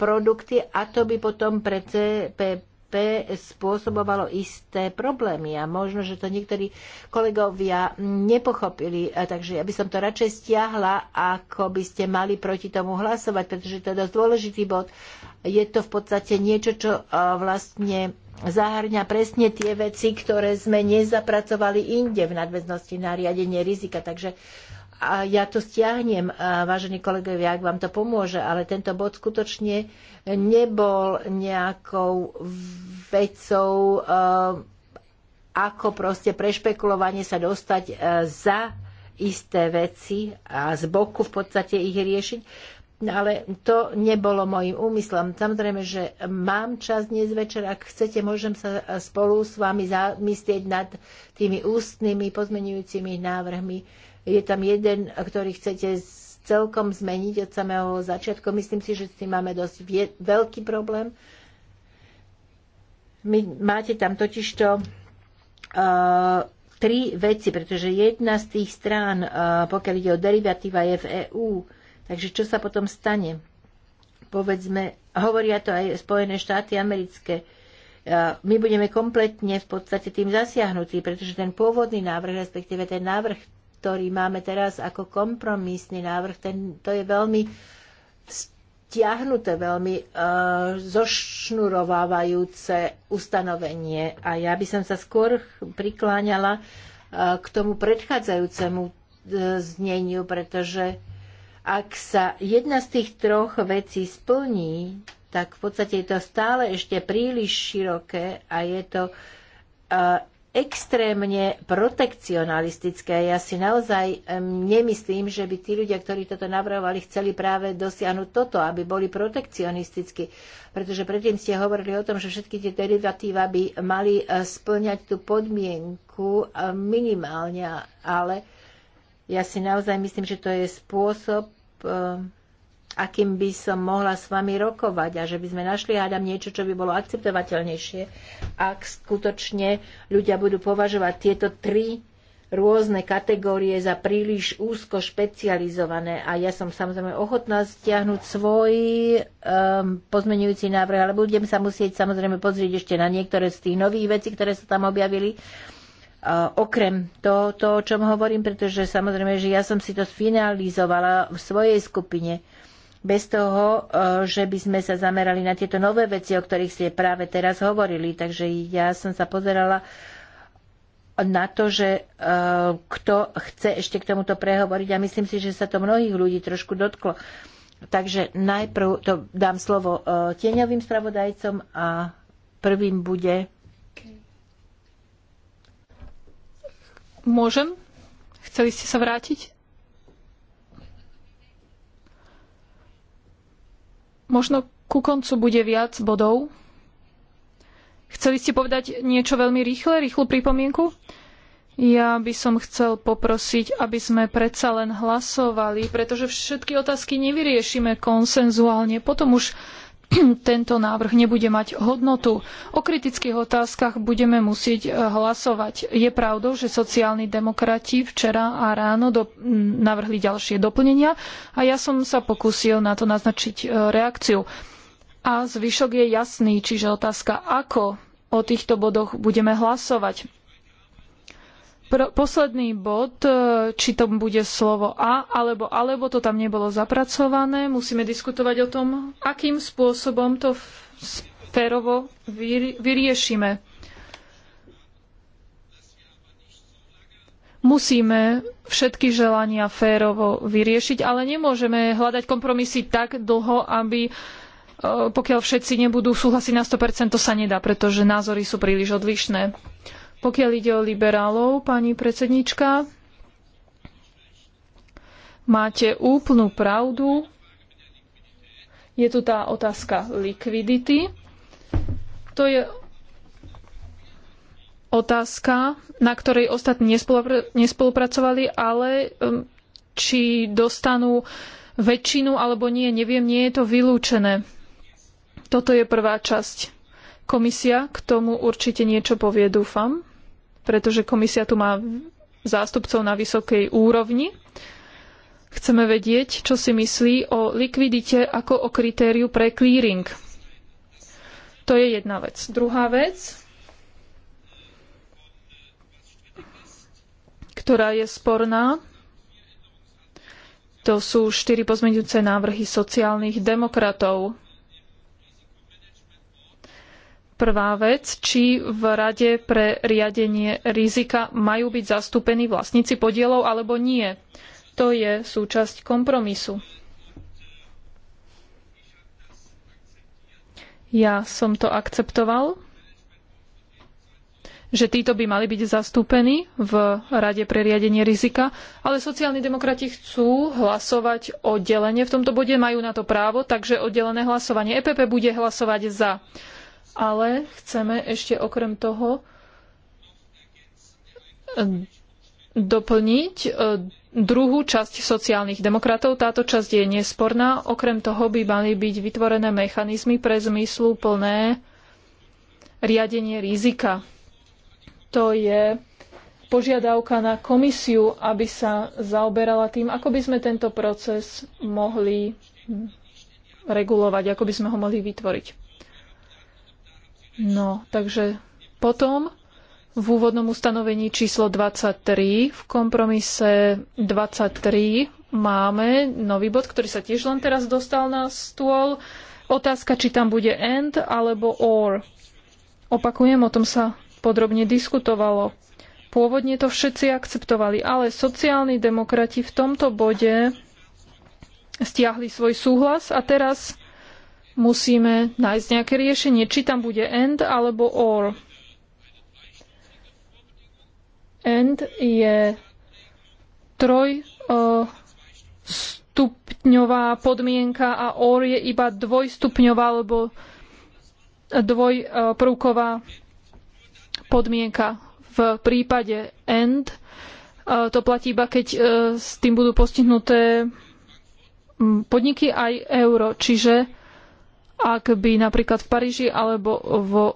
produkty a to by potom pre CPP spôsobovalo isté problémy a možno, že to niektorí kolegovia nepochopili, takže ja by som to radšej stiahla, ako by ste mali proti tomu hlasovať, pretože to je dosť dôležitý bod. Je to v podstate niečo, čo vlastne zahrňa presne tie veci, ktoré sme nezapracovali inde v nadväznosti na riadenie rizika. Takže a ja to stiahnem, vážení kolegovia, ak vám to pomôže, ale tento bod skutočne nebol nejakou vecou, eh, ako proste prešpekulovanie sa dostať eh, za isté veci a z boku v podstate ich riešiť. Ale to nebolo môjim úmyslom. Samozrejme, že mám čas dnes večer. Ak chcete, môžem sa spolu s vami zamyslieť nad tými ústnymi pozmenujúcimi návrhmi je tam jeden, ktorý chcete celkom zmeniť od samého začiatku. Myslím si, že s tým máme dosť veľký problém. My, máte tam totižto uh, tri veci, pretože jedna z tých strán, uh, pokiaľ ide o derivatíva, je v EÚ. Takže čo sa potom stane? Povedzme, hovoria to aj Spojené štáty americké. Uh, my budeme kompletne v podstate tým zasiahnutí, pretože ten pôvodný návrh, respektíve ten návrh ktorý máme teraz ako kompromisný návrh, ten, to je veľmi stiahnuté, veľmi uh, zošnurovávajúce ustanovenie. A ja by som sa skôr prikláňala uh, k tomu predchádzajúcemu uh, zneniu, pretože ak sa jedna z tých troch vecí splní, tak v podstate je to stále ešte príliš široké a je to uh, extrémne protekcionalistické. Ja si naozaj nemyslím, že by tí ľudia, ktorí toto navrhovali, chceli práve dosiahnuť toto, aby boli protekcionisticky. Pretože predtým ste hovorili o tom, že všetky tie derivatíva by mali e, splňať tú podmienku e, minimálne, ale ja si naozaj myslím, že to je spôsob e, akým by som mohla s vami rokovať a že by sme našli hádam niečo, čo by bolo akceptovateľnejšie, ak skutočne ľudia budú považovať tieto tri rôzne kategórie za príliš úzko špecializované a ja som samozrejme ochotná stiahnuť svoj um, ehm, pozmenujúci návrh, ale budem sa musieť samozrejme pozrieť ešte na niektoré z tých nových vecí, ktoré sa tam objavili. Uh, okrem toho, to, o čom hovorím, pretože samozrejme, že ja som si to finalizovala v svojej skupine. Uh, bez toho, e, že by sme sa zamerali na tieto nové veci, o ktorých ste práve teraz hovorili. Takže ja som sa pozerala na to, že e, kto chce ešte k tomuto prehovoriť a myslím si, že sa to mnohých ľudí trošku dotklo. Takže najprv to dám slovo e, tieňovým spravodajcom a prvým bude. Môžem? Chceli ste sa vrátiť? Možno ku koncu bude viac bodov. Chceli ste povedať niečo veľmi rýchle, rýchlu pripomienku? Ja by som chcel poprosiť, aby sme predsa len hlasovali, pretože všetky otázky nevyriešime konsenzuálne. Potom už tento návrh nebude mať hodnotu. O kritických otázkach budeme musieť e, hlasovať. Je pravdou, že sociálni demokrati včera a ráno do, navrhli ďalšie doplnenia a ja som sa pokúsil na to naznačiť e, reakciu. A zvyšok je jasný, čiže otázka, ako o týchto bodoch budeme hlasovať posledný bod, e, či to bude slovo a, alebo alebo to tam nebolo zapracované. Musíme diskutovať o tom, akým spôsobom to férovo vyriešime. Musíme všetky želania férovo vyriešiť, ale nemôžeme hľadať kompromisy tak dlho, aby e, pokiaľ všetci nebudú súhlasiť na 100%, to sa nedá, pretože názory sú príliš odlišné. Pokiaľ ide o liberálov, pani predsednička, máte úplnú pravdu. Je tu tá otázka likvidity. To je otázka, na ktorej ostatní nespolupracovali, ale um, či dostanú väčšinu alebo nie, neviem, nie je to vylúčené. Toto je prvá časť. Komisia k tomu určite niečo povie, dúfam pretože komisia tu má zástupcov na vysokej úrovni. Chceme vedieť, čo si myslí o likvidite ako o kritériu pre clearing. To je jedna vec. Druhá vec, ktorá je sporná, to sú štyri pozmeňujúce návrhy sociálnych demokratov. Prvá vec, či v Rade pre riadenie rizika majú byť zastúpení vlastníci podielov alebo nie. To je súčasť kompromisu. Ja som to akceptoval, že títo by mali byť zastúpení v Rade pre riadenie rizika, ale sociálni demokrati chcú hlasovať oddelenie. V tomto bode majú na to právo, takže oddelené hlasovanie EPP bude hlasovať za ale chceme ešte okrem toho e, doplniť e, druhú časť sociálnych demokratov. Táto časť je nesporná. Okrem toho by mali byť vytvorené mechanizmy pre zmyslu plné riadenie rizika. To je požiadavka na komisiu, aby sa zaoberala tým, ako by sme tento proces mohli regulovať, ako by sme ho mohli vytvoriť. No, takže potom v úvodnom ustanovení číslo 23 v kompromise 23 máme nový bod, ktorý sa tiež len teraz dostal na stôl. Otázka, či tam bude and alebo or. Opakujem, o tom sa podrobne diskutovalo. Pôvodne to všetci akceptovali, ale sociálni demokrati v tomto bode stiahli svoj súhlas a teraz musíme nájsť nejaké riešenie, či tam bude and alebo or. And je troj e, stupňová podmienka a or je iba dvojstupňová alebo dvojprúková podmienka. V prípade and e, to platí iba keď e, s tým budú postihnuté podniky aj euro. Čiže ak by napríklad v Paríži alebo vo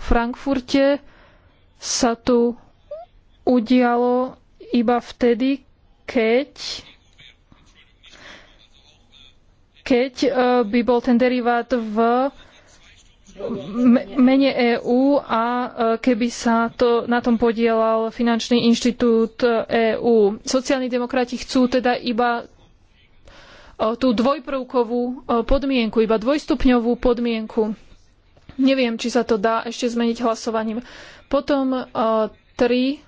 Frankfurte sa tu udialo iba vtedy, keď keď e, by bol ten derivát v mene EÚ a e, keby sa to, na tom podielal finančný inštitút EÚ. Sociálni demokrati chcú teda iba tú dvojprvkovú podmienku, iba dvojstupňovú podmienku. Neviem, či sa to dá ešte zmeniť hlasovaním. Potom tri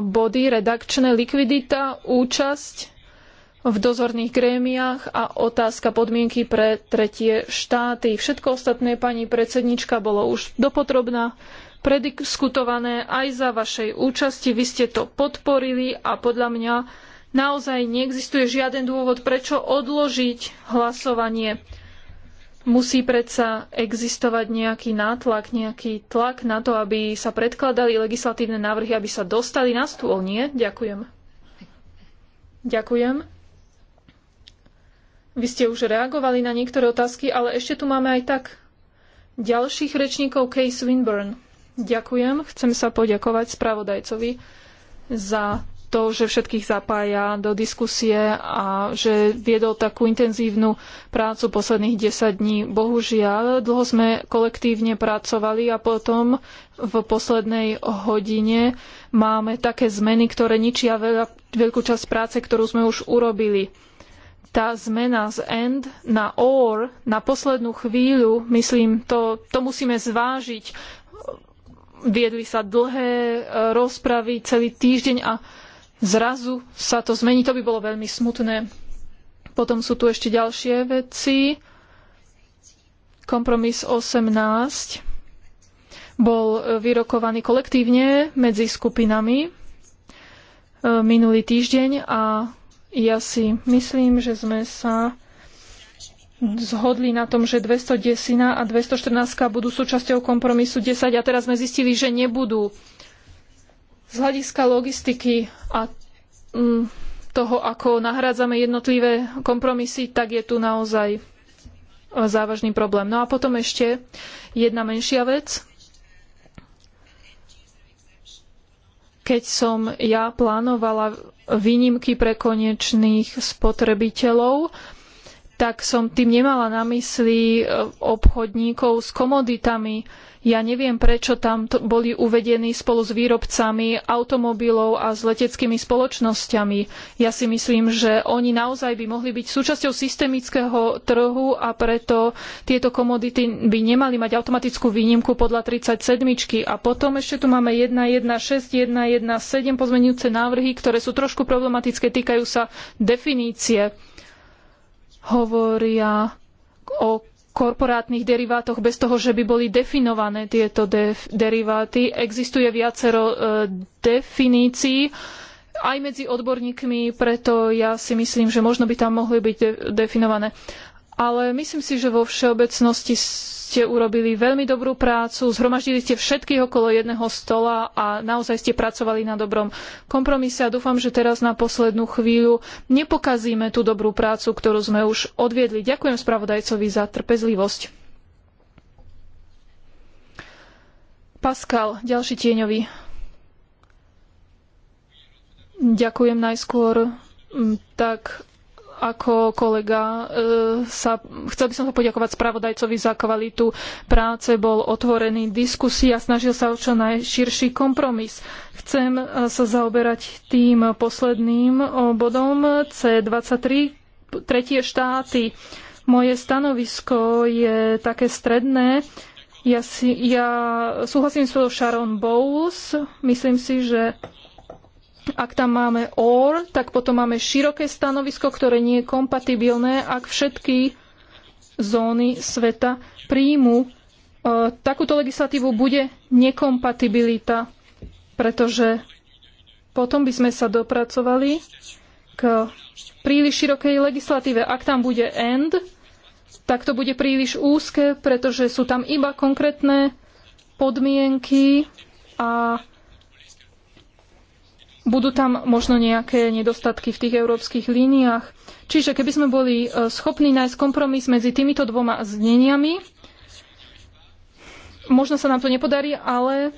body redakčné likvidita, účasť v dozorných grémiách a otázka podmienky pre tretie štáty. Všetko ostatné, pani predsednička, bolo už dopodrobná prediskutované aj za vašej účasti. Vy ste to podporili a podľa mňa Naozaj neexistuje žiaden dôvod, prečo odložiť hlasovanie. Musí predsa existovať nejaký nátlak, nejaký tlak na to, aby sa predkladali legislatívne návrhy, aby sa dostali na stôl. Nie? Ďakujem. Ďakujem. Vy ste už reagovali na niektoré otázky, ale ešte tu máme aj tak ďalších rečníkov Kay Swinburne. Ďakujem. Chcem sa poďakovať spravodajcovi za to, že všetkých zapája do diskusie a že viedol takú intenzívnu prácu posledných 10 dní. Bohužiaľ, dlho sme kolektívne pracovali a potom v poslednej hodine máme také zmeny, ktoré ničia veľa, veľkú časť práce, ktorú sme už urobili. Tá zmena z and na or na poslednú chvíľu, myslím, to, to musíme zvážiť viedli sa dlhé eh, rozpravy celý týždeň a zrazu sa to zmení, to by bolo veľmi smutné. Potom sú tu ešte ďalšie veci. Kompromis 18 bol e, vyrokovaný kolektívne medzi skupinami e, minulý týždeň a ja si myslím, že sme sa zhodli na tom, že 210 a 214 budú súčasťou kompromisu 10 a teraz sme zistili, že nebudú. Z hľadiska logistiky a mm, toho, ako nahrádzame jednotlivé kompromisy, tak je tu naozaj e, závažný problém. No a potom ešte jedna menšia vec. Keď som ja plánovala výnimky pre konečných spotrebiteľov, tak som tým nemala na mysli e, obchodníkov s komoditami. Ja neviem, prečo tam boli uvedení spolu s výrobcami automobilov a s leteckými spoločnosťami. Ja si myslím, že oni naozaj by mohli byť súčasťou systemického trhu a preto tieto komodity by nemali mať automatickú výnimku podľa 37. A potom ešte tu máme 1.1.6, 1.1.7 pozmenujúce návrhy, ktoré sú trošku problematické, týkajú sa definície. Hovoria o korporátnych derivátoch bez toho, že by boli definované tieto deriváty. Existuje viacero e, definícií aj medzi odborníkmi, preto ja si myslím, že možno by tam mohli byť de definované ale myslím si, že vo všeobecnosti ste urobili veľmi dobrú prácu, zhromaždili ste všetkých okolo jedného stola a naozaj ste pracovali na dobrom kompromise a dúfam, že teraz na poslednú chvíľu nepokazíme tú dobrú prácu, ktorú sme už odviedli. Ďakujem spravodajcovi za trpezlivosť. Pascal, ďalší tieňový. Ďakujem najskôr mm, tak ako kolega e, sa, chcel by som sa poďakovať spravodajcovi za kvalitu práce, bol otvorený diskusii a snažil sa o čo najširší kompromis. Chcem e, sa zaoberať tým posledným e, bodom C23, tretie štáty. Moje stanovisko je také stredné. Ja, si, ja súhlasím so Sharon Bowles. Myslím si, že ak tam máme or, tak potom máme široké stanovisko, ktoré nie je kompatibilné, ak všetky zóny sveta príjmu e, takúto legislatívu, bude nekompatibilita, pretože potom by sme sa dopracovali k príliš širokej legislatíve. Ak tam bude end, tak to bude príliš úzke, pretože sú tam iba konkrétne podmienky a budú tam možno nejaké nedostatky v tých európskych líniách. Čiže keby sme boli e, schopní nájsť kompromis medzi týmito dvoma zneniami, možno sa nám to nepodarí, ale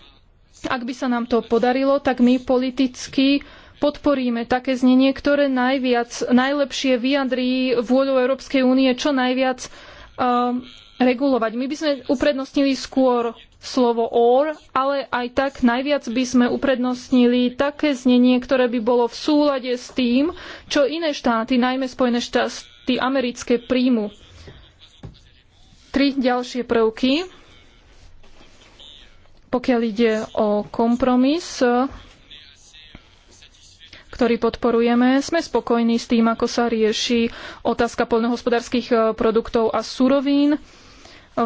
ak by sa nám to podarilo, tak my politicky podporíme také znenie, ktoré najviac, najlepšie vyjadrí vôľu Európskej únie čo najviac uh, regulovať. My by sme uprednostnili skôr slovo or, ale aj tak najviac by sme uprednostnili také znenie, ktoré by bolo v súlade s tým, čo iné štáty, najmä Spojené štáty americké, príjmu. Tri ďalšie prvky. Pokiaľ ide o kompromis, ktorý podporujeme. Sme spokojní s tým, ako sa rieši otázka poľnohospodárskych eh, produktov a surovín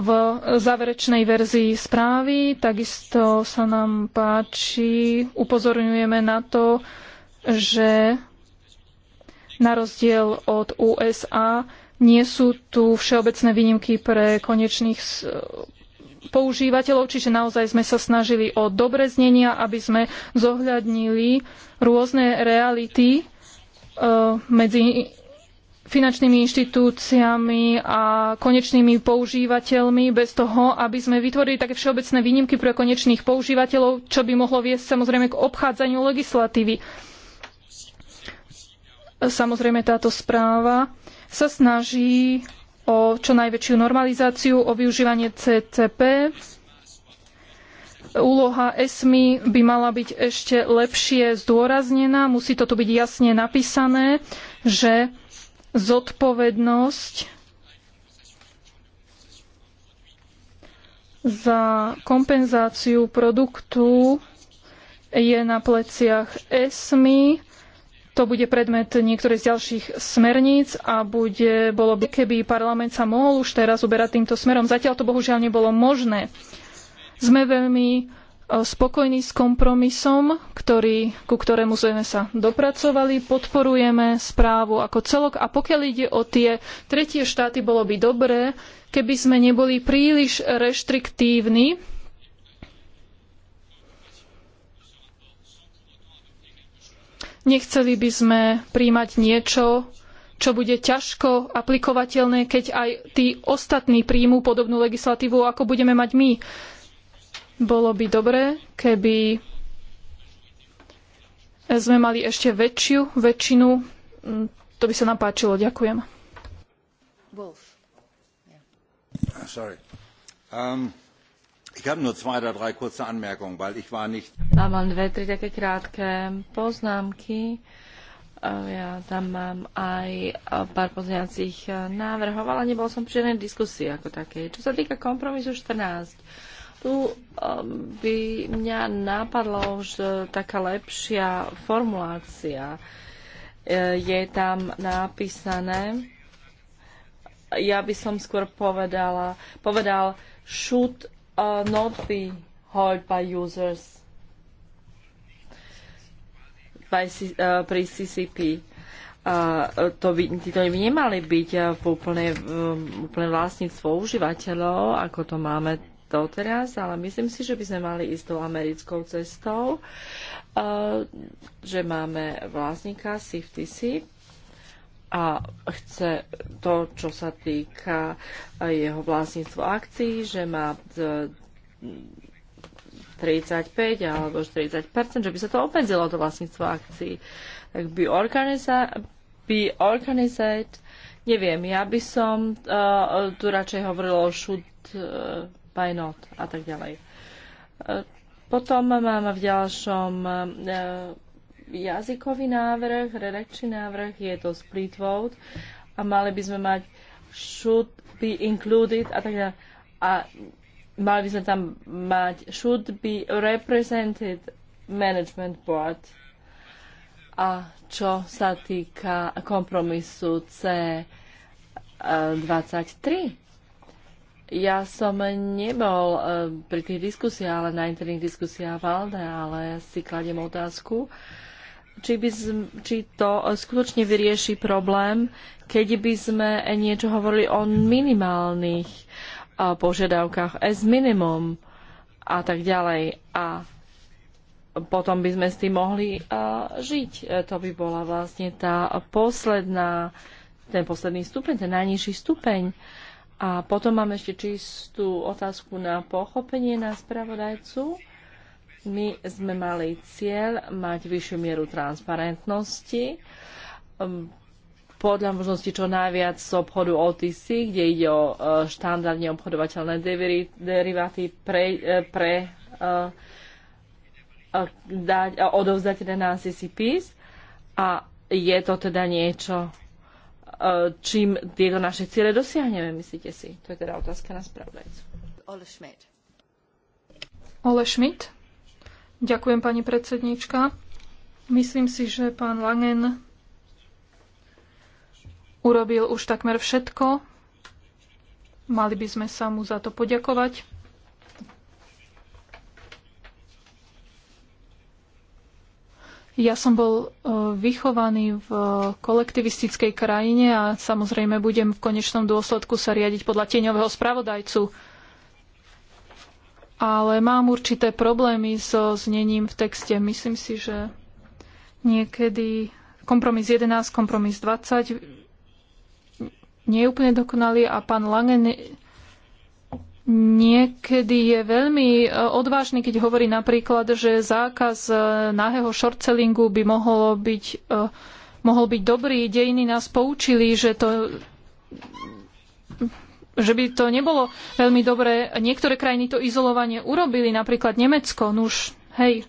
v záverečnej verzii správy. Takisto sa nám páči, upozorňujeme na to, že na rozdiel od USA nie sú tu všeobecné výnimky pre konečných používateľov, čiže naozaj sme sa snažili o dobre znenia, aby sme zohľadnili rôzne reality eh, medzi finančnými inštitúciami a konečnými používateľmi bez toho, aby sme vytvorili také všeobecné výnimky pre konečných používateľov, čo by mohlo viesť samozrejme k obchádzaniu legislatívy. Samozrejme táto správa sa snaží o čo najväčšiu normalizáciu, o využívanie CCP. Úloha ESMI by mala byť ešte lepšie zdôraznená. Musí to tu byť jasne napísané, že zodpovednosť za kompenzáciu produktu je na pleciach ESMI. To bude predmet niektorej z ďalších smerníc a bude, bolo by, keby parlament sa mohol už teraz uberať týmto smerom. Zatiaľ to bohužiaľ nebolo možné. Sme veľmi E, spokojní s kompromisom, ktorý, ku ktorému sme sa dopracovali. Podporujeme správu ako celok a pokiaľ ide o tie tretie štáty, bolo by dobré, keby sme neboli príliš reštriktívni Nechceli by sme príjmať niečo, čo bude ťažko aplikovateľné, keď aj tí ostatní príjmú podobnú legislatívu, ako budeme mať my. Bolo by dobré, keby sme mali ešte väčšiu väčšinu. To by sa nám páčilo. Ďakujem. Ja ah, mám um, dve, tri také krátke poznámky. Ja tam mám aj pár pozňacích návrhov, ale nebol som pri žiadnej diskusii ako takej. Čo sa týka kompromisu 14, tu ehm, by mňa napadlo už taká lepšia formulácia. E, je tam napísané, ja by som skôr povedala, povedal should e, not be heard by users by, e, pri CCP to by, to by nemali byť v úplne, v úplne vlastníctvo užívateľov, ako to máme doteraz, ale myslím si, že by sme mali ísť tou americkou cestou, e, že máme vlastníka CFTC, a chce to, čo sa týka e, jeho vlastníctvo akcií, že má 35 e, alebo 40 že by sa to obmedzilo do vlastníctvo akcií. Tak by, organiza- by organizate, neviem, ja by som uh, tu radšej hovorila o should uh, by not a tak ďalej. E, potom máme v ďalšom e, jazykový návrh, redakčný návrh, je to split vote a mali by sme mať should be included a tak ďalej. A mali by sme tam mať should be represented management board. A čo sa týka kompromisu C23, e, ja som nebol e, pri tých diskusiách, ale na interných diskusiách valde, ale si kladiem otázku, či, by, či to skutočne vyrieši problém, keď by sme niečo hovorili o minimálnych e, požiadavkách, S minimum a tak ďalej. A potom by sme s tým mohli uh, žiť. To by bola vlastne tá posledná, ten posledný stupeň, ten najnižší stupeň. Uh, a potom mám ešte čistú otázku na pochopenie na spravodajcu. My sme mali cieľ mať vyššiu mieru transparentnosti, um, podľa možnosti čo najviac z obchodu OTC, kde ide o e, štandardne obchodovateľné deriváty pre, e, pre uh, dať, odovzdať na CCPs. A je to teda niečo, E, čím tieto naše ciele dosiahneme, myslíte si? To je teda otázka na spravodajcu. Ole Schmidt. Ole Schmidt. Ďakujem, pani predsednička. Myslím si, že pán Langen urobil už takmer všetko. Mali by sme sa mu za to poďakovať. Ja som bol e, vychovaný v e, kolektivistickej krajine a samozrejme budem v konečnom dôsledku sa riadiť podľa tieňového spravodajcu. Ale mám určité problémy so znením v texte. Myslím si, že niekedy kompromis 11, kompromis 20 nie je úplne dokonalý a pán Lange niekedy je veľmi e, odvážny, keď hovorí napríklad, že zákaz e, nahého shortsellingu by mohol byť, e, mohol byť dobrý. Dejiny nás poučili, že to že by to nebolo veľmi dobré. Niektoré krajiny to izolovanie urobili, napríklad Nemecko, nuž, hej.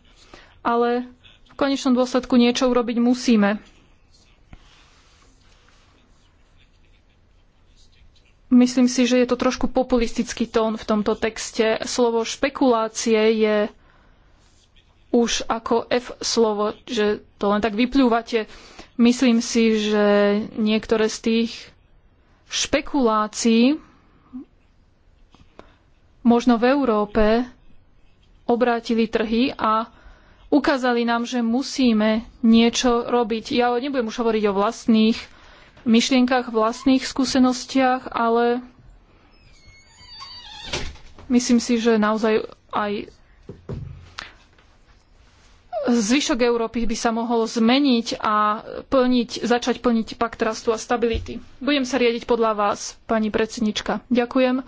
Ale v konečnom dôsledku niečo urobiť musíme. Myslím si, že je to trošku populistický tón v tomto texte. Slovo špekulácie je už ako F slovo, že to len tak vyplúvate. Myslím si, že niektoré z tých špekulácií možno v Európe obrátili trhy a ukázali nám, že musíme niečo robiť. Ja nebudem už hovoriť o vlastných myšlienkach, vlastných skúsenostiach, ale myslím si, že naozaj aj zvyšok Európy by sa mohol zmeniť a plniť, začať plniť pakt rastu a stability. Budem sa riadiť podľa vás, pani predsednička. Ďakujem.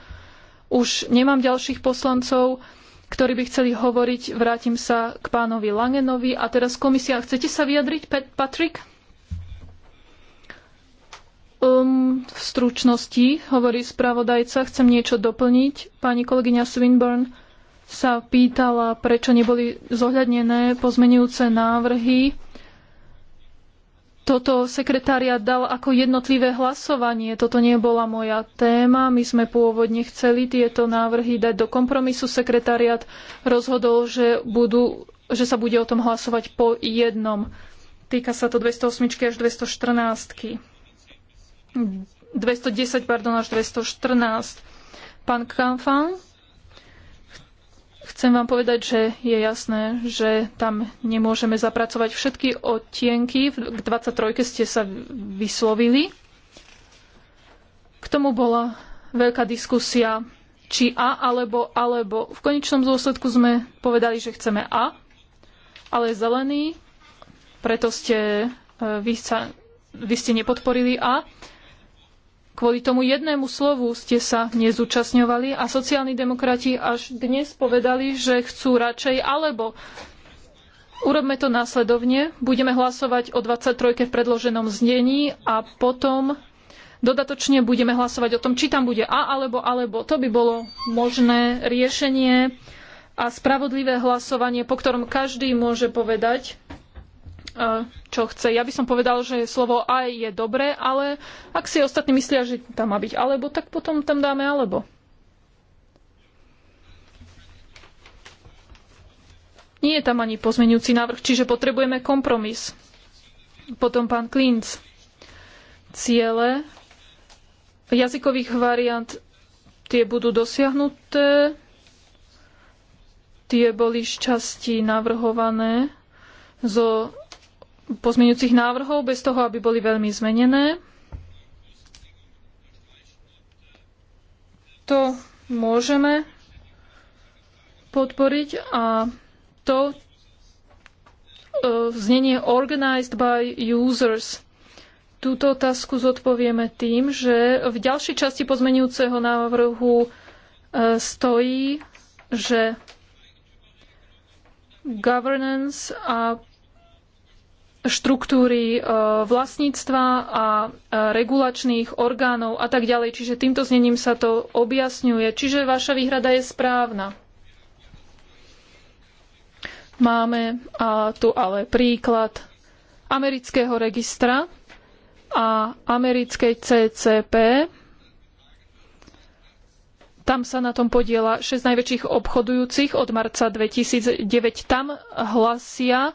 Už nemám ďalších poslancov, ktorí by chceli hovoriť. Vrátim sa k pánovi Langenovi. A teraz komisia, chcete sa vyjadriť, Patrick? Um, v stručnosti, hovorí spravodajca, chcem niečo doplniť. Pani kolegyňa Swinburne sa pýtala, prečo neboli zohľadnené pozmenujúce návrhy. Toto sekretariat dal ako jednotlivé hlasovanie. Toto nebola moja téma. My sme pôvodne chceli tieto návrhy dať do kompromisu. Sekretariat rozhodol, že, budú, že sa bude o tom hlasovať po jednom. Týka sa to 208 až 214. -ky. 210, pardon, až 214. Pán Kamfan, chcem vám povedať, že je jasné, že tam nemôžeme zapracovať všetky odtienky. K 23 ste sa vyslovili. K tomu bola veľká diskusia, či A alebo alebo. V konečnom dôsledku sme povedali, že chceme A, ale zelený, preto ste, eh, vy, sa, vy ste nepodporili A. Kvôli tomu jednému slovu ste sa nezúčastňovali a sociálni demokrati až dnes povedali, že chcú radšej alebo. Urobme to následovne. Budeme hlasovať o 23. v predloženom znení a potom dodatočne budeme hlasovať o tom, či tam bude a alebo alebo. To by bolo možné riešenie a spravodlivé hlasovanie, po ktorom každý môže povedať, E, čo chce. Ja by som povedal, že slovo aj je dobré, ale ak si ostatní myslia, že tam má byť alebo, tak potom tam dáme alebo. Nie je tam ani pozmeňujúci návrh, čiže potrebujeme kompromis. Potom pán Klinc. Ciele jazykových variant tie budú dosiahnuté. Tie boli šťastí navrhované zo pozmeňujúcich návrhov, bez toho, aby boli veľmi zmenené. To môžeme podporiť a to e, znenie organized by users. Túto otázku zodpovieme tým, že v ďalšej časti pozmenujúceho návrhu e, stojí, že governance a štruktúry e, vlastníctva a e, regulačných orgánov a tak ďalej. Čiže týmto znením sa to objasňuje. Čiže vaša výhrada je správna. Máme a tu ale príklad amerického registra a americkej CCP. Tam sa na tom podiela 6 najväčších obchodujúcich od marca 2009. Tam hlasia,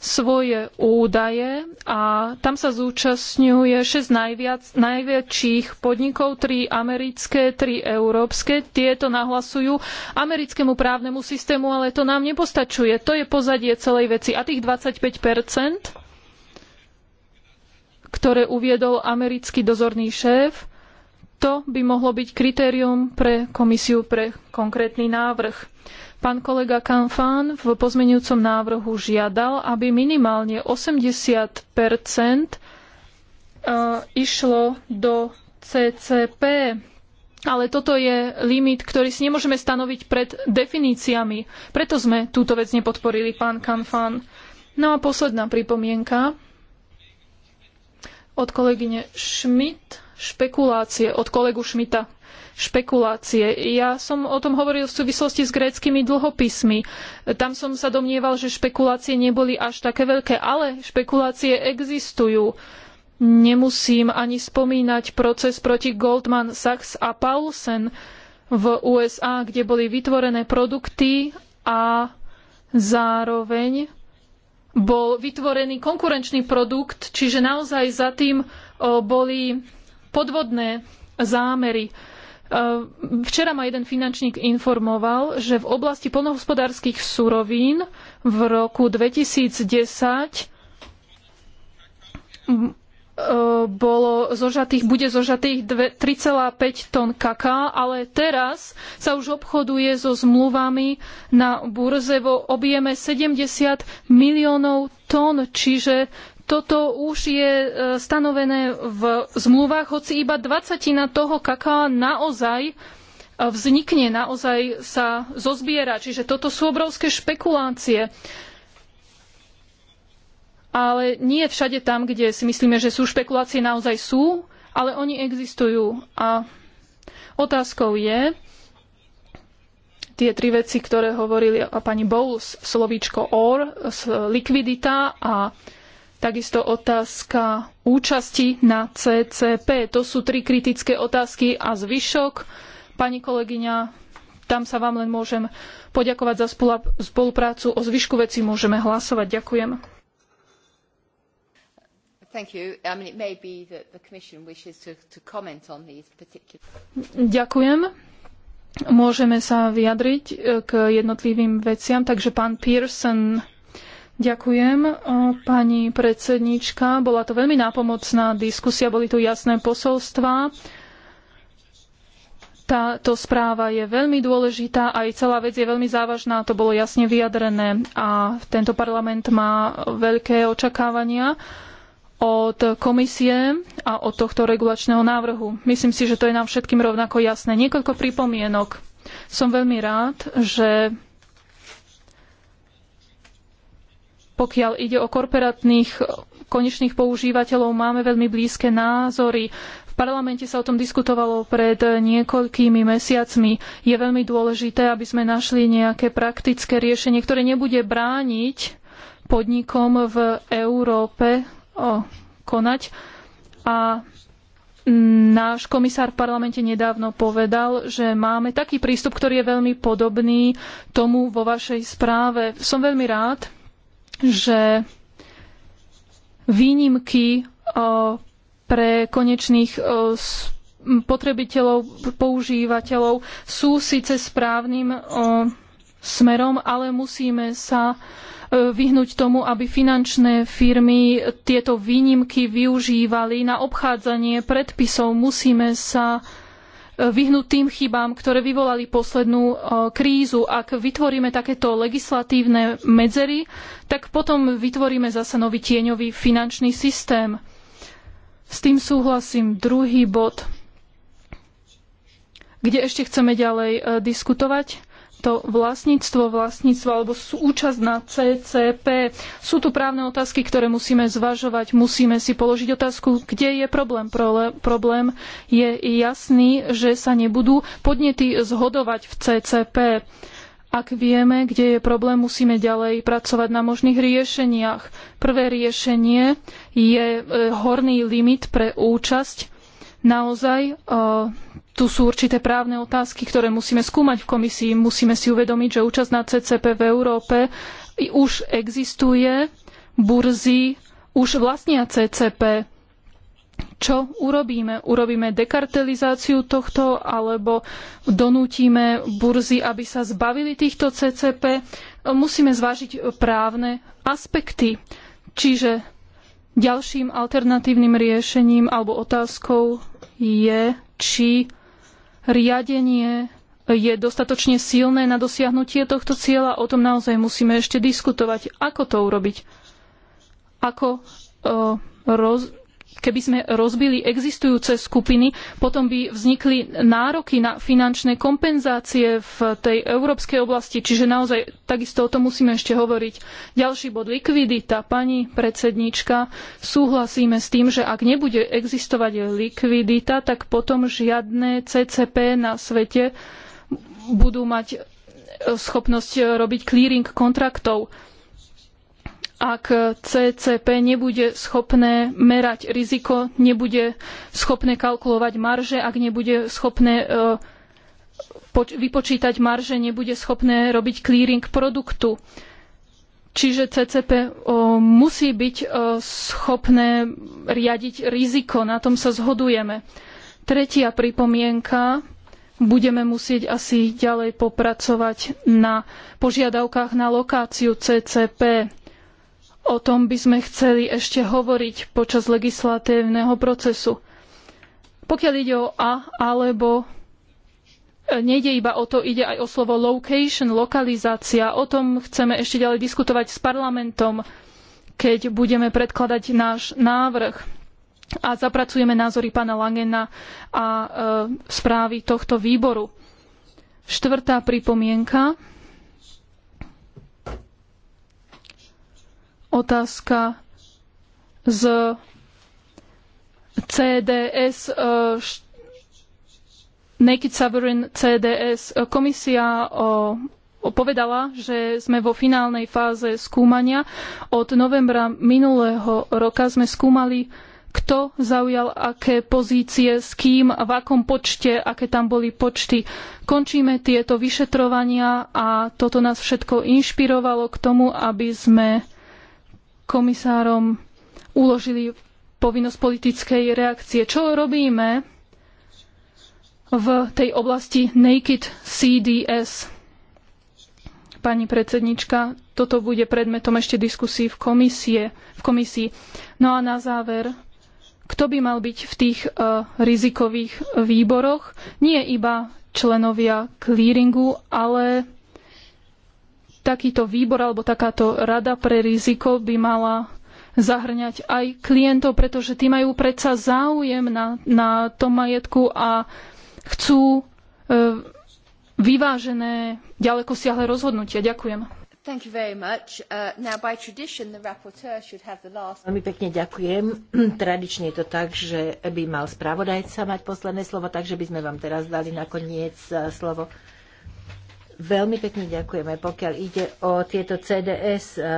svoje údaje a tam sa zúčastňuje 6 najviac, najväčších podnikov, 3 americké, 3 európske. Tieto nahlasujú americkému právnemu systému, ale to nám nepostačuje. To je pozadie celej veci. A tých 25 ktoré uviedol americký dozorný šéf, to by mohlo byť kritérium pre komisiu pre konkrétny návrh. Pán kolega Kanfán v pozmenujúcom návrhu žiadal, aby minimálne 80 eh, išlo do CCP. Ale toto je limit, ktorý si nemôžeme stanoviť pred definíciami. Preto sme túto vec nepodporili, pán Kanfán. No a posledná pripomienka od kolegyne Schmidt, špekulácie od kolegu Šmita špekulácie. Ja som o tom hovoril v súvislosti s gréckymi dlhopismi. Tam som sa domnieval, že špekulácie neboli až také veľké, ale špekulácie existujú. Nemusím ani spomínať proces proti Goldman Sachs a Paulsen v USA, kde boli vytvorené produkty a zároveň bol vytvorený konkurenčný produkt, čiže naozaj za tým boli podvodné zámery. Ehm, včera ma jeden finančník informoval, že v oblasti poľnohospodárskych surovín v roku 2010 ehm, bolo zožatých, bude zožatých 3,5 tón kaká, ale teraz sa už obchoduje so zmluvami na burze vo objeme 70 miliónov tón, čiže toto už je e, stanovené v zmluvách, hoci iba dvacatina toho kaká naozaj e, vznikne, naozaj sa zozbiera. Čiže toto sú obrovské špekulácie. Ale nie všade tam, kde si myslíme, že sú špekulácie, naozaj sú, ale oni existujú. A otázkou je, tie tri veci, ktoré hovorili pani Bowles, slovíčko OR, likvidita a Takisto otázka účasti na CCP. To sú tri kritické otázky a zvyšok. Pani kolegyňa, tam sa vám len môžem poďakovať za spoluprácu. O zvyšku veci môžeme hlasovať. Ďakujem. Ďakujem. Môžeme sa vyjadriť eh, k jednotlivým veciam. Takže pán Pearson Ďakujem, eh, pani predsednička. Bola to veľmi nápomocná diskusia, boli tu jasné posolstvá. Táto správa je veľmi dôležitá, aj celá vec je veľmi závažná, to bolo jasne vyjadrené a tento parlament má veľké očakávania od komisie a od tohto regulačného návrhu. Myslím si, že to je nám všetkým rovnako jasné. Niekoľko pripomienok. Som veľmi rád, že Pokiaľ ide o korporátnych konečných používateľov, máme veľmi blízke názory. V parlamente sa o tom diskutovalo pred niekoľkými mesiacmi. Je veľmi dôležité, aby sme našli nejaké praktické riešenie, ktoré nebude brániť podnikom v Európe o, konať. A náš komisár v parlamente nedávno povedal, že máme taký prístup, ktorý je veľmi podobný tomu vo vašej správe. Som veľmi rád, že výnimky pre konečných potrebiteľov, používateľov sú síce správnym smerom, ale musíme sa e, vyhnúť tomu, aby finančné firmy tieto výnimky využívali na obchádzanie predpisov. Musíme sa vyhnúť tým chybám, ktoré vyvolali poslednú e, krízu. Ak vytvoríme takéto legislatívne medzery, tak potom vytvoríme zase nový tieňový finančný systém. S tým súhlasím. Druhý bod, kde ešte chceme ďalej e, diskutovať, to vlastníctvo, vlastníctvo alebo súčasť na CCP. Sú tu právne otázky, ktoré musíme zvažovať. Musíme si položiť otázku, kde je problém. Problém je jasný, že sa nebudú podnety zhodovať v CCP. Ak vieme, kde je problém, musíme ďalej pracovať na možných riešeniach. Prvé riešenie je e, horný limit pre účasť. Naozaj e, tu sú určité právne otázky, ktoré musíme skúmať v komisii. Musíme si uvedomiť, že účasť na CCP v Európe už existuje, burzy už vlastnia CCP. Čo urobíme? Urobíme dekartelizáciu tohto alebo donútime burzy, aby sa zbavili týchto CCP? Musíme zvážiť právne aspekty. Čiže ďalším alternatívnym riešením alebo otázkou je, či riadenie je dostatočne silné na dosiahnutie tohto cieľa. O tom naozaj musíme ešte diskutovať. Ako to urobiť? Ako e, roz, keby sme rozbili existujúce skupiny, potom by vznikli nároky na finančné kompenzácie v tej európskej oblasti, čiže naozaj takisto o tom musíme ešte hovoriť. Ďalší bod likvidita. Pani predsedníčka, súhlasíme s tým, že ak nebude existovať likvidita, tak potom žiadne CCP na svete budú mať schopnosť robiť clearing kontraktov ak CCP nebude schopné merať riziko, nebude schopné kalkulovať marže, ak nebude schopné e, vypočítať marže, nebude schopné robiť clearing produktu. Čiže CCP e, musí byť e, schopné riadiť riziko, na tom sa zhodujeme. Tretia pripomienka budeme musieť asi ďalej popracovať na požiadavkách na lokáciu CCP o tom by sme chceli ešte hovoriť počas legislatívneho procesu. Pokiaľ ide o a alebo e, nejde iba o to, ide aj o slovo location, lokalizácia. O tom chceme ešte ďalej diskutovať s parlamentom, keď budeme predkladať náš návrh a zapracujeme názory pána Langena a e, správy tohto výboru. Štvrtá pripomienka otázka z CDS, e, Naked Sovereign CDS. Komisia povedala, že sme vo finálnej fáze skúmania. Od novembra minulého roka sme skúmali, kto zaujal aké pozície, s kým, v akom počte, aké tam boli počty. Končíme tieto vyšetrovania a toto nás všetko inšpirovalo k tomu, aby sme komisárom uložili povinnosť politickej reakcie. Čo robíme v tej oblasti Naked CDS? Pani predsednička, toto bude predmetom ešte diskusí v, komisie, v komisii. No a na záver, kto by mal byť v tých uh, rizikových výboroch? Nie iba členovia clearingu, ale takýto výbor alebo takáto rada pre riziko by mala zahrňať aj klientov, pretože tí majú predsa záujem na, na tom majetku a chcú e, vyvážené, ďaleko siahle rozhodnutia. Ďakujem. Veľmi pekne ďakujem. Tradične je to tak, že by mal spravodajca mať posledné slovo, takže by sme vám teraz dali nakoniec uh, slovo. Veľmi pekne ďakujeme. Pokiaľ ide o tieto CDS, e, e,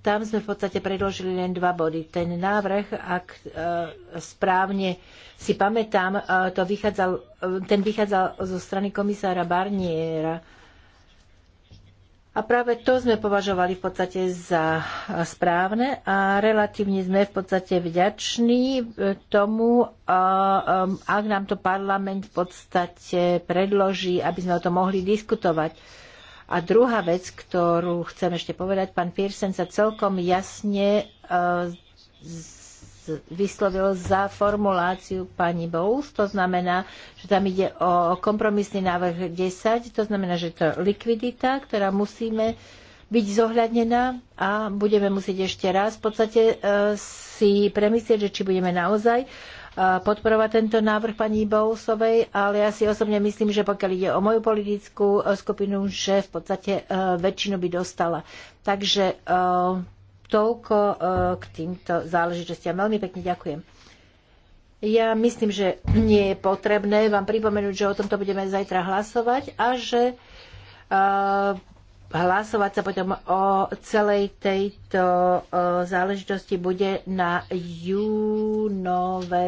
tam sme v podstate predložili len dva body. Ten návrh, ak e, správne si pamätám, to vychádzal, ten vychádzal zo strany komisára Barniera a práve to sme považovali v podstate za správne a relatívne sme v podstate vďační e, tomu, ak nám to parlament v podstate predloží, aby sme o tom mohli diskutovať. A druhá vec, ktorú chcem ešte povedať, pán Pearson sa celkom jasne e, vyslovil za formuláciu pani Bous. To znamená, že tam ide o kompromisný návrh 10. To znamená, že to je likvidita, ktorá musíme byť zohľadnená a budeme musieť ešte raz v podstate e, si premyslieť, že či budeme naozaj e, podporovať tento návrh pani Bousovej, ale ja si osobne myslím, že pokiaľ ide o moju politickú e, skupinu, že v podstate väčšinu by dostala. Takže toľko e, k týmto záležitostiam. Veľmi pekne ďakujem. Ja myslím, že nie je potrebné vám pripomenúť, že o tomto budeme zajtra hlasovať a že uh, hlasovať sa potom o celej tejto uh, záležitosti bude na júnove.